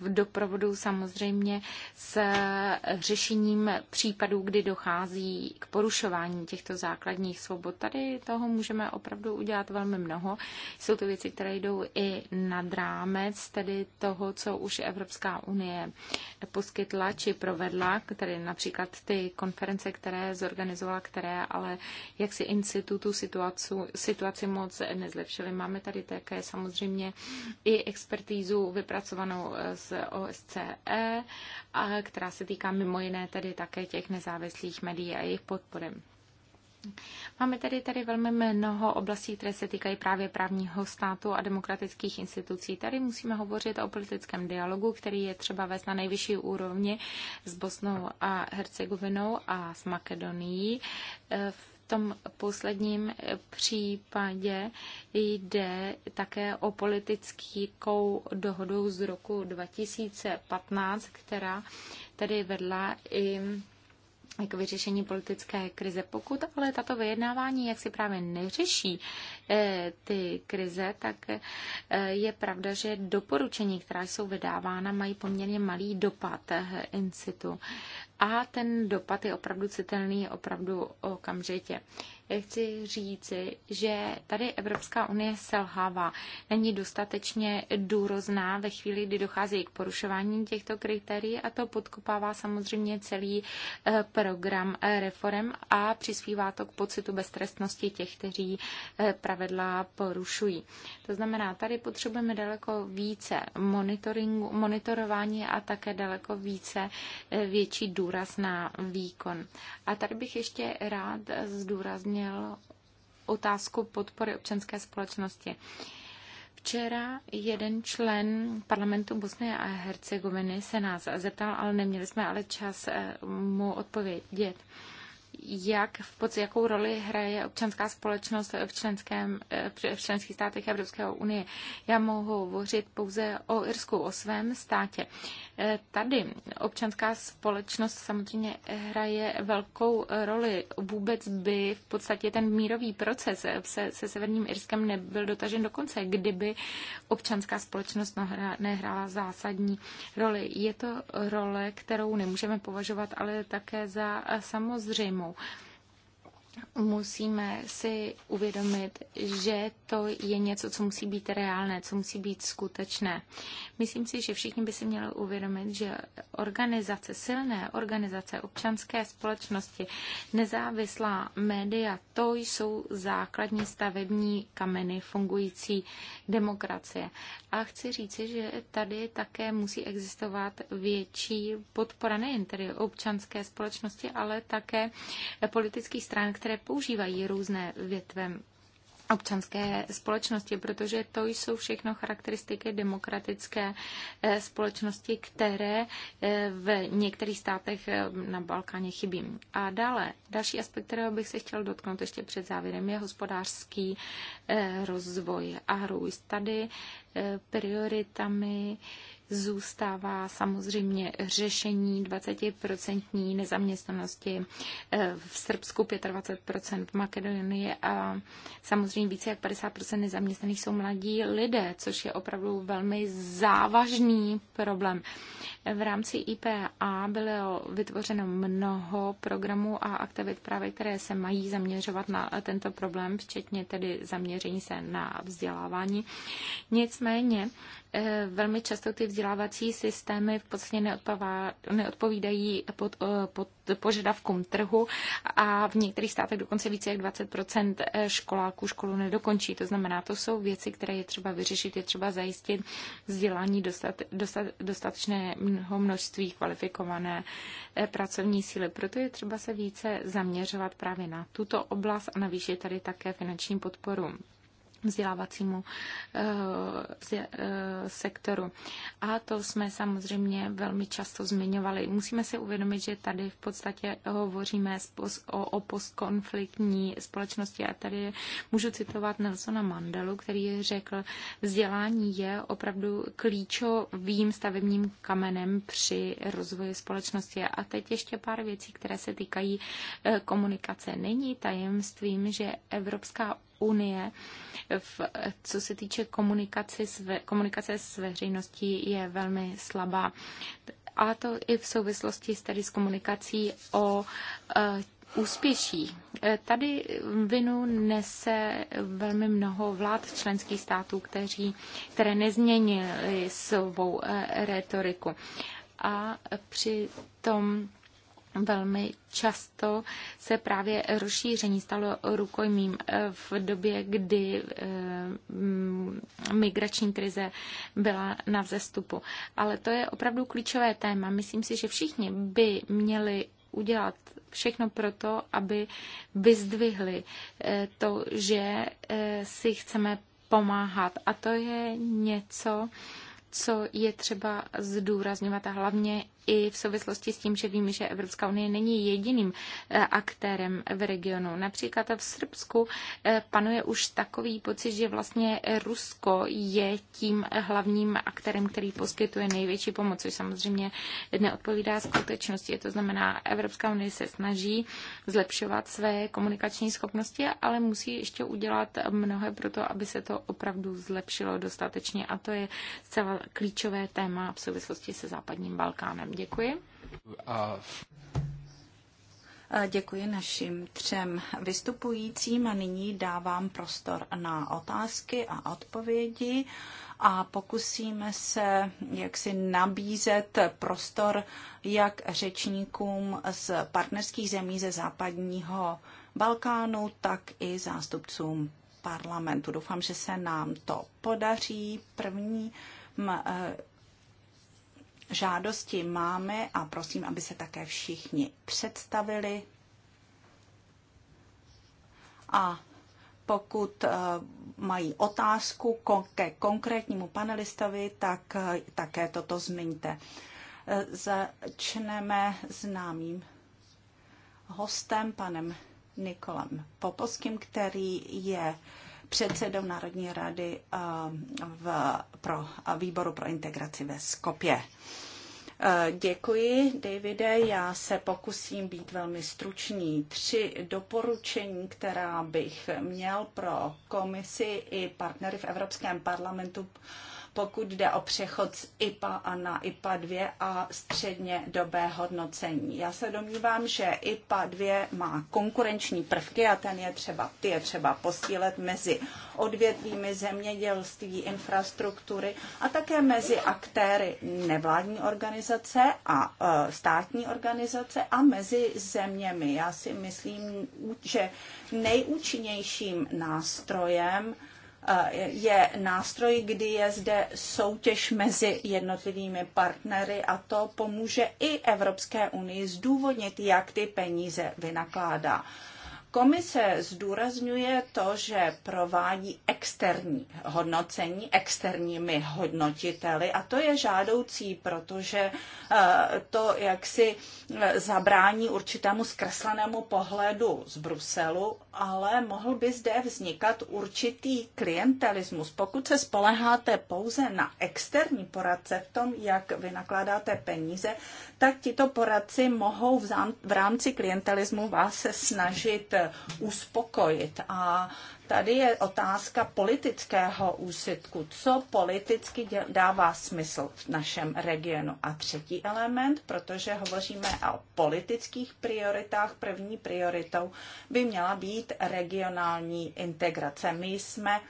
v doprovodu samozřejmě s eh, řešením případů, kdy dochází k porušování těchto základních svobod. Tady toho můžeme opravdu udělat velmi mnoho. Jsou to věci, které jdou i nad rámec tedy toho, co už Evropská unie poskytla či provedla, tedy například ty konference, které zorganizovala, které ale jak si institutu situaci, situaci moc nezlepšily. Máme tady také samozřejmě i expertízu vypracovanou z eh, OSCE, a která se týká mimo jiné tedy také těch nezávislých médií a jejich podpory. Máme tedy tady velmi mnoho oblastí, které se týkají právě právního státu a demokratických institucí. Tady musíme hovořit o politickém dialogu, který je třeba vést na nejvyšší úrovni s Bosnou a Hercegovinou a s Makedonií eh, v tom posledním případě jde také o politickou dohodu z roku 2015, která tedy vedla i k jako vyřešení politické krize. Pokud ale tato vyjednávání jak si právě neřeší eh, ty krize, tak eh, je pravda, že doporučení, která jsou vydávána, mají poměrně malý dopad eh, in situ. A ten dopad je opravdu citelný, opravdu okamžitě chci říci, že tady Evropská unie selhává. Není dostatečně důrozná ve chvíli, kdy dochází k porušování těchto kritérií a to podkopává samozřejmě celý eh, program eh, reform a přispívá to k pocitu beztrestnosti těch, kteří eh, pravidla porušují. To znamená, tady potřebujeme daleko více monitoringu, monitorování a také daleko více větší důraz na výkon. A tady bych ještě rád zdůraznil, zmínil otázku podpory občanské společnosti. Včera jeden člen parlamentu Bosny a Hercegoviny se nás zeptal, ale neměli jsme ale čas eh, mu odpovědět jak, pod jakou roli hraje občanská společnost v, členském, eh, v členských státech Evropské unie. Já mohu hovořit pouze o Irsku, o svém státě. Eh, tady občanská společnost samozřejmě hraje velkou roli. Vůbec by v podstatě ten mírový proces se, se Severním Irskem nebyl dotažen do konce, kdyby občanská společnost nehrála zásadní roli. Je to role, kterou nemůžeme považovat ale také za samozřejmou stranou. Uh, musíme si uvědomit, že to je něco, co musí být reálné, co musí být skutečné. Myslím si, že všichni by si měli uvědomit, že organizace, silné organizace občanské společnosti, nezávislá média, to jsou základní stavební kameny fungující demokracie. A chci říci, že tady také musí existovat větší podpora nejen tedy občanské společnosti, ale také politických stran, které které používají různé větve občanské společnosti, protože to jsou všechno charakteristiky demokratické eh, společnosti, které eh, v některých státech eh, na Balkáně chybí. A dále, další aspekt, kterého bych se chtěl dotknout ještě před závěrem, je hospodářský rozvoj a růst. Tady prioritami zůstává samozřejmě řešení 20% nezaměstnanosti eh, v Srbsku, 25% v Makedonii a samozřejmě více jak 50% nezaměstnaných jsou mladí lidé, což je opravdu velmi závažný problém. V rámci IPA bylo vytvořeno mnoho programů a aktivit právě, které se mají zaměřovat na tento problém, včetně tedy zaměření se na vzdělávání. Nicméně eh, velmi často ty vzdělávání vzdělávací systémy v podstatě neodpovídají pod, eh, pod požadavkům trhu a v některých státech dokonce více jak 20 eh, školáků školu nedokončí. To znamená, to jsou věci, které je třeba vyřešit, je třeba zajistit vzdělání dostat, dostat, dostatečného množství kvalifikované eh, pracovní síly. Proto je třeba se více zaměřovat právě na tuto oblast a navýšit tady také finanční podporu vzdělávacímu eh, eh, sektoru. A to jsme samozřejmě velmi často zmiňovali. Musíme si uvědomit, že tady v podstatě hovoříme o postkonfliktní společnosti a tady můžu citovat Nelsona Mandelu, který řekl, vzdělání je opravdu klíčovým stavebním kamenem při rozvoji společnosti. A teď ještě pár věcí, které se týkají eh, komunikace. Není tajemstvím, že Evropská unie, v, co se týče komunikace s, ve, komunikace s veřejností, je velmi slabá. A to i v souvislosti s, tady s komunikací o e, úspěší. E, tady vinu nese velmi mnoho vlád členských států, kteří, které nezměnily svou e, retoriku. A přitom velmi často se právě rozšíření stalo rukojmím eh, v době, kdy eh, migrační krize byla na vzestupu. Ale to je opravdu klíčové téma. Myslím si, že všichni by měli udělat všechno pro to, aby vyzdvihli eh, to, že si chceme pomáhat. A to je něco, co je třeba zdůrazňovat a hlavně i v souvislosti s tím, že víme, že Evropská unie není jediným eh, aktérem v regionu. Například v Srbsku eh, panuje už takový pocit, že vlastně Rusko je tím hlavním aktérem, který poskytuje největší pomoc, což samozřejmě neodpovídá skutečnosti. To znamená, Evropská unie se snaží zlepšovat své komunikační schopnosti, ale musí ještě udělat mnohé pro to, aby se to opravdu zlepšilo dostatečně. A to je zcela klíčové téma v souvislosti se západním Balkánem. Děkuji. Děkuji našim třem vystupujícím a nyní dávám prostor na otázky a odpovědi a pokusíme se jaksi nabízet prostor jak řečníkům z partnerských zemí ze západního Balkánu, tak i zástupcům parlamentu. Doufám, že se nám to podaří. První eh, žádosti máme a prosím, aby se také všichni představili. A pokud eh, mají otázku ke konkrétnímu panelistovi, tak eh, také toto zmiňte. Eh, začneme známým hostem, panem Nikolem Popovským, který je předsedou Národní rady eh, v, pro, eh, výboru pro integraci ve Skopě. Eh, děkuji, Davide. Já se pokusím být velmi stručný. Tři doporučení, která bych měl pro komisi i partnery v Evropském parlamentu pokud jde o přechod z IPA a na IPA 2 a středně dobé hodnocení. Já se domnívám, že IPA 2 má konkurenční prvky a ten je třeba, ty je třeba posílet mezi odvětvími zemědělství, infrastruktury a také mezi aktéry nevládní organizace a e, státní organizace a mezi zeměmi. Já si myslím, že nejúčinnějším nástrojem, Eh, je nástroj, kdy je zde soutěž mezi jednotlivými partnery a to pomůže i Evropské unii zdůvodnit, jak ty peníze vynakládá. Komise zdůrazňuje to, že provádí externí hodnocení externími hodnotiteli a to je žádoucí, protože eh, to jaksi eh, zabrání určitému zkreslenému pohledu z Bruselu ale mohl by zde vznikat určitý klientelismus. Pokud se spoleháte pouze na externí poradce v tom, jak nakládáte peníze, tak tito poradci mohou v rámci klientelismu vás se snažit uspokojit a Tady je otázka politického úsitku, co politicky dává smysl v našem regionu. A třetí element, protože hovoříme o politických prioritách, první prioritou by měla být regionální integrace. My jsme uh,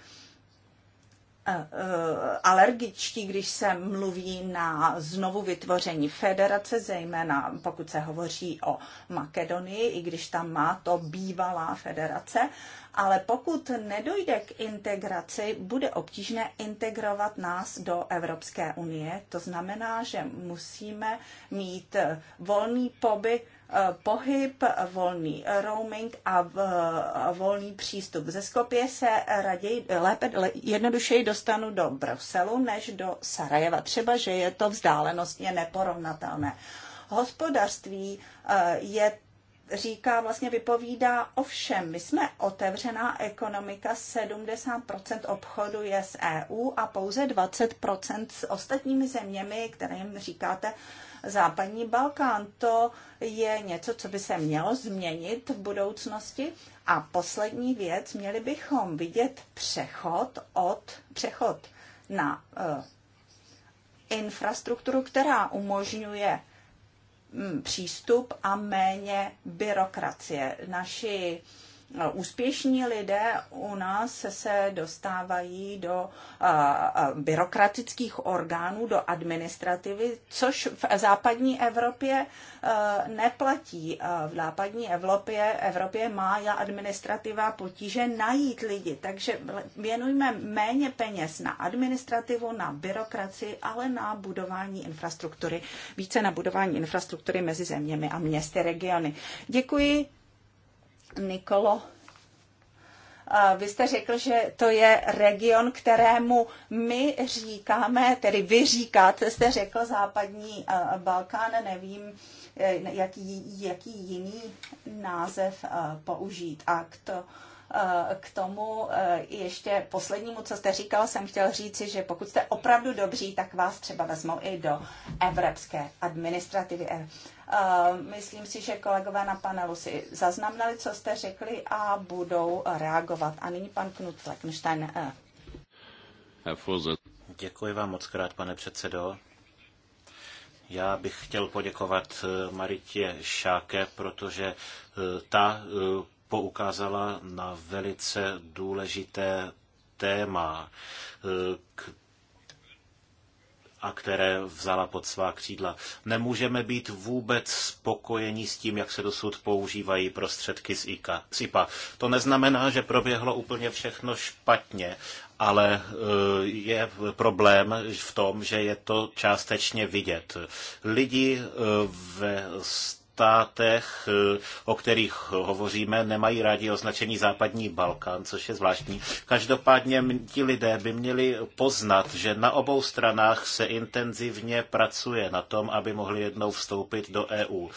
Eh, eh, alergičtí, když se mluví na znovu vytvoření federace, zejména pokud se hovoří o Makedonii, i když tam má to bývalá federace, ale pokud nedojde k integraci, bude obtížné integrovat nás do Evropské unie. To znamená, že musíme mít volný pobyt Eh, pohyb, volný roaming a, volný přístup. Ze Skopje se raději, lépe, jednodušeji dostanu do Bruselu než do Sarajeva. Třeba, že je to vzdálenostně neporovnatelné. Hospodářství eh, je říká, vlastně vypovídá o všem. My jsme otevřená ekonomika, 70% obchodu je z EU a pouze 20% s ostatními zeměmi, kterým říkáte západní Balkán. To je něco, co by se mělo změnit v budoucnosti. A poslední věc, měli bychom vidět přechod od přechod na eh, infrastrukturu, která umožňuje hm, přístup a méně byrokracie. Naši úspěšní lidé u nás se dostávají do byrokratických orgánů, do administrativy, což v západní Evropě e, neplatí. E, v západní Evropě, Evropě má já administrativa potíže najít lidi, takže věnujme méně peněz na administrativu, na byrokracii, ale na budování infrastruktury, více na budování infrastruktury mezi zeměmi a městy, regiony. Děkuji Nikolo, vy jste řekl, že to je region, kterému my říkáme, tedy vy říkáte, jste řekl západní Balkán, nevím, e, jaký, jaký jiný název použít. A k to, Eh, k tomu eh, ještě poslednímu, co jste říkal, jsem chtěl říci, že pokud jste opravdu dobří, tak vás třeba vezmou i do evropské administrativy. Eh, myslím si, že kolegové na panelu si zaznamenali, co jste řekli a budou reagovat. A nyní pan Knut Fleckenstein. Děkuji vám moc krát, pane předsedo. Já bych chtěl poděkovat Maritě Šáke, protože ta poukázala na velice důležité téma, k a které vzala pod svá křídla. Nemůžeme být vůbec spokojeni s tím, jak se dosud používají prostředky z, IKA, z IPA. To neznamená, že proběhlo úplně všechno špatně, ale e, je problém v tom, že je to částečně vidět. Lidi e, ve státech, eh, o kterých hovoříme, nemají rádi označení Západní Balkán, což je zvláštní. Každopádně ti lidé by měli poznat, že na obou stranách se intenzivně pracuje na tom, aby mohli jednou vstoupit do EU.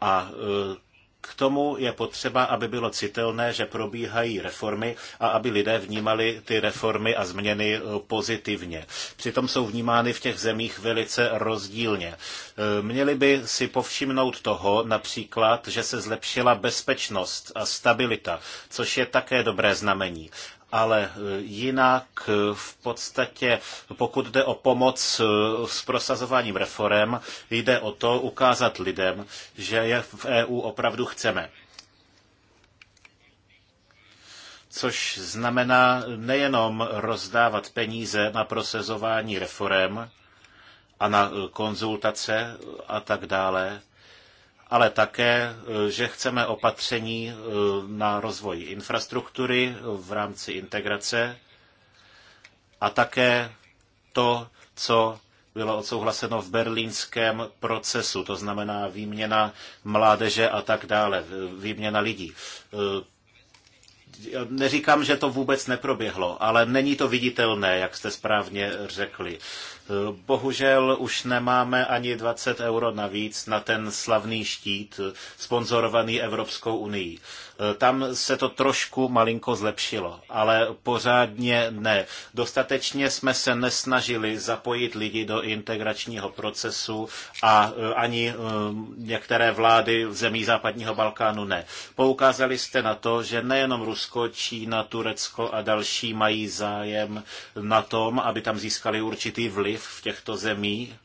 A eh, k tomu je potřeba, aby bylo citelné, že probíhají reformy a aby lidé vnímali ty reformy a změny eh, pozitivně. Přitom jsou vnímány v těch zemích velice rozdílně. Eh, měli by si povšimnout toho například, že se zlepšila bezpečnost a stabilita, což je také dobré znamení ale e, jinak e, v podstatě, pokud jde o pomoc e, s prosazováním reform, jde o to ukázat lidem, že je v EU opravdu chceme. Což znamená nejenom rozdávat peníze na prosazování reform a na konzultace a tak dále, ale také, eh, že chceme opatření eh, na rozvoj infrastruktury eh, v rámci integrace a také to, co bylo odsouhlaseno v berlínském procesu, to znamená výměna mládeže a tak dále, výměna lidí. Neříkám, že to vůbec neproběhlo, ale není to viditelné, jak jste správně řekli. Bohužel už nemáme ani 20 euro navíc na ten slavný štít, sponzorovaný Evropskou unii. Tam se to trošku malinko zlepšilo, ale pořádně ne. Dostatečně jsme se nesnažili zapojit lidi do integračního procesu a e, ani e, některé vlády v zemí západního Balkánu ne. Poukázali jste na to, že nejenom Rusko, Čína, Turecko a další mají zájem na tom, aby tam získali určitý vliv, vliv v těchto zemí.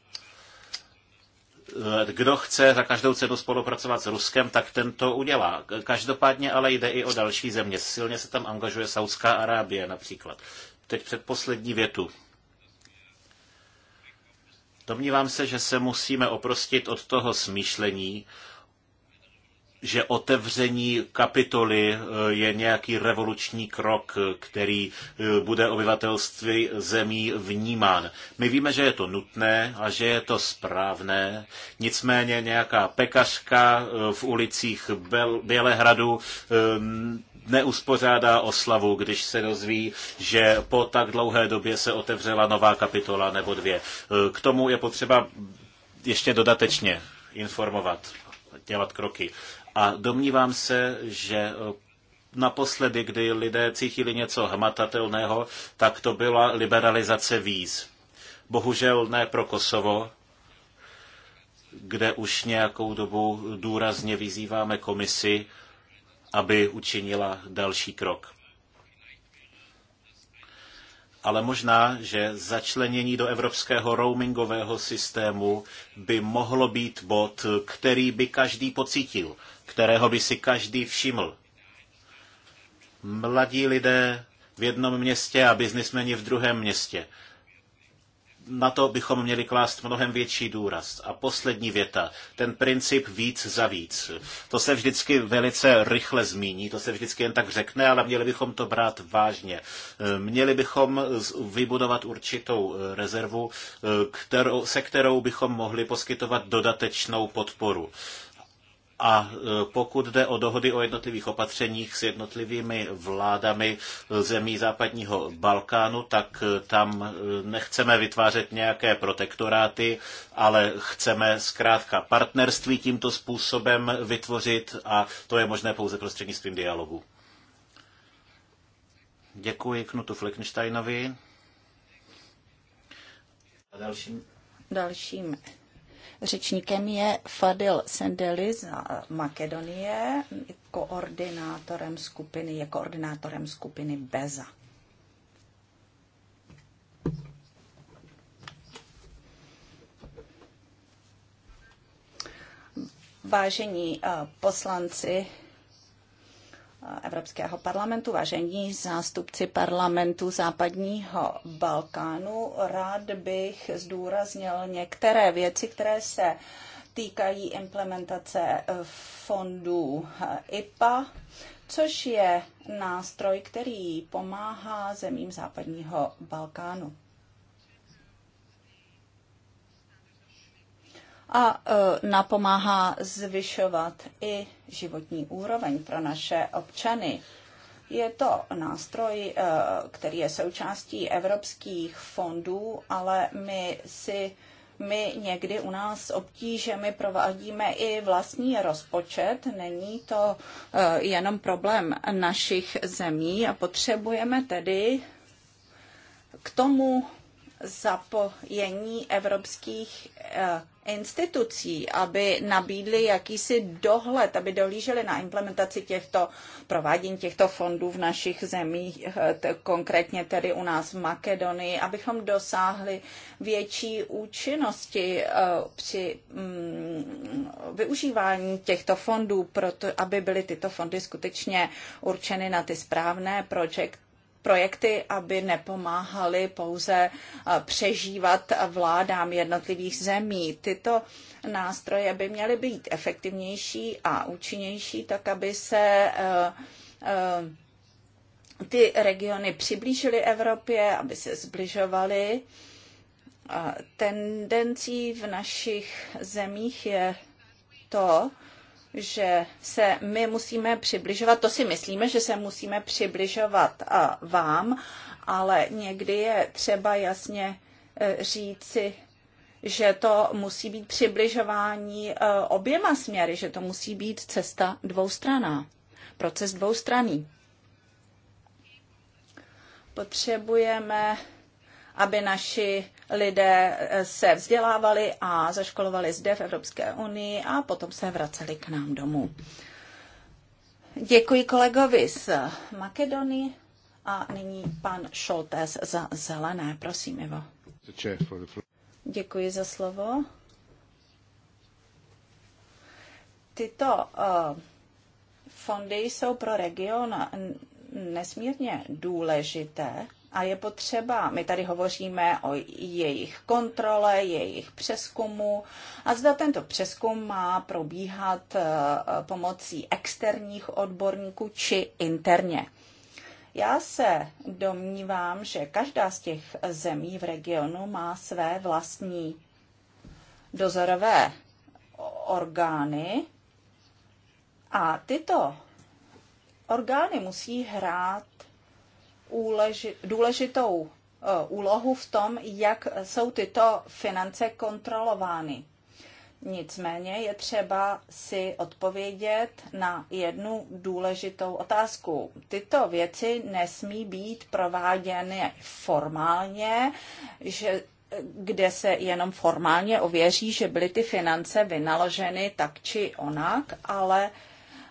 Kdo chce za každou cenu spolupracovat s Ruskem, tak ten to udělá. Každopádně ale jde i o další země. Silně se tam angažuje Saudská Arábie například. Teď předposlední větu. Domnívám se, že se musíme oprostit od toho smýšlení, že otevření kapitoly eh, je nějaký revoluční krok, který eh, bude obyvatelství zemí vnímán. My víme, že je to nutné a že je to správné, nicméně nějaká pekařka eh, v ulicích Bělehradu neuspořádá oslavu, když se dozví, že po tak dlouhé době se otevřela nová kapitola nebo dvě. K tomu je potřeba ještě dodatečně informovat dělat kroky. A domnívám se, že eh, naposledy, kdy lidé cítili něco hmatatelného, tak to byla liberalizace víz. Bohužel ne pro Kosovo, kde už nějakou dobu důrazně vyzýváme komisi, aby učinila další krok. Ale možná, že začlenění do evropského roamingového systému by mohlo být bod, který by každý pocítil kterého by si každý všiml. Mladí lidé v jednom městě a biznismeni v druhém městě. Na to bychom měli klást mnohem větší důraz. A poslední věta, ten princip víc za víc. To se vždycky velice rychle zmíní, to se vždycky jen tak řekne, ale měli bychom to brát vážně. Měli bychom vybudovat určitou eh, rezervu, eh, kterou, se kterou bychom mohli poskytovat dodatečnou podporu. A e, pokud jde o dohody o jednotlivých opatřeních s jednotlivými vládami e, zemí západního Balkánu, tak e, tam nechceme vytvářet nějaké protektoráty, ale chceme zkrátka partnerství tímto způsobem vytvořit a to je možné pouze prostřednictvím dialogu. Děkuji Knutu Fleckensteinovi. A dalším. Dalším Řečníkem je Fadil Sendeli z Makedonie, koordinátorem skupiny, je koordinátorem skupiny BEZA. Vážení eh, poslanci Evropského parlamentu, vážení zástupci parlamentu západního Balkánu. Rád bych zdůraznil některé věci, které se týkají implementace fondů IPA, což je nástroj, který pomáhá zemím západního Balkánu. a e, napomáhá zvyšovat i životní úroveň pro naše občany. Je to nástroj, e, který je součástí evropských fondů, ale my si my někdy u nás obtížemi provádíme i vlastní rozpočet. Není to e, jenom problém našich zemí a potřebujeme tedy k tomu zapojení evropských eh, institucí, aby nabídly jakýsi dohled, aby dolíželi na implementaci těchto provádění těchto fondů v našich zemích, eh, konkrétně tedy u nás v Makedonii, abychom dosáhli větší účinnosti eh, při mm, využívání těchto fondů, proto aby byly tyto fondy skutečně určeny na ty správné projekty projekty, aby nepomáhaly pouze eh, přežívat vládám jednotlivých zemí. Tyto nástroje by měly být efektivnější a účinnější, tak aby se eh, eh, ty regiony přiblížily Evropě, aby se zbližovaly. Tendencí v našich zemích je to, že se my musíme přibližovat, to si myslíme, že se musíme přibližovat eh, vám, ale někdy je třeba jasně eh, říci, že to musí být přibližování eh, oběma směry, že to musí být cesta dvoustraná, proces dvoustraný. Potřebujeme, aby naši lidé eh, se vzdělávali a zaškolovali zde v Evropské unii a potom se vraceli k nám domů. Děkuji kolegovi z Makedonii a nyní pan Šoltes za zelené. Prosím, Ivo. Děkuji za slovo. Tyto uh, fondy jsou pro region nesmírně důležité a je potřeba, my tady hovoříme o jejich kontrole, jejich přeskumu a zda tento přeskum má probíhat eh, pomocí externích odborníků či interně. Já se domnívám, že každá z těch zemí v regionu má své vlastní dozorové orgány a tyto orgány musí hrát důležitou eh, úlohu v tom, jak jsou tyto finance kontrolovány. Nicméně je třeba si odpovědět na jednu důležitou otázku. Tyto věci nesmí být prováděny formálně, že kde se jenom formálně ověří, že byly ty finance vynaloženy tak či onak, ale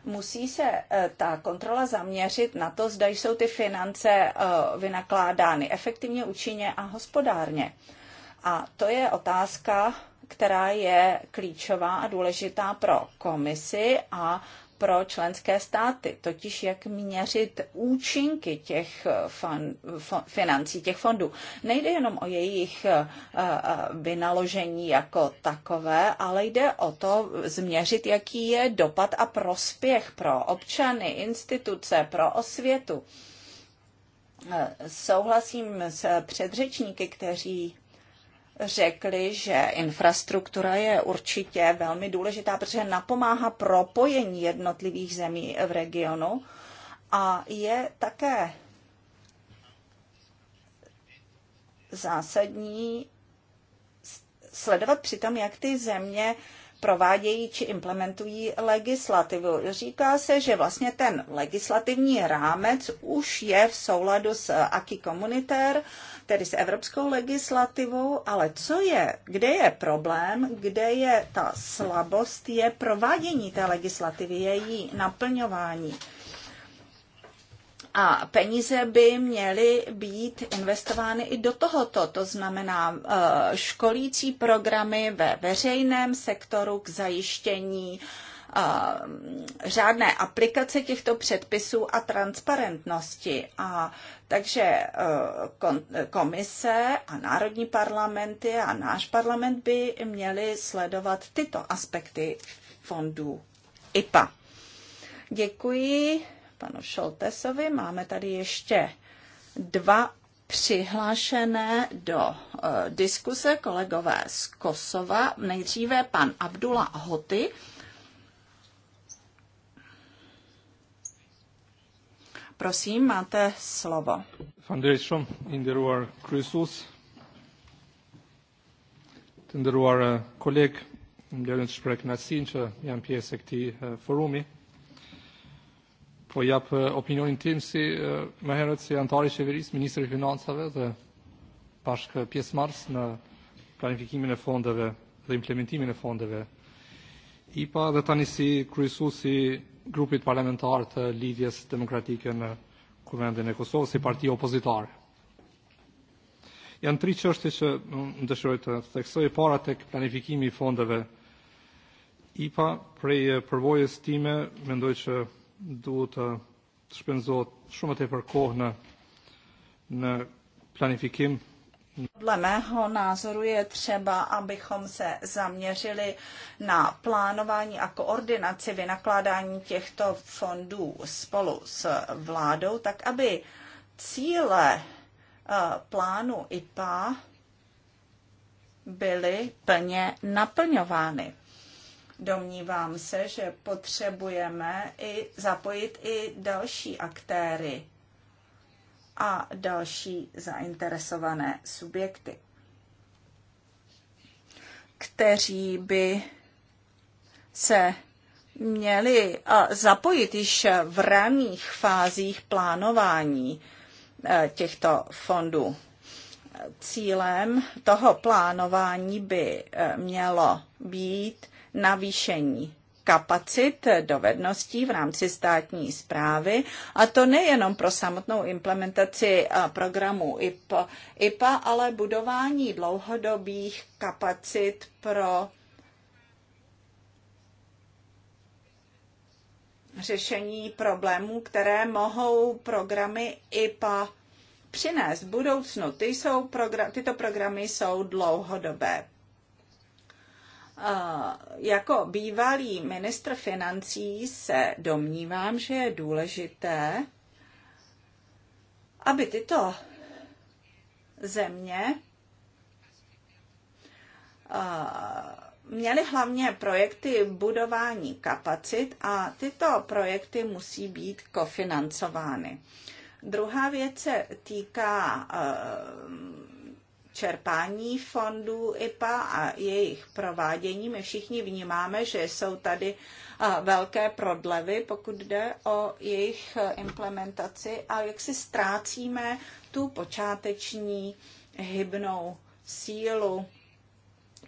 Musí se eh, ta kontrola zaměřit na to, zda jsou ty finance eh, vynakládány efektivně, účinně a hospodárně. A to je otázka, která je klíčová a důležitá pro komisi a pro členské státy, totiž jak měřit účinky těch eh, fond, financí, těch fondů. Nejde jenom o jejich eh, eh, vynaložení jako takové, ale jde o to změřit, jaký je dopad a prospěch pro občany, instituce, pro osvětu. Souhlasím s předřečníky, kteří řekli, že infrastruktura je určitě velmi důležitá, protože napomáhá propojení jednotlivých zemí v regionu a je také zásadní sledovat přitom, jak ty země provádějí či implementují legislativu. Říká se, že vlastně ten legislativní rámec už je v souladu s AKI communautaire tedy s evropskou legislativou, ale co je, kde je problém, kde je ta slabost, je provádění té legislativy, její naplňování. A peníze by měly být investovány i do tohoto, to znamená eh, školící programy ve veřejném sektoru k zajištění uh, Eh, řádné aplikace těchto předpisů a transparentnosti. A takže eh, komise a národní parlamenty a náš parlament by měli sledovat tyto aspekty fondů IPA. Děkuji panu Šoltesovi. Máme tady ještě dva přihlášené do uh, diskuse kolegové z Kosova. Nejdříve pan Abdullah Hoty, Prosím, máte slovo. Foundation in there were crystals. Ten there were uh, colleague, měl sprek uh, uh, na sinče, jam pjesek ti forumi. Po jap opinionin tim si më herët si antari qeveris, Ministri Financave dhe bashkë pjesëmarrës në planifikimin e fondeve dhe implementimin e fondeve IPA dhe tani si kryesuesi grupit parlamentar të lidhjes demokratike në kuvendin e Kosovës si parti opozitare. Janë tri qështje që më dëshiroj të theksoj e para tek planifikimi i fondeve IPA prej e, përvojës time mendoj që duhet të shpenzot shumë të e tepër kohë në në planifikim podle mého názoru je třeba, abychom se zaměřili na plánování a koordinaci vynakládání těchto fondů spolu s vládou, tak aby cíle eh, plánu IPA byly plně naplňovány. Domnívám se, že potřebujeme i zapojit i další aktéry a další zainteresované subjekty, kteří by se měli zapojit již v raných fázích plánování e, těchto fondů. Cílem toho plánování by e, mělo být navýšení kapacit, dovedností v rámci státní zprávy a to nejenom pro samotnou implementaci programu IPA, ale budování dlouhodobých kapacit pro řešení problémů, které mohou programy IPA přinést v budoucnu. Ty jsou tyto programy jsou dlouhodobé. Jako bývalý ministr financí se domnívám, že je důležité, aby tyto země měly hlavně projekty budování kapacit a tyto projekty musí být kofinancovány. Druhá věc se týká uh, čerpání fondů IPA a jejich provádění. My všichni vnímáme, že jsou tady velké prodlevy, pokud jde o jejich implementaci a jak si ztrácíme tu počáteční hybnou sílu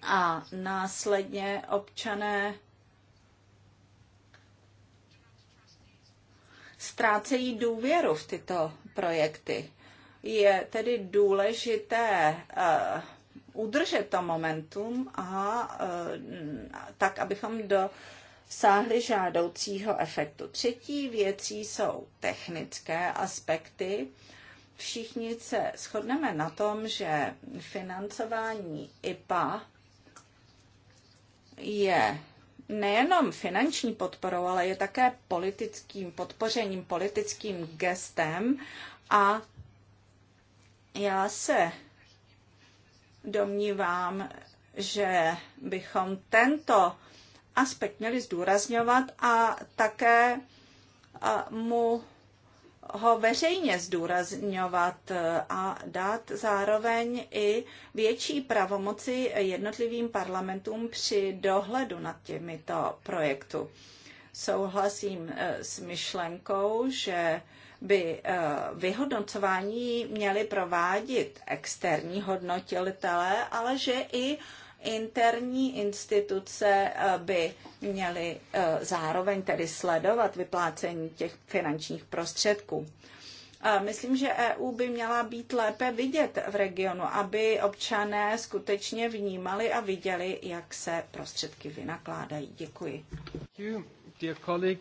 a následně občané ztrácejí důvěru v tyto projekty je tedy důležité eh, udržet to momentum a eh, tak, abychom do sáhli žádoucího efektu. Třetí věcí jsou technické aspekty. Všichni se shodneme na tom, že financování IPA je nejenom finanční podporou, ale je také politickým podpořením, politickým gestem a já se domnívám, že bychom tento aspekt měli zdůrazňovat a také mu ho veřejně zdůrazňovat e, a dát zároveň i větší pravomoci jednotlivým parlamentům při dohledu nad těmito projektu. Souhlasím e, s myšlenkou, že by eh, vyhodnocování měli provádět externí hodnotitelé, ale že i interní instituce eh, by měly eh, zároveň tedy sledovat vyplácení těch finančních prostředků. Myslím, že EU by měla být lépe vidět v regionu, aby občané skutečně vnímali a viděli, jak se prostředky vynakládají. Děkuji. Děkuji,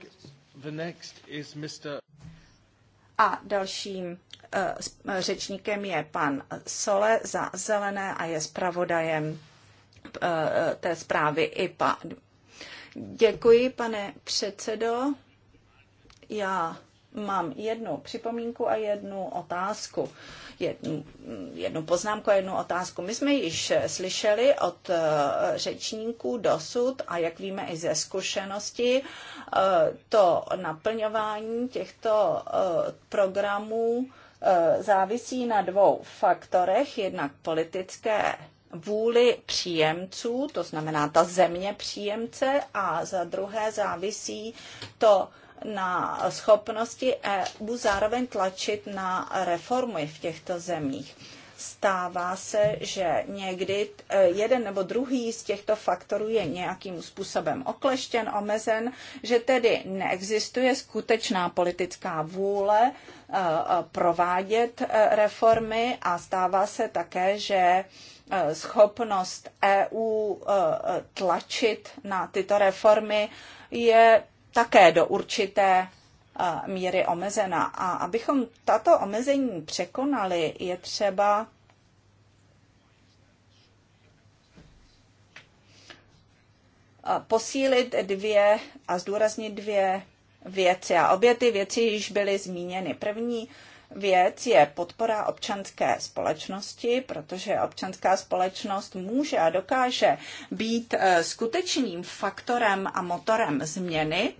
a dalším eh, eh, řečníkem je pan Sole za zelené a je zpravodajem eh, té zprávy IPA. Děkuji, pane předsedo. Já Mám jednu připomínku a jednu otázku. Jednu, jednu poznámku a jednu otázku. My jsme již slyšeli od eh, řečníků dosud a jak víme i ze zkušenosti, eh, to naplňování těchto eh, programů závisí na dvou faktorech. Jednak politické vůli příjemců, to znamená ta země příjemce, a za druhé závisí to na schopnosti EU zároveň tlačit na reformy v těchto zemích. Stává se, že někdy e, jeden nebo druhý z těchto faktorů je nějakým způsobem okleštěn, omezen, že tedy neexistuje skutečná politická vůle e, e, provádět reformy a stává se také, že schopnost EU tlačit na tyto reformy je také do určité míry omezena. A abychom tato omezení překonali, je třeba posílit dvě a zdůraznit dvě věci. A obě ty věci již byly zmíněny. První věc je podpora občanské společnosti, protože občanská společnost může a dokáže být eh, skutečným faktorem a motorem změny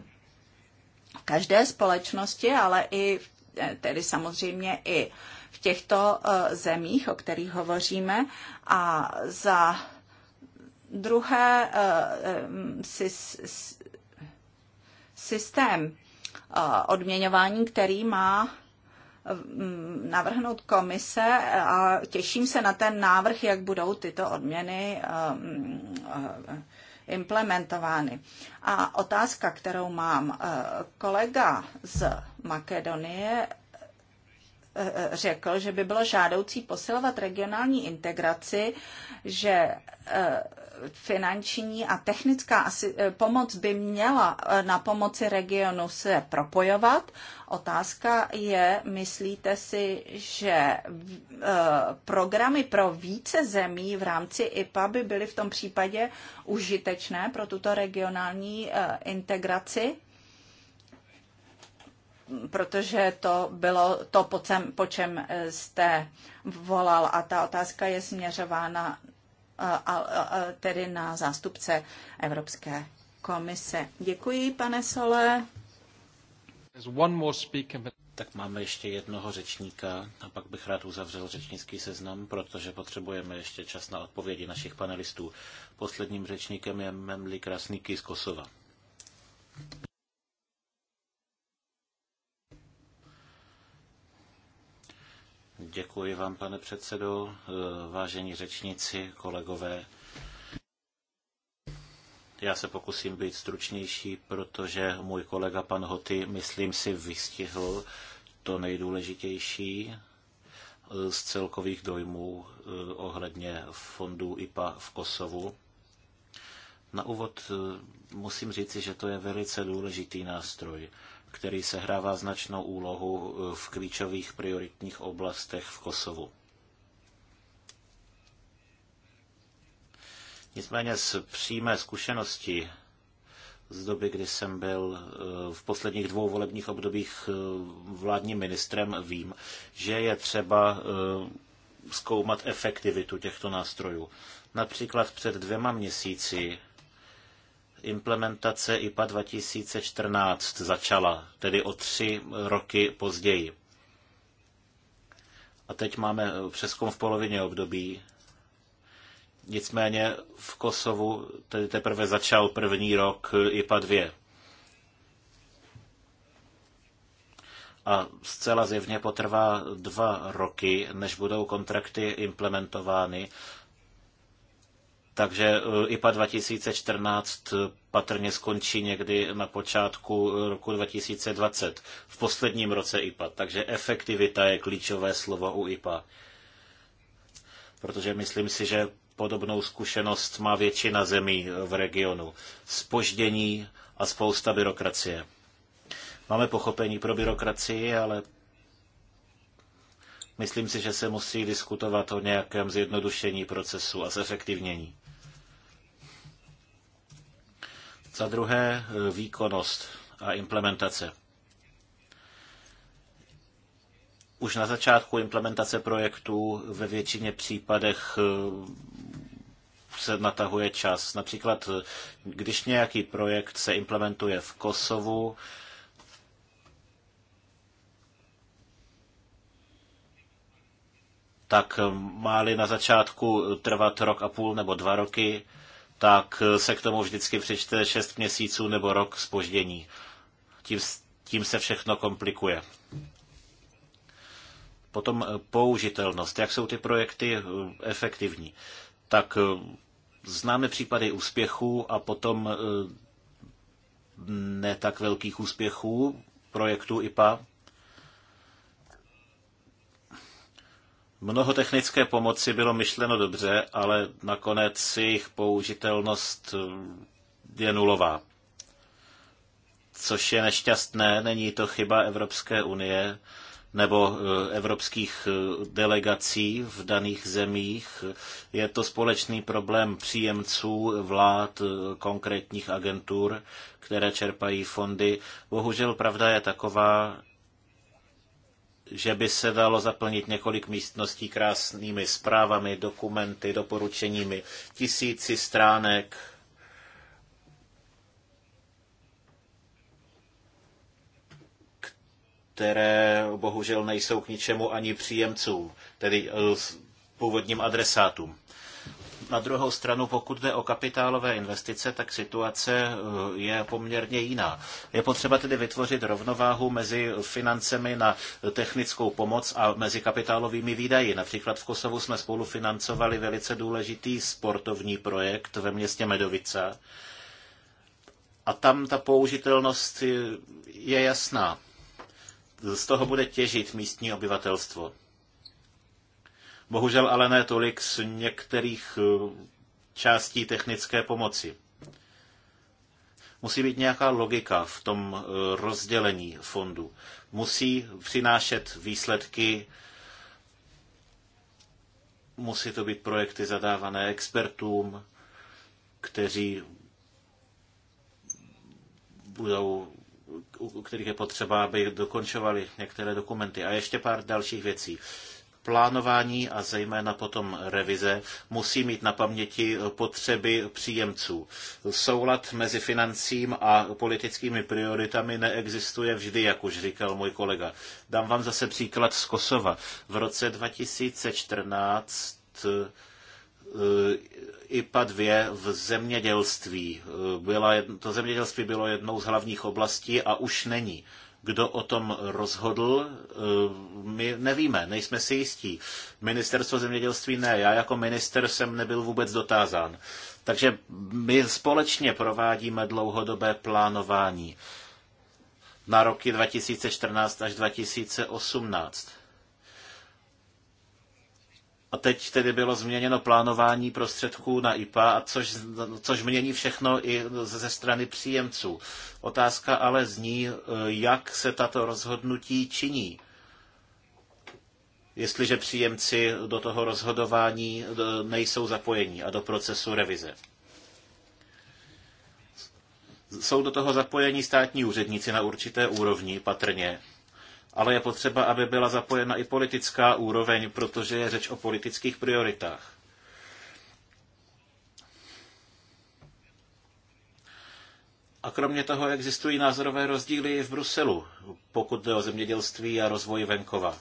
v každé společnosti, ale i eh, tedy samozřejmě i v těchto eh, zemích, o kterých hovoříme. A za druhé systém odměňování, který má Mm, navrhnout komise a těším se na ten návrh, jak budou tyto odměny eh, implementovány. A otázka, kterou mám, eh, kolega z Makedonie eh, řekl, že by bylo žádoucí posilovat regionální integraci, že finanční a technická asi, eh, pomoc by měla eh, na pomoci regionu se propojovat. Otázka je, myslíte si, že eh, programy pro více zemí v rámci IPA by byly v tom případě užitečné pro tuto regionální integraci? protože to bylo to, po, po čem jste volal a ta otázka je směřována tedy na zástupce Evropské komise. Děkuji, pane Sole. Tak máme ještě jednoho řečníka a pak bych rád uzavřel řečnický seznam, protože potřebujeme ještě čas na odpovědi našich panelistů. Posledním řečníkem je Memli Krasníky z Kosova. Děkuji vám, pane předsedo, vážení řečníci, kolegové. Já se pokusím být stručnější, protože můj kolega pan Hoty, myslím si, vystihl to nejdůležitější z celkových dojmů eh, ohledně fondů IPA v Kosovu. Na úvod eh, musím říci, že to je velice důležitý nástroj který sehrává značnou úlohu eh, v klíčových prioritních oblastech v Kosovu. Nicméně z přímé zkušenosti z doby, kdy jsem byl eh, v posledních dvou volebních obdobích eh, vládním ministrem, vím, že je třeba zkoumat efektivitu těchto nástrojů. Například před dvěma měsíci implementace IPA 2014 začala, tedy o tři roky později. A teď máme přeskum v polovině období. Nicméně v Kosovu tedy teprve začal první rok IPA 2. a zcela zjevně potrvá dva roky, než budou kontrakty implementovány takže eh, IPA 2014 eh, patrně skončí někdy na počátku eh, roku 2020, v posledním roce IPA. Takže efektivita je klíčové slovo u IPA. Protože myslím si, že podobnou zkušenost má většina zemí v regionu. Spoždění a spousta byrokracie. Máme pochopení pro byrokracii, ale myslím si, že se musí diskutovat o nějakém zjednodušení procesu a zefektivnění. Za druhé e, výkonnost a implementace. Už na začátku implementace projektů ve většině případech e, se natahuje čas. Například, e, když nějaký projekt se implementuje v Kosovu, tak má-li na začátku trvat rok a půl nebo dva roky, tak se k tomu vždycky přečte 6 měsíců nebo rok spoždění. Tím, tím se všechno komplikuje. Potom eh, použitelnost. Jak jsou ty projekty eh, efektivní? Tak eh, známe případy úspěchů a potom ne tak velkých úspěchů projektu IPA. Mnoho technické pomoci bylo myšleno dobře, ale nakonec jejich použitelnost eh, je nulová. Což je nešťastné, není to chyba Evropské unie nebo eh, evropských eh, delegací v daných zemích. Je to společný problém příjemců, vlád, konkrétních agentur, které čerpají fondy. Bohužel pravda je taková, že by se dalo zaplnit několik místností krásnými zprávami, dokumenty, doporučeními, tisíci stránek. které bohužel nejsou k ničemu ani příjemcům, tedy eh, původním adresátům. Na druhou stranu, pokud jde o kapitálové investice, tak situace eh, je poměrně jiná. Je potřeba tedy vytvořit rovnováhu mezi financemi na technickou pomoc a mezi kapitálovými výdaji. Například v Kosovu jsme spolufinancovali velice důležitý sportovní projekt ve městě Medovice. A tam ta použitelnost je jasná. Z toho bude těžit místní obyvatelstvo. Bohužel ale ne tolik z některých eh, částí technické pomoci. Musí být nějaká logika v tom eh, rozdělení fondu. Musí přinášet výsledky, musí to být projekty zadávané expertům, kteří budou, u kterých je potřeba, aby dokončovali některé dokumenty. A ještě pár dalších věcí plánování a zejména potom revize musí mít na paměti potřeby příjemců. Soulad mezi financím a politickými prioritami neexistuje vždy, jak už říkal můj kolega. Dám vám zase příklad z Kosova. V roce 2014 IPA 2 v zemědělství. Eh, byla, to zemědělství bylo jednou z hlavních oblastí a už není. Kdo o tom rozhodl, eh, my nevíme, nejsme si jistí. Ministerstvo zemědělství ne, já jako minister jsem nebyl vůbec dotázán. Takže my společně provádíme dlouhodobé plánování na roky 2014 až 2018 teď tedy bylo změněno plánování prostředků na IPA, což, což mění všechno i ze strany příjemců. Otázka ale zní, jak se tato rozhodnutí činí. Jestliže příjemci do toho rozhodování nejsou zapojení a do procesu revize. Jsou do toho zapojení státní úředníci na určité úrovni, patrně, ale je potřeba, aby byla zapojena i politická úroveň, protože je řeč o politických prioritách. A kromě toho existují názorové rozdíly i v Bruselu, pokud jde o zemědělství a rozvoj venkova.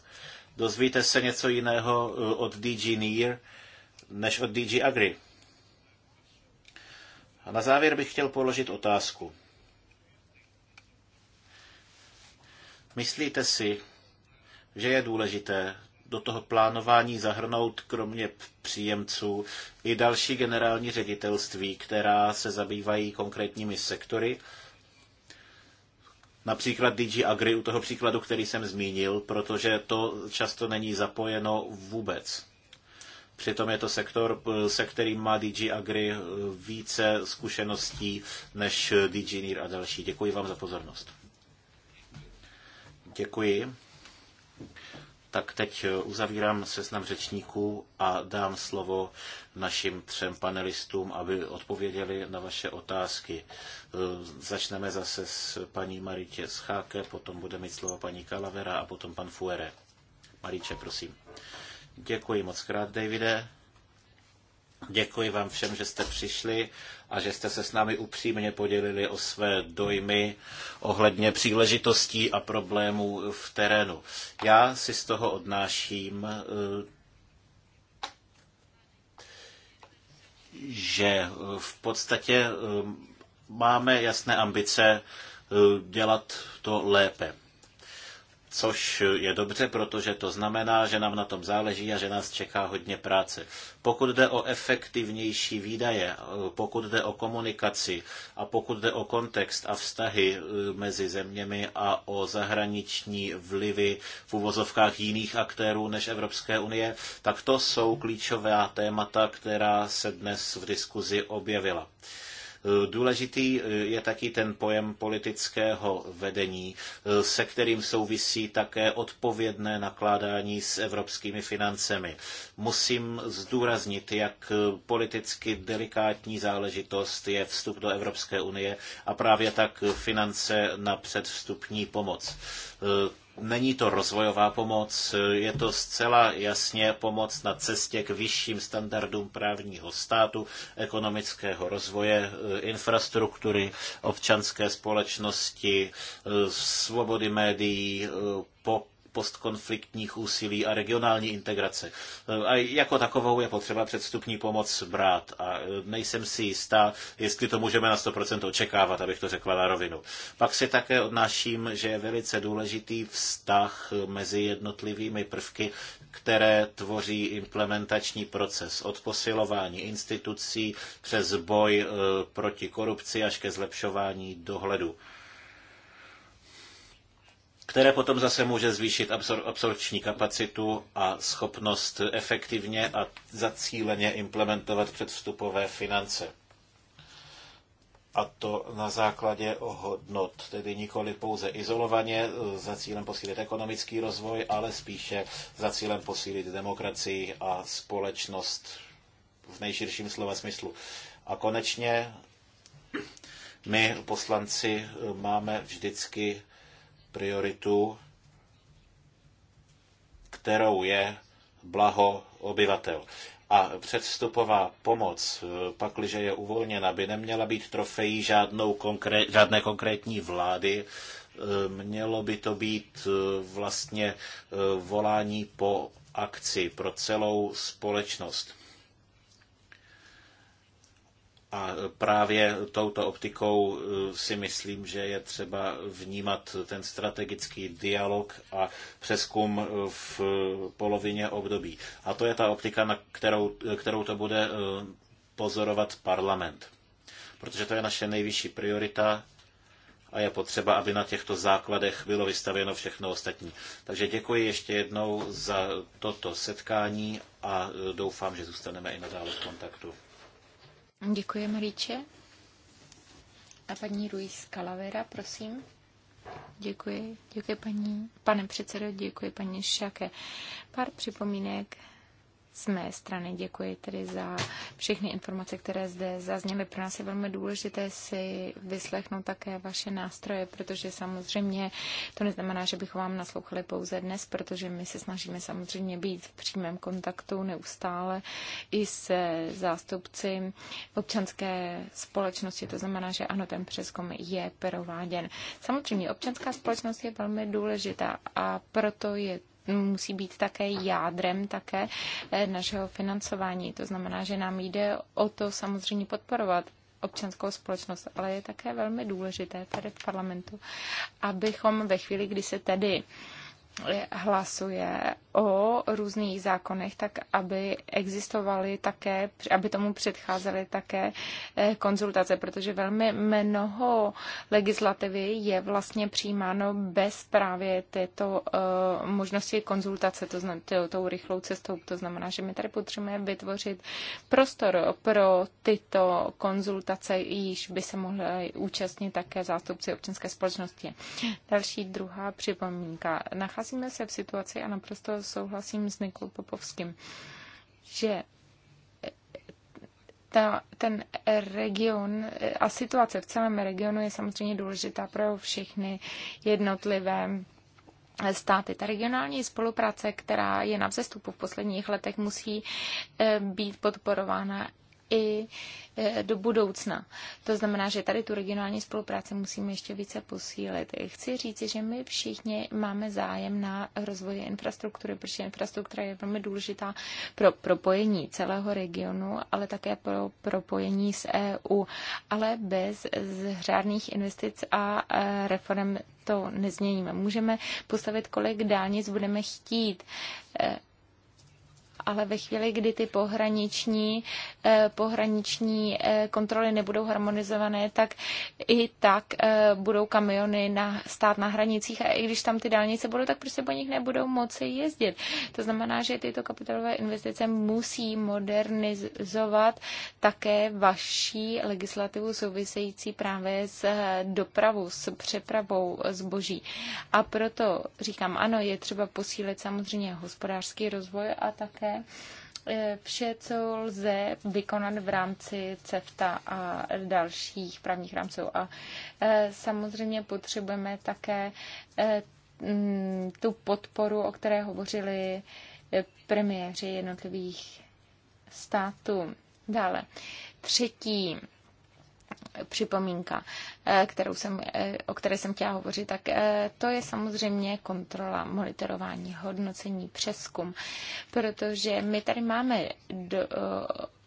Dozvíte se něco jiného uh, od DG NIR než od DG Agri. A na závěr bych chtěl položit otázku. Myslíte si, že je důležité do toho plánování zahrnout kromě příjemců i další generální ředitelství, která se zabývají konkrétními sektory, například DG Agri u toho příkladu, který jsem zmínil, protože to často není zapojeno vůbec. Přitom je to sektor, se kterým má DG Agri více zkušeností než DG NIR a další. Děkuji vám za pozornost. Děkuji. Tak teď uzavírám seznam řečníků a dám slovo našim třem panelistům, aby odpověděli na vaše otázky. Začneme zase s paní Maritě Scháke, potom bude mít slovo paní Kalavera a potom pan Fuere. Maríče, prosím. Děkuji moc krát, Davide. Děkuji vám všem, že jste přišli a že jste se s námi upřímně podělili o své dojmy ohledně příležitostí a problémů v terénu. Já si z toho odnáším, eh, že v podstatě eh, máme jasné ambice eh, dělat to lépe což je dobře, protože to znamená, že nám na tom záleží a že nás čeká hodně práce. Pokud jde o efektivnější výdaje, pokud jde o komunikaci a pokud jde o kontext a vztahy e, mezi zeměmi a o zahraniční vlivy v uvozovkách jiných aktérů než Evropské unie, tak to jsou klíčová témata, která se dnes v diskuzi objevila. Důležitý eh, je taky ten pojem politického vedení, eh, se kterým souvisí také odpovědné nakládání s evropskými financemi. Musím zdůraznit, jak eh, politicky delikátní záležitost je vstup do Evropské unie a právě tak finance na předvstupní pomoc Není to rozvojová pomoc, je to zcela jasně pomoc na cestě k vyšším standardům právního státu, ekonomického rozvoje, eh, infrastruktury, občanské společnosti, eh, svobody médií, eh, pop postkonfliktních úsilí a regionální integrace. E, a jako takovou je potřeba předstupní pomoc brát a e, nejsem si jistá, jestli to můžeme na 100% očekávat, abych to řekla na rovinu. Pak si také odnáším, že je velice důležitý vztah mezi jednotlivými prvky, které tvoří implementační proces od posilování institucí přes boj e, proti korupci až ke zlepšování dohledu které potom zase může zvýšit absor- absorpční kapacitu a schopnost efektivně a zacíleně implementovat předvstupové finance. A to na základě hodnot, tedy nikoli pouze izolovaně za cílem posílit ekonomický rozvoj, ale spíše za cílem posílit demokracii a společnost v nejširším slova smyslu. A konečně my, poslanci, máme vždycky prioritu, kterou je blaho obyvatel. A předstupová pomoc, eh, pakliže je uvolněna, by neměla být trofejí žádnou konkré- žádné konkrétní vlády, eh, mělo by to být eh, vlastně volání po akci pro celou společnost. A právě touto optikou eh, si myslím, že je třeba vnímat ten strategický dialog a přeskum eh, v polovině období. A to je ta optika, na kterou, kterou to bude eh, pozorovat parlament. Protože to je naše nejvyšší priorita a je potřeba, aby na těchto základech bylo vystavěno všechno ostatní. Takže děkuji ještě jednou za toto setkání a doufám, že zůstaneme i nadále v kontaktu. Děkuji, Maríče. A paní Ruiz Calavera, prosím. Děkuji, děkuji paní, pane předsedo, děkuji paní Šake. Pár připomínek z mé strany. Děkuji tedy za všechny informace, které zde zazněly. Pro nás je velmi důležité si vyslechnout také vaše nástroje, protože samozřejmě to neznamená, že bychom vám naslouchali pouze dnes, protože my se snažíme samozřejmě být v přímém kontaktu neustále i se zástupci občanské společnosti. To znamená, že ano, ten přeskum je prováděn. Samozřejmě občanská společnost je velmi důležitá a proto je musí být také jádrem také eh, našeho financování. To znamená, že nám jde o to samozřejmě podporovat občanskou společnost, ale je také velmi důležité tady v parlamentu, abychom ve chvíli, kdy se tedy uh, hlasuje o různých zákonech, tak aby existovaly také, aby tomu předcházely také eh, konzultace, protože velmi mnoho legislativy je vlastně přijímáno bez právě této uh, možnosti konzultace, to znamená, tou rychlou cestou. To znamená, že my tady potřebujeme vytvořit prostor pro tyto konzultace, již by se mohly účastnit také zástupci občanské společnosti. Další druhá připomínka. Nachází nacházíme se v situaci, a naprosto souhlasím s Nikol Popovským, že ta, ten region a situace v celém regionu je samozřejmě důležitá pro všechny jednotlivé státy. Ta regionální spolupráce, která je na vzestupu v posledních letech, musí eh, být podporována i eh, do budoucna. To znamená, že tady tu regionální spolupráci musíme ještě více posílit. Chci říci, že my všichni máme zájem na rozvoji infrastruktury, protože infrastruktura je velmi důležitá pro propojení celého regionu, ale také pro propojení s EU. Ale bez řádných investic a eh, reform to nezměníme. Můžeme postavit kolik dálnic budeme chtít eh, ale ve chvíli, kdy ty pohraniční, eh, pohraniční eh, kontroly nebudou harmonizované, tak i tak eh, budou kamiony na, stát na hranicích a i když tam ty dálnice budou, tak prostě po nich nebudou moci jezdit. To znamená, že tyto kapitálové investice musí modernizovat také vaší legislativu související právě s dopravou, s přepravou zboží. A proto říkám, ano, je třeba posílit samozřejmě hospodářský rozvoj a také Eh, vše, co lze vykonat v rámci CEFTA a dalších právních rámců. A eh, samozřejmě potřebujeme také eh, mm, tu podporu, o které hovořili premiéři jednotlivých států. Dále. Třetí připomínka, eh, kterou jsem, eh, o které jsem chtěla hovořit, tak eh, to je samozřejmě kontrola, monitorování, hodnocení, přeskum, protože my tady máme do,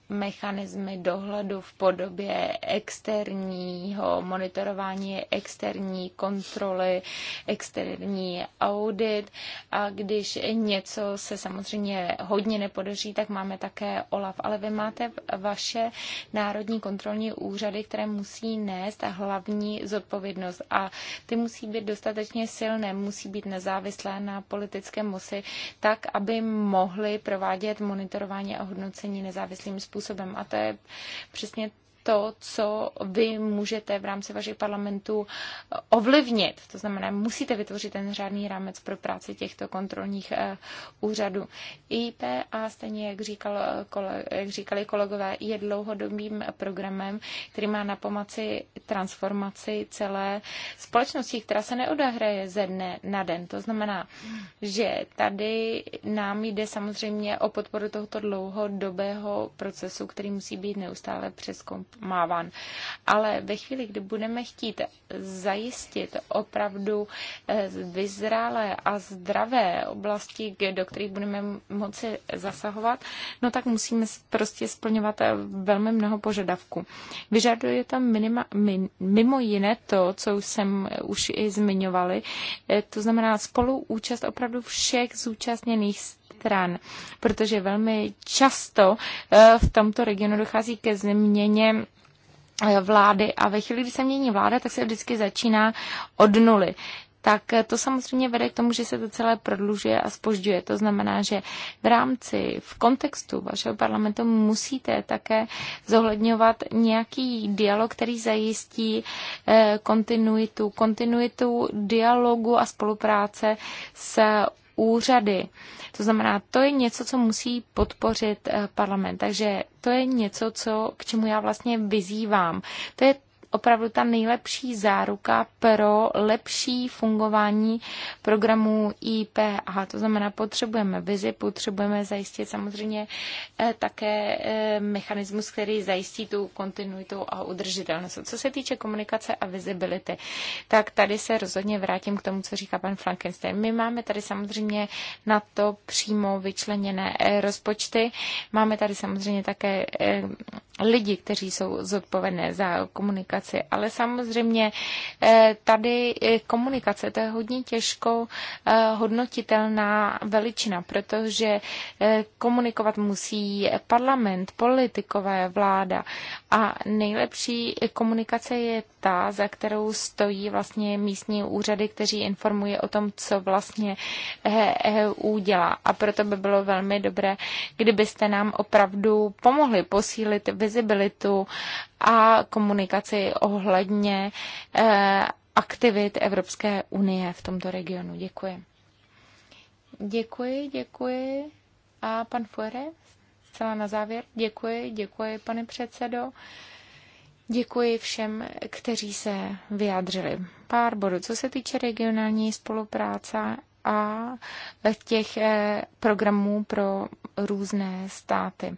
mechanismy dohledu v podobě externího monitorování, externí kontroly, externí audit a když něco se samozřejmě hodně nepodaří, tak máme také OLAF. Ale vy máte vaše národní kontrolní úřady, které musí nést hlavní zodpovědnost a ty musí být dostatečně silné, musí být nezávislé na politické moci, tak, aby mohly provádět monitorování a hodnocení nezávislým způsobem způsobem. A to je přesně to, co vy můžete v rámci vašich parlamentů ovlivnit. To znamená, musíte vytvořit ten řádný rámec pro práci těchto kontrolních eh, úřadů. IP a stejně, jak, říkal, jak říkali kolegové, je dlouhodobým programem, který má na pomoci transformaci celé společnosti, která se neodehraje ze dne na den. To znamená, že tady nám jde samozřejmě o podporu tohoto dlouhodobého procesu, který musí být neustále přeskoumán máván. Ale ve chvíli, kdy budeme chtít zajistit opravdu eh, vyzrálé a zdravé oblasti, do kterých budeme moci zasahovat, no tak musíme prostě splňovat eh, velmi mnoho požadavků. Vyžaduje tam minima, min, mimo jiné to, co už jsem už i zmiňovali, eh, to znamená spoluúčast opravdu všech zúčastněných stran, protože velmi často eh, v tomto regionu dochází ke změně eh, vlády a ve chvíli, kdy se mění vláda, tak se vždycky začíná od nuly tak eh, to samozřejmě vede k tomu, že se to celé prodlužuje a spožďuje. To znamená, že v rámci, v kontextu vašeho parlamentu musíte také zohledňovat nějaký dialog, který zajistí kontinuitu, kontinuitu dialogu a spolupráce s úřady. To znamená, to je něco, co musí podpořit eh, parlament. Takže to je něco, co, k čemu já vlastně vyzývám. To je opravdu ta nejlepší záruka pro lepší fungování programů IPH. To znamená, potřebujeme vizi, potřebujeme zajistit samozřejmě eh, také eh, mechanismus, který zajistí tu kontinuitu a udržitelnost. Co se týče komunikace a visibility, tak tady se rozhodně vrátím k tomu, co říká pan Frankenstein. My máme tady samozřejmě na to přímo vyčleněné eh, rozpočty. Máme tady samozřejmě také lidi, kteří jsou zodpovědné za komunikaci. Ale samozřejmě eh, tady komunikace, to je hodně těžko eh, hodnotitelná veličina, protože eh, komunikovat musí parlament, politikové, vláda. A nejlepší komunikace je ta, za kterou stojí vlastně místní úřady, kteří informují o tom, co vlastně EU e dělá. A proto by bylo velmi dobré, kdybyste nám opravdu pomohli posílit vizi vizibilitu a komunikaci ohledně eh, aktivit Evropské unie v tomto regionu. Děkuji. Děkuji, děkuji. A pan Fuere, zcela na závěr. Děkuji, děkuji, pane předsedo. Děkuji všem, kteří se vyjádřili. Pár bodů, co se týče regionální spolupráce a těch eh, programů pro různé státy.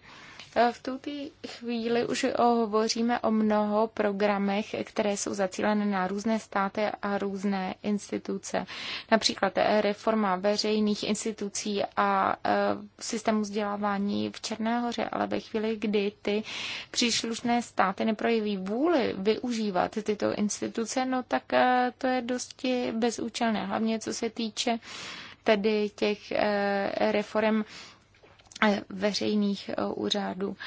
V tuto chvíli už hovoříme o mnoho programech, které jsou zacílené na různé státy a různé instituce. Například reforma veřejných institucí a e, systému vzdělávání v Černé ale ve chvíli, kdy ty příslušné státy neprojeví vůli využívat tyto instituce, no tak e, to je dosti bezúčelné, hlavně co se týče tedy těch e, reform Eh, veřejných eh, úřadů.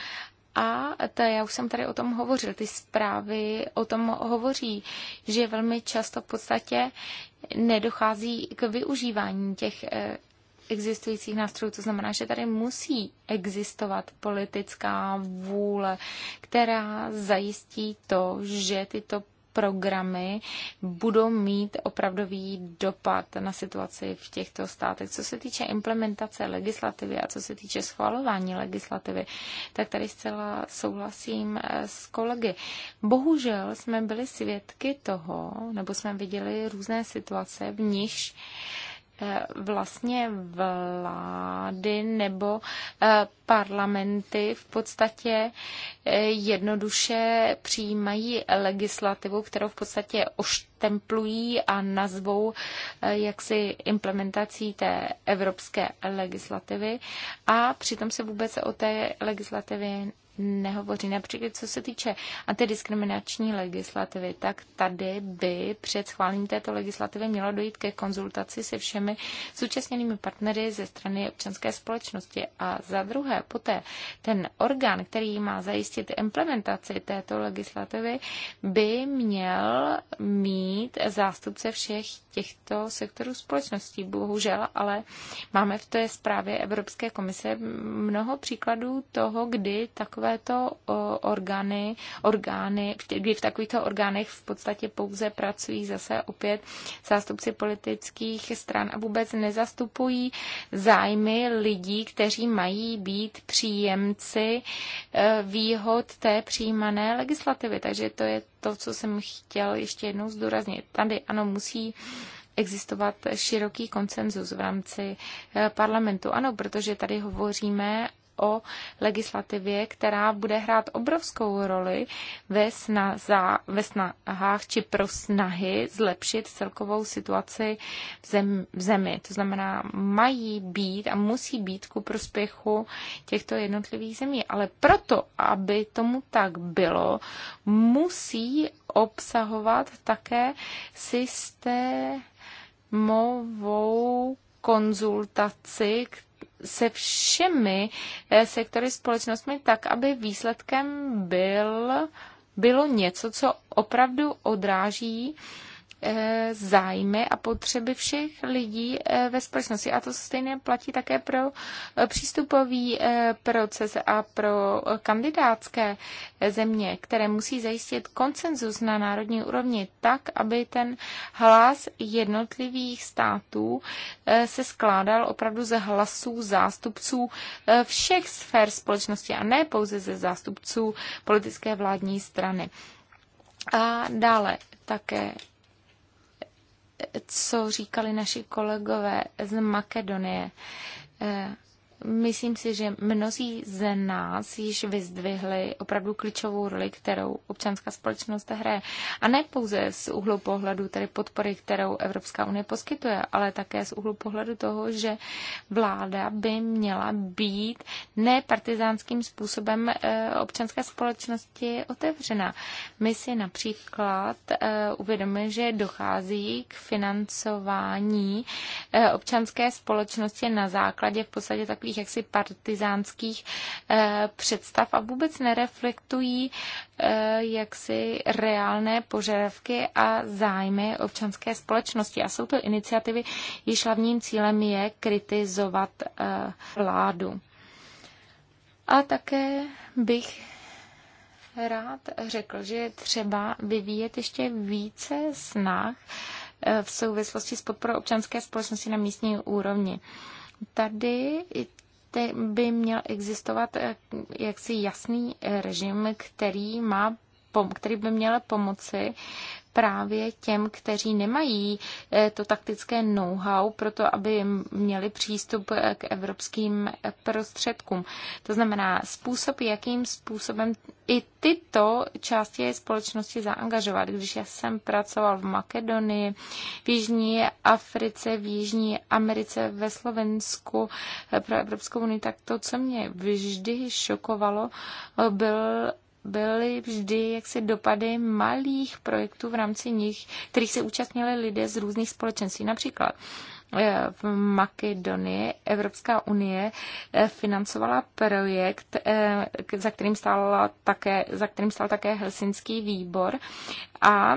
A to, já už jsem tady o tom hovořil, ty zprávy o tom hovoří, že velmi často v podstatě nedochází k využívání těch eh, existujících nástrojů. To znamená, že tady musí existovat politická vůle, která zajistí to, že tyto programy budou mít opravdový dopad na situaci v těchto státech. Co se týče implementace legislativy a co se týče schvalování legislativy, tak tady zcela souhlasím eh, s kolegy. Bohužel jsme byli svědky toho, nebo jsme viděli různé situace, v nichž Eh, vlastně vlády nebo eh, parlamenty v podstatě eh, jednoduše přijímají legislativu, kterou v podstatě oštemplují a nazvou jaksi implementací té evropské legislativy a přitom se vůbec o té legislativě nehovoří. Například co se týče antidiskriminační legislativy, tak tady by před schválením této legislativy mělo dojít ke konzultaci se všemi zúčastněnými partnery ze strany občanské společnosti. A za druhé, poté ten orgán, který má zajistit implementaci této legislativy, by měl mít zástupce všech těchto sektorů společností. Bohužel, ale máme v té zprávě Evropské komise mnoho příkladů toho, kdy takovéto orgány, orgány, kdy v takovýchto orgánech v podstatě pouze pracují zase opět zástupci politických stran a vůbec nezastupují zájmy lidí, kteří mají být příjemci e, výhod té přijímané legislativy. Takže to je to, co jsem chtěl ještě jednou zdůraznit. Tady ano, musí existovat široký konsenzus v rámci eh, parlamentu. Ano, protože tady hovoříme o legislativě, která bude hrát obrovskou roli ve, snaza, ve snahách či pro snahy zlepšit celkovou situaci v, zem, v zemi. To znamená, mají být a musí být ku prospěchu těchto jednotlivých zemí. Ale proto, aby tomu tak bylo, musí obsahovat také systémovou konzultaci, se všemi eh, sektory společnostmi tak, aby výsledkem byl, bylo něco, co opravdu odráží Eh, zájmy a potřeby všech lidí eh, ve společnosti. A to stejně platí také pro eh, přístupový proces a pro kandidátské země, které musí zajistit konsenzus na národní úrovni tak, aby ten hlas jednotlivých států se skládal opravdu ze hlasů zástupců všech sfér společnosti a ne pouze ze zástupců politické vládní strany. A dále také co říkali naši kolegové z Makedonie. Eh, Myslím si, že mnozí z nás již vyzdvihli opravdu klíčovou roli, kterou občanská společnost hraje. A ne pouze z úhlu pohledu tedy podpory, kterou Evropská unie poskytuje, ale také z úhlu pohledu toho, že vláda by měla být nepartizánským způsobem eh, občanské společnosti otevřena. My si například eh, uvědomujeme, že dochází k financování eh, občanské společnosti na základě v podstatě takových nějakých jaksi partizánských eh, představ a vůbec nereflektují eh, jaksi reálné požadavky a zájmy občanské společnosti. A jsou to iniciativy, jejíž hlavním cílem je kritizovat eh, vládu. A také bych rád řekl, že je třeba vyvíjet ještě více snah v souvislosti s podporou občanské společnosti na místní úrovni. Tady by měl existovat eh, jaksi jasný režim, který má který by měl pomoci právě těm, kteří nemají eh, to taktické know-how pro to, aby měli přístup eh, k evropským eh, prostředkům. To znamená způsob, jakým způsobem i tyto části společnosti zaangažovat. Když já jsem pracoval v Makedonii, v Jižní Africe, v Jižní Americe, ve Slovensku pro Evropskou unii, tak to, co mě vždy šokovalo, byl byly vždy jaksi dopady malých projektů, v rámci nich, kterých se účastnili lidé z různých společenství. Například eh, v Makedonii Evropská unie eh, financovala projekt, eh, za kterým, stála také, za kterým stál také Helsinský výbor a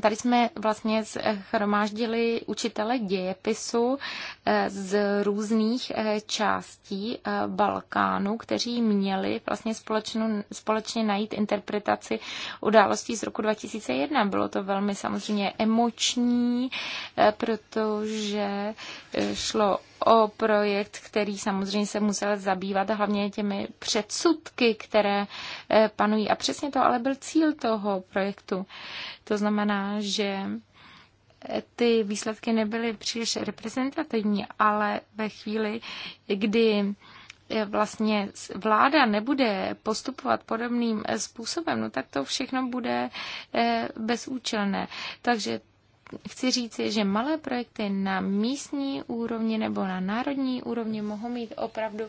Tady jsme vlastně schromáždili učitele dějepisu eh, z různých eh, částí eh, Balkánu, kteří měli vlastně společnou, společně najít interpretaci událostí z roku 2001. Bylo to velmi samozřejmě emoční, protože šlo o projekt, který samozřejmě se musel zabývat hlavně těmi předsudky, které eh, panují. A přesně to ale byl cíl toho projektu. To znamená, že eh, ty výsledky nebyly příliš reprezentativní, ale ve chvíli, kdy eh, vlastně vláda nebude postupovat podobným způsobem, no tak to všechno bude bezúčelné. Takže chci říci, že malé projekty na místní úrovni nebo na národní úrovni mohou mít opravdu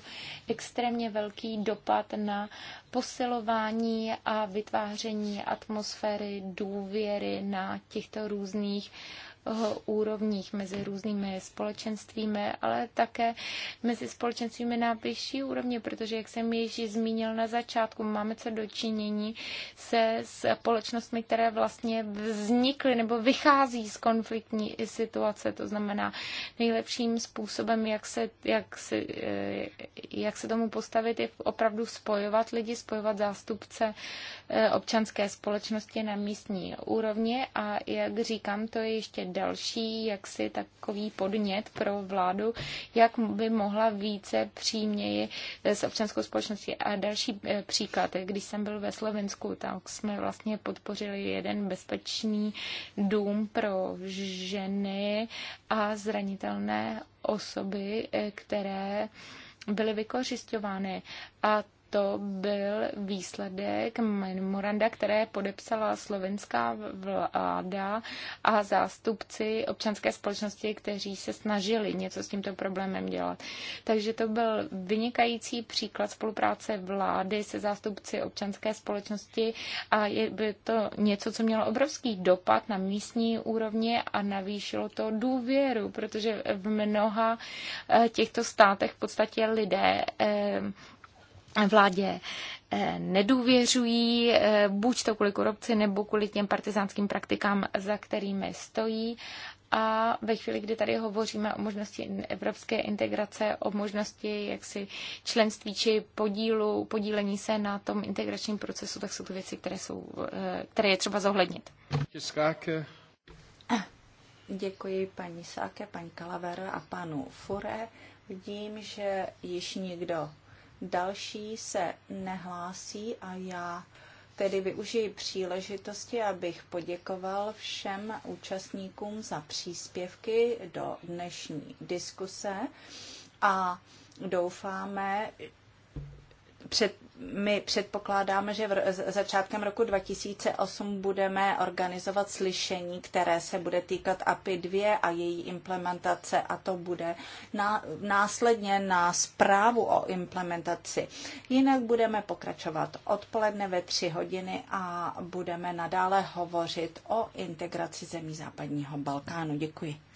extrémně velký dopad na posilování a vytváření atmosféry důvěry na těchto různých úrovních mezi různými společenstvími, ale také mezi společenstvími na vyšší úrovni, protože, jak jsem již zmínil na začátku, máme co dočinění se společnostmi, které vlastně vznikly nebo vychází z konfliktní situace. To znamená, nejlepším způsobem, jak se, jak se, eh, jak se tomu postavit, je opravdu spojovat lidi, spojovat zástupce Eh, občanské společnosti na místní úrovni a jak říkám, to je ještě další jaksi takový podnět pro vládu, jak by mohla více příměji eh, s občanskou společností. A další eh, příklad, když jsem byl ve Slovensku, tak jsme vlastně podpořili jeden bezpečný dům pro ženy a zranitelné osoby, které byly vykořišťovány. A to byl výsledek memoranda, které podepsala slovenská vláda a zástupci občanské společnosti, kteří se snažili něco s tímto problémem dělat. Takže to byl vynikající příklad spolupráce vlády se zástupci občanské společnosti a je by to něco, co mělo obrovský dopad na místní úrovni a navýšilo to důvěru, protože v mnoha eh, těchto státech v podstatě lidé eh, vládě eh, nedůvěřují, eh, buď to kvůli korupci nebo kvůli těm partizánským praktikám, za kterými stojí. A ve chvíli, kdy tady hovoříme o možnosti evropské integrace, o možnosti jaksi členství či podílu, podílení se na tom integračním procesu, tak jsou to věci, které, jsou, eh, které je třeba zohlednit. Děkuji paní Sáke, paní Kalaver a panu Fure. Vidím, že již nikdo Další se nehlásí a já tedy využiji příležitosti, abych poděkoval všem účastníkům za příspěvky do dnešní diskuse a doufáme, před, my předpokládáme, že v, začátkem roku 2008 budeme organizovat slyšení, které se bude týkat API 2 a její implementace a to bude na, následně na zprávu o implementaci. Jinak budeme pokračovat odpoledne ve 3 hodiny a budeme nadále hovořit o integraci zemí západního Balkánu. Děkuji.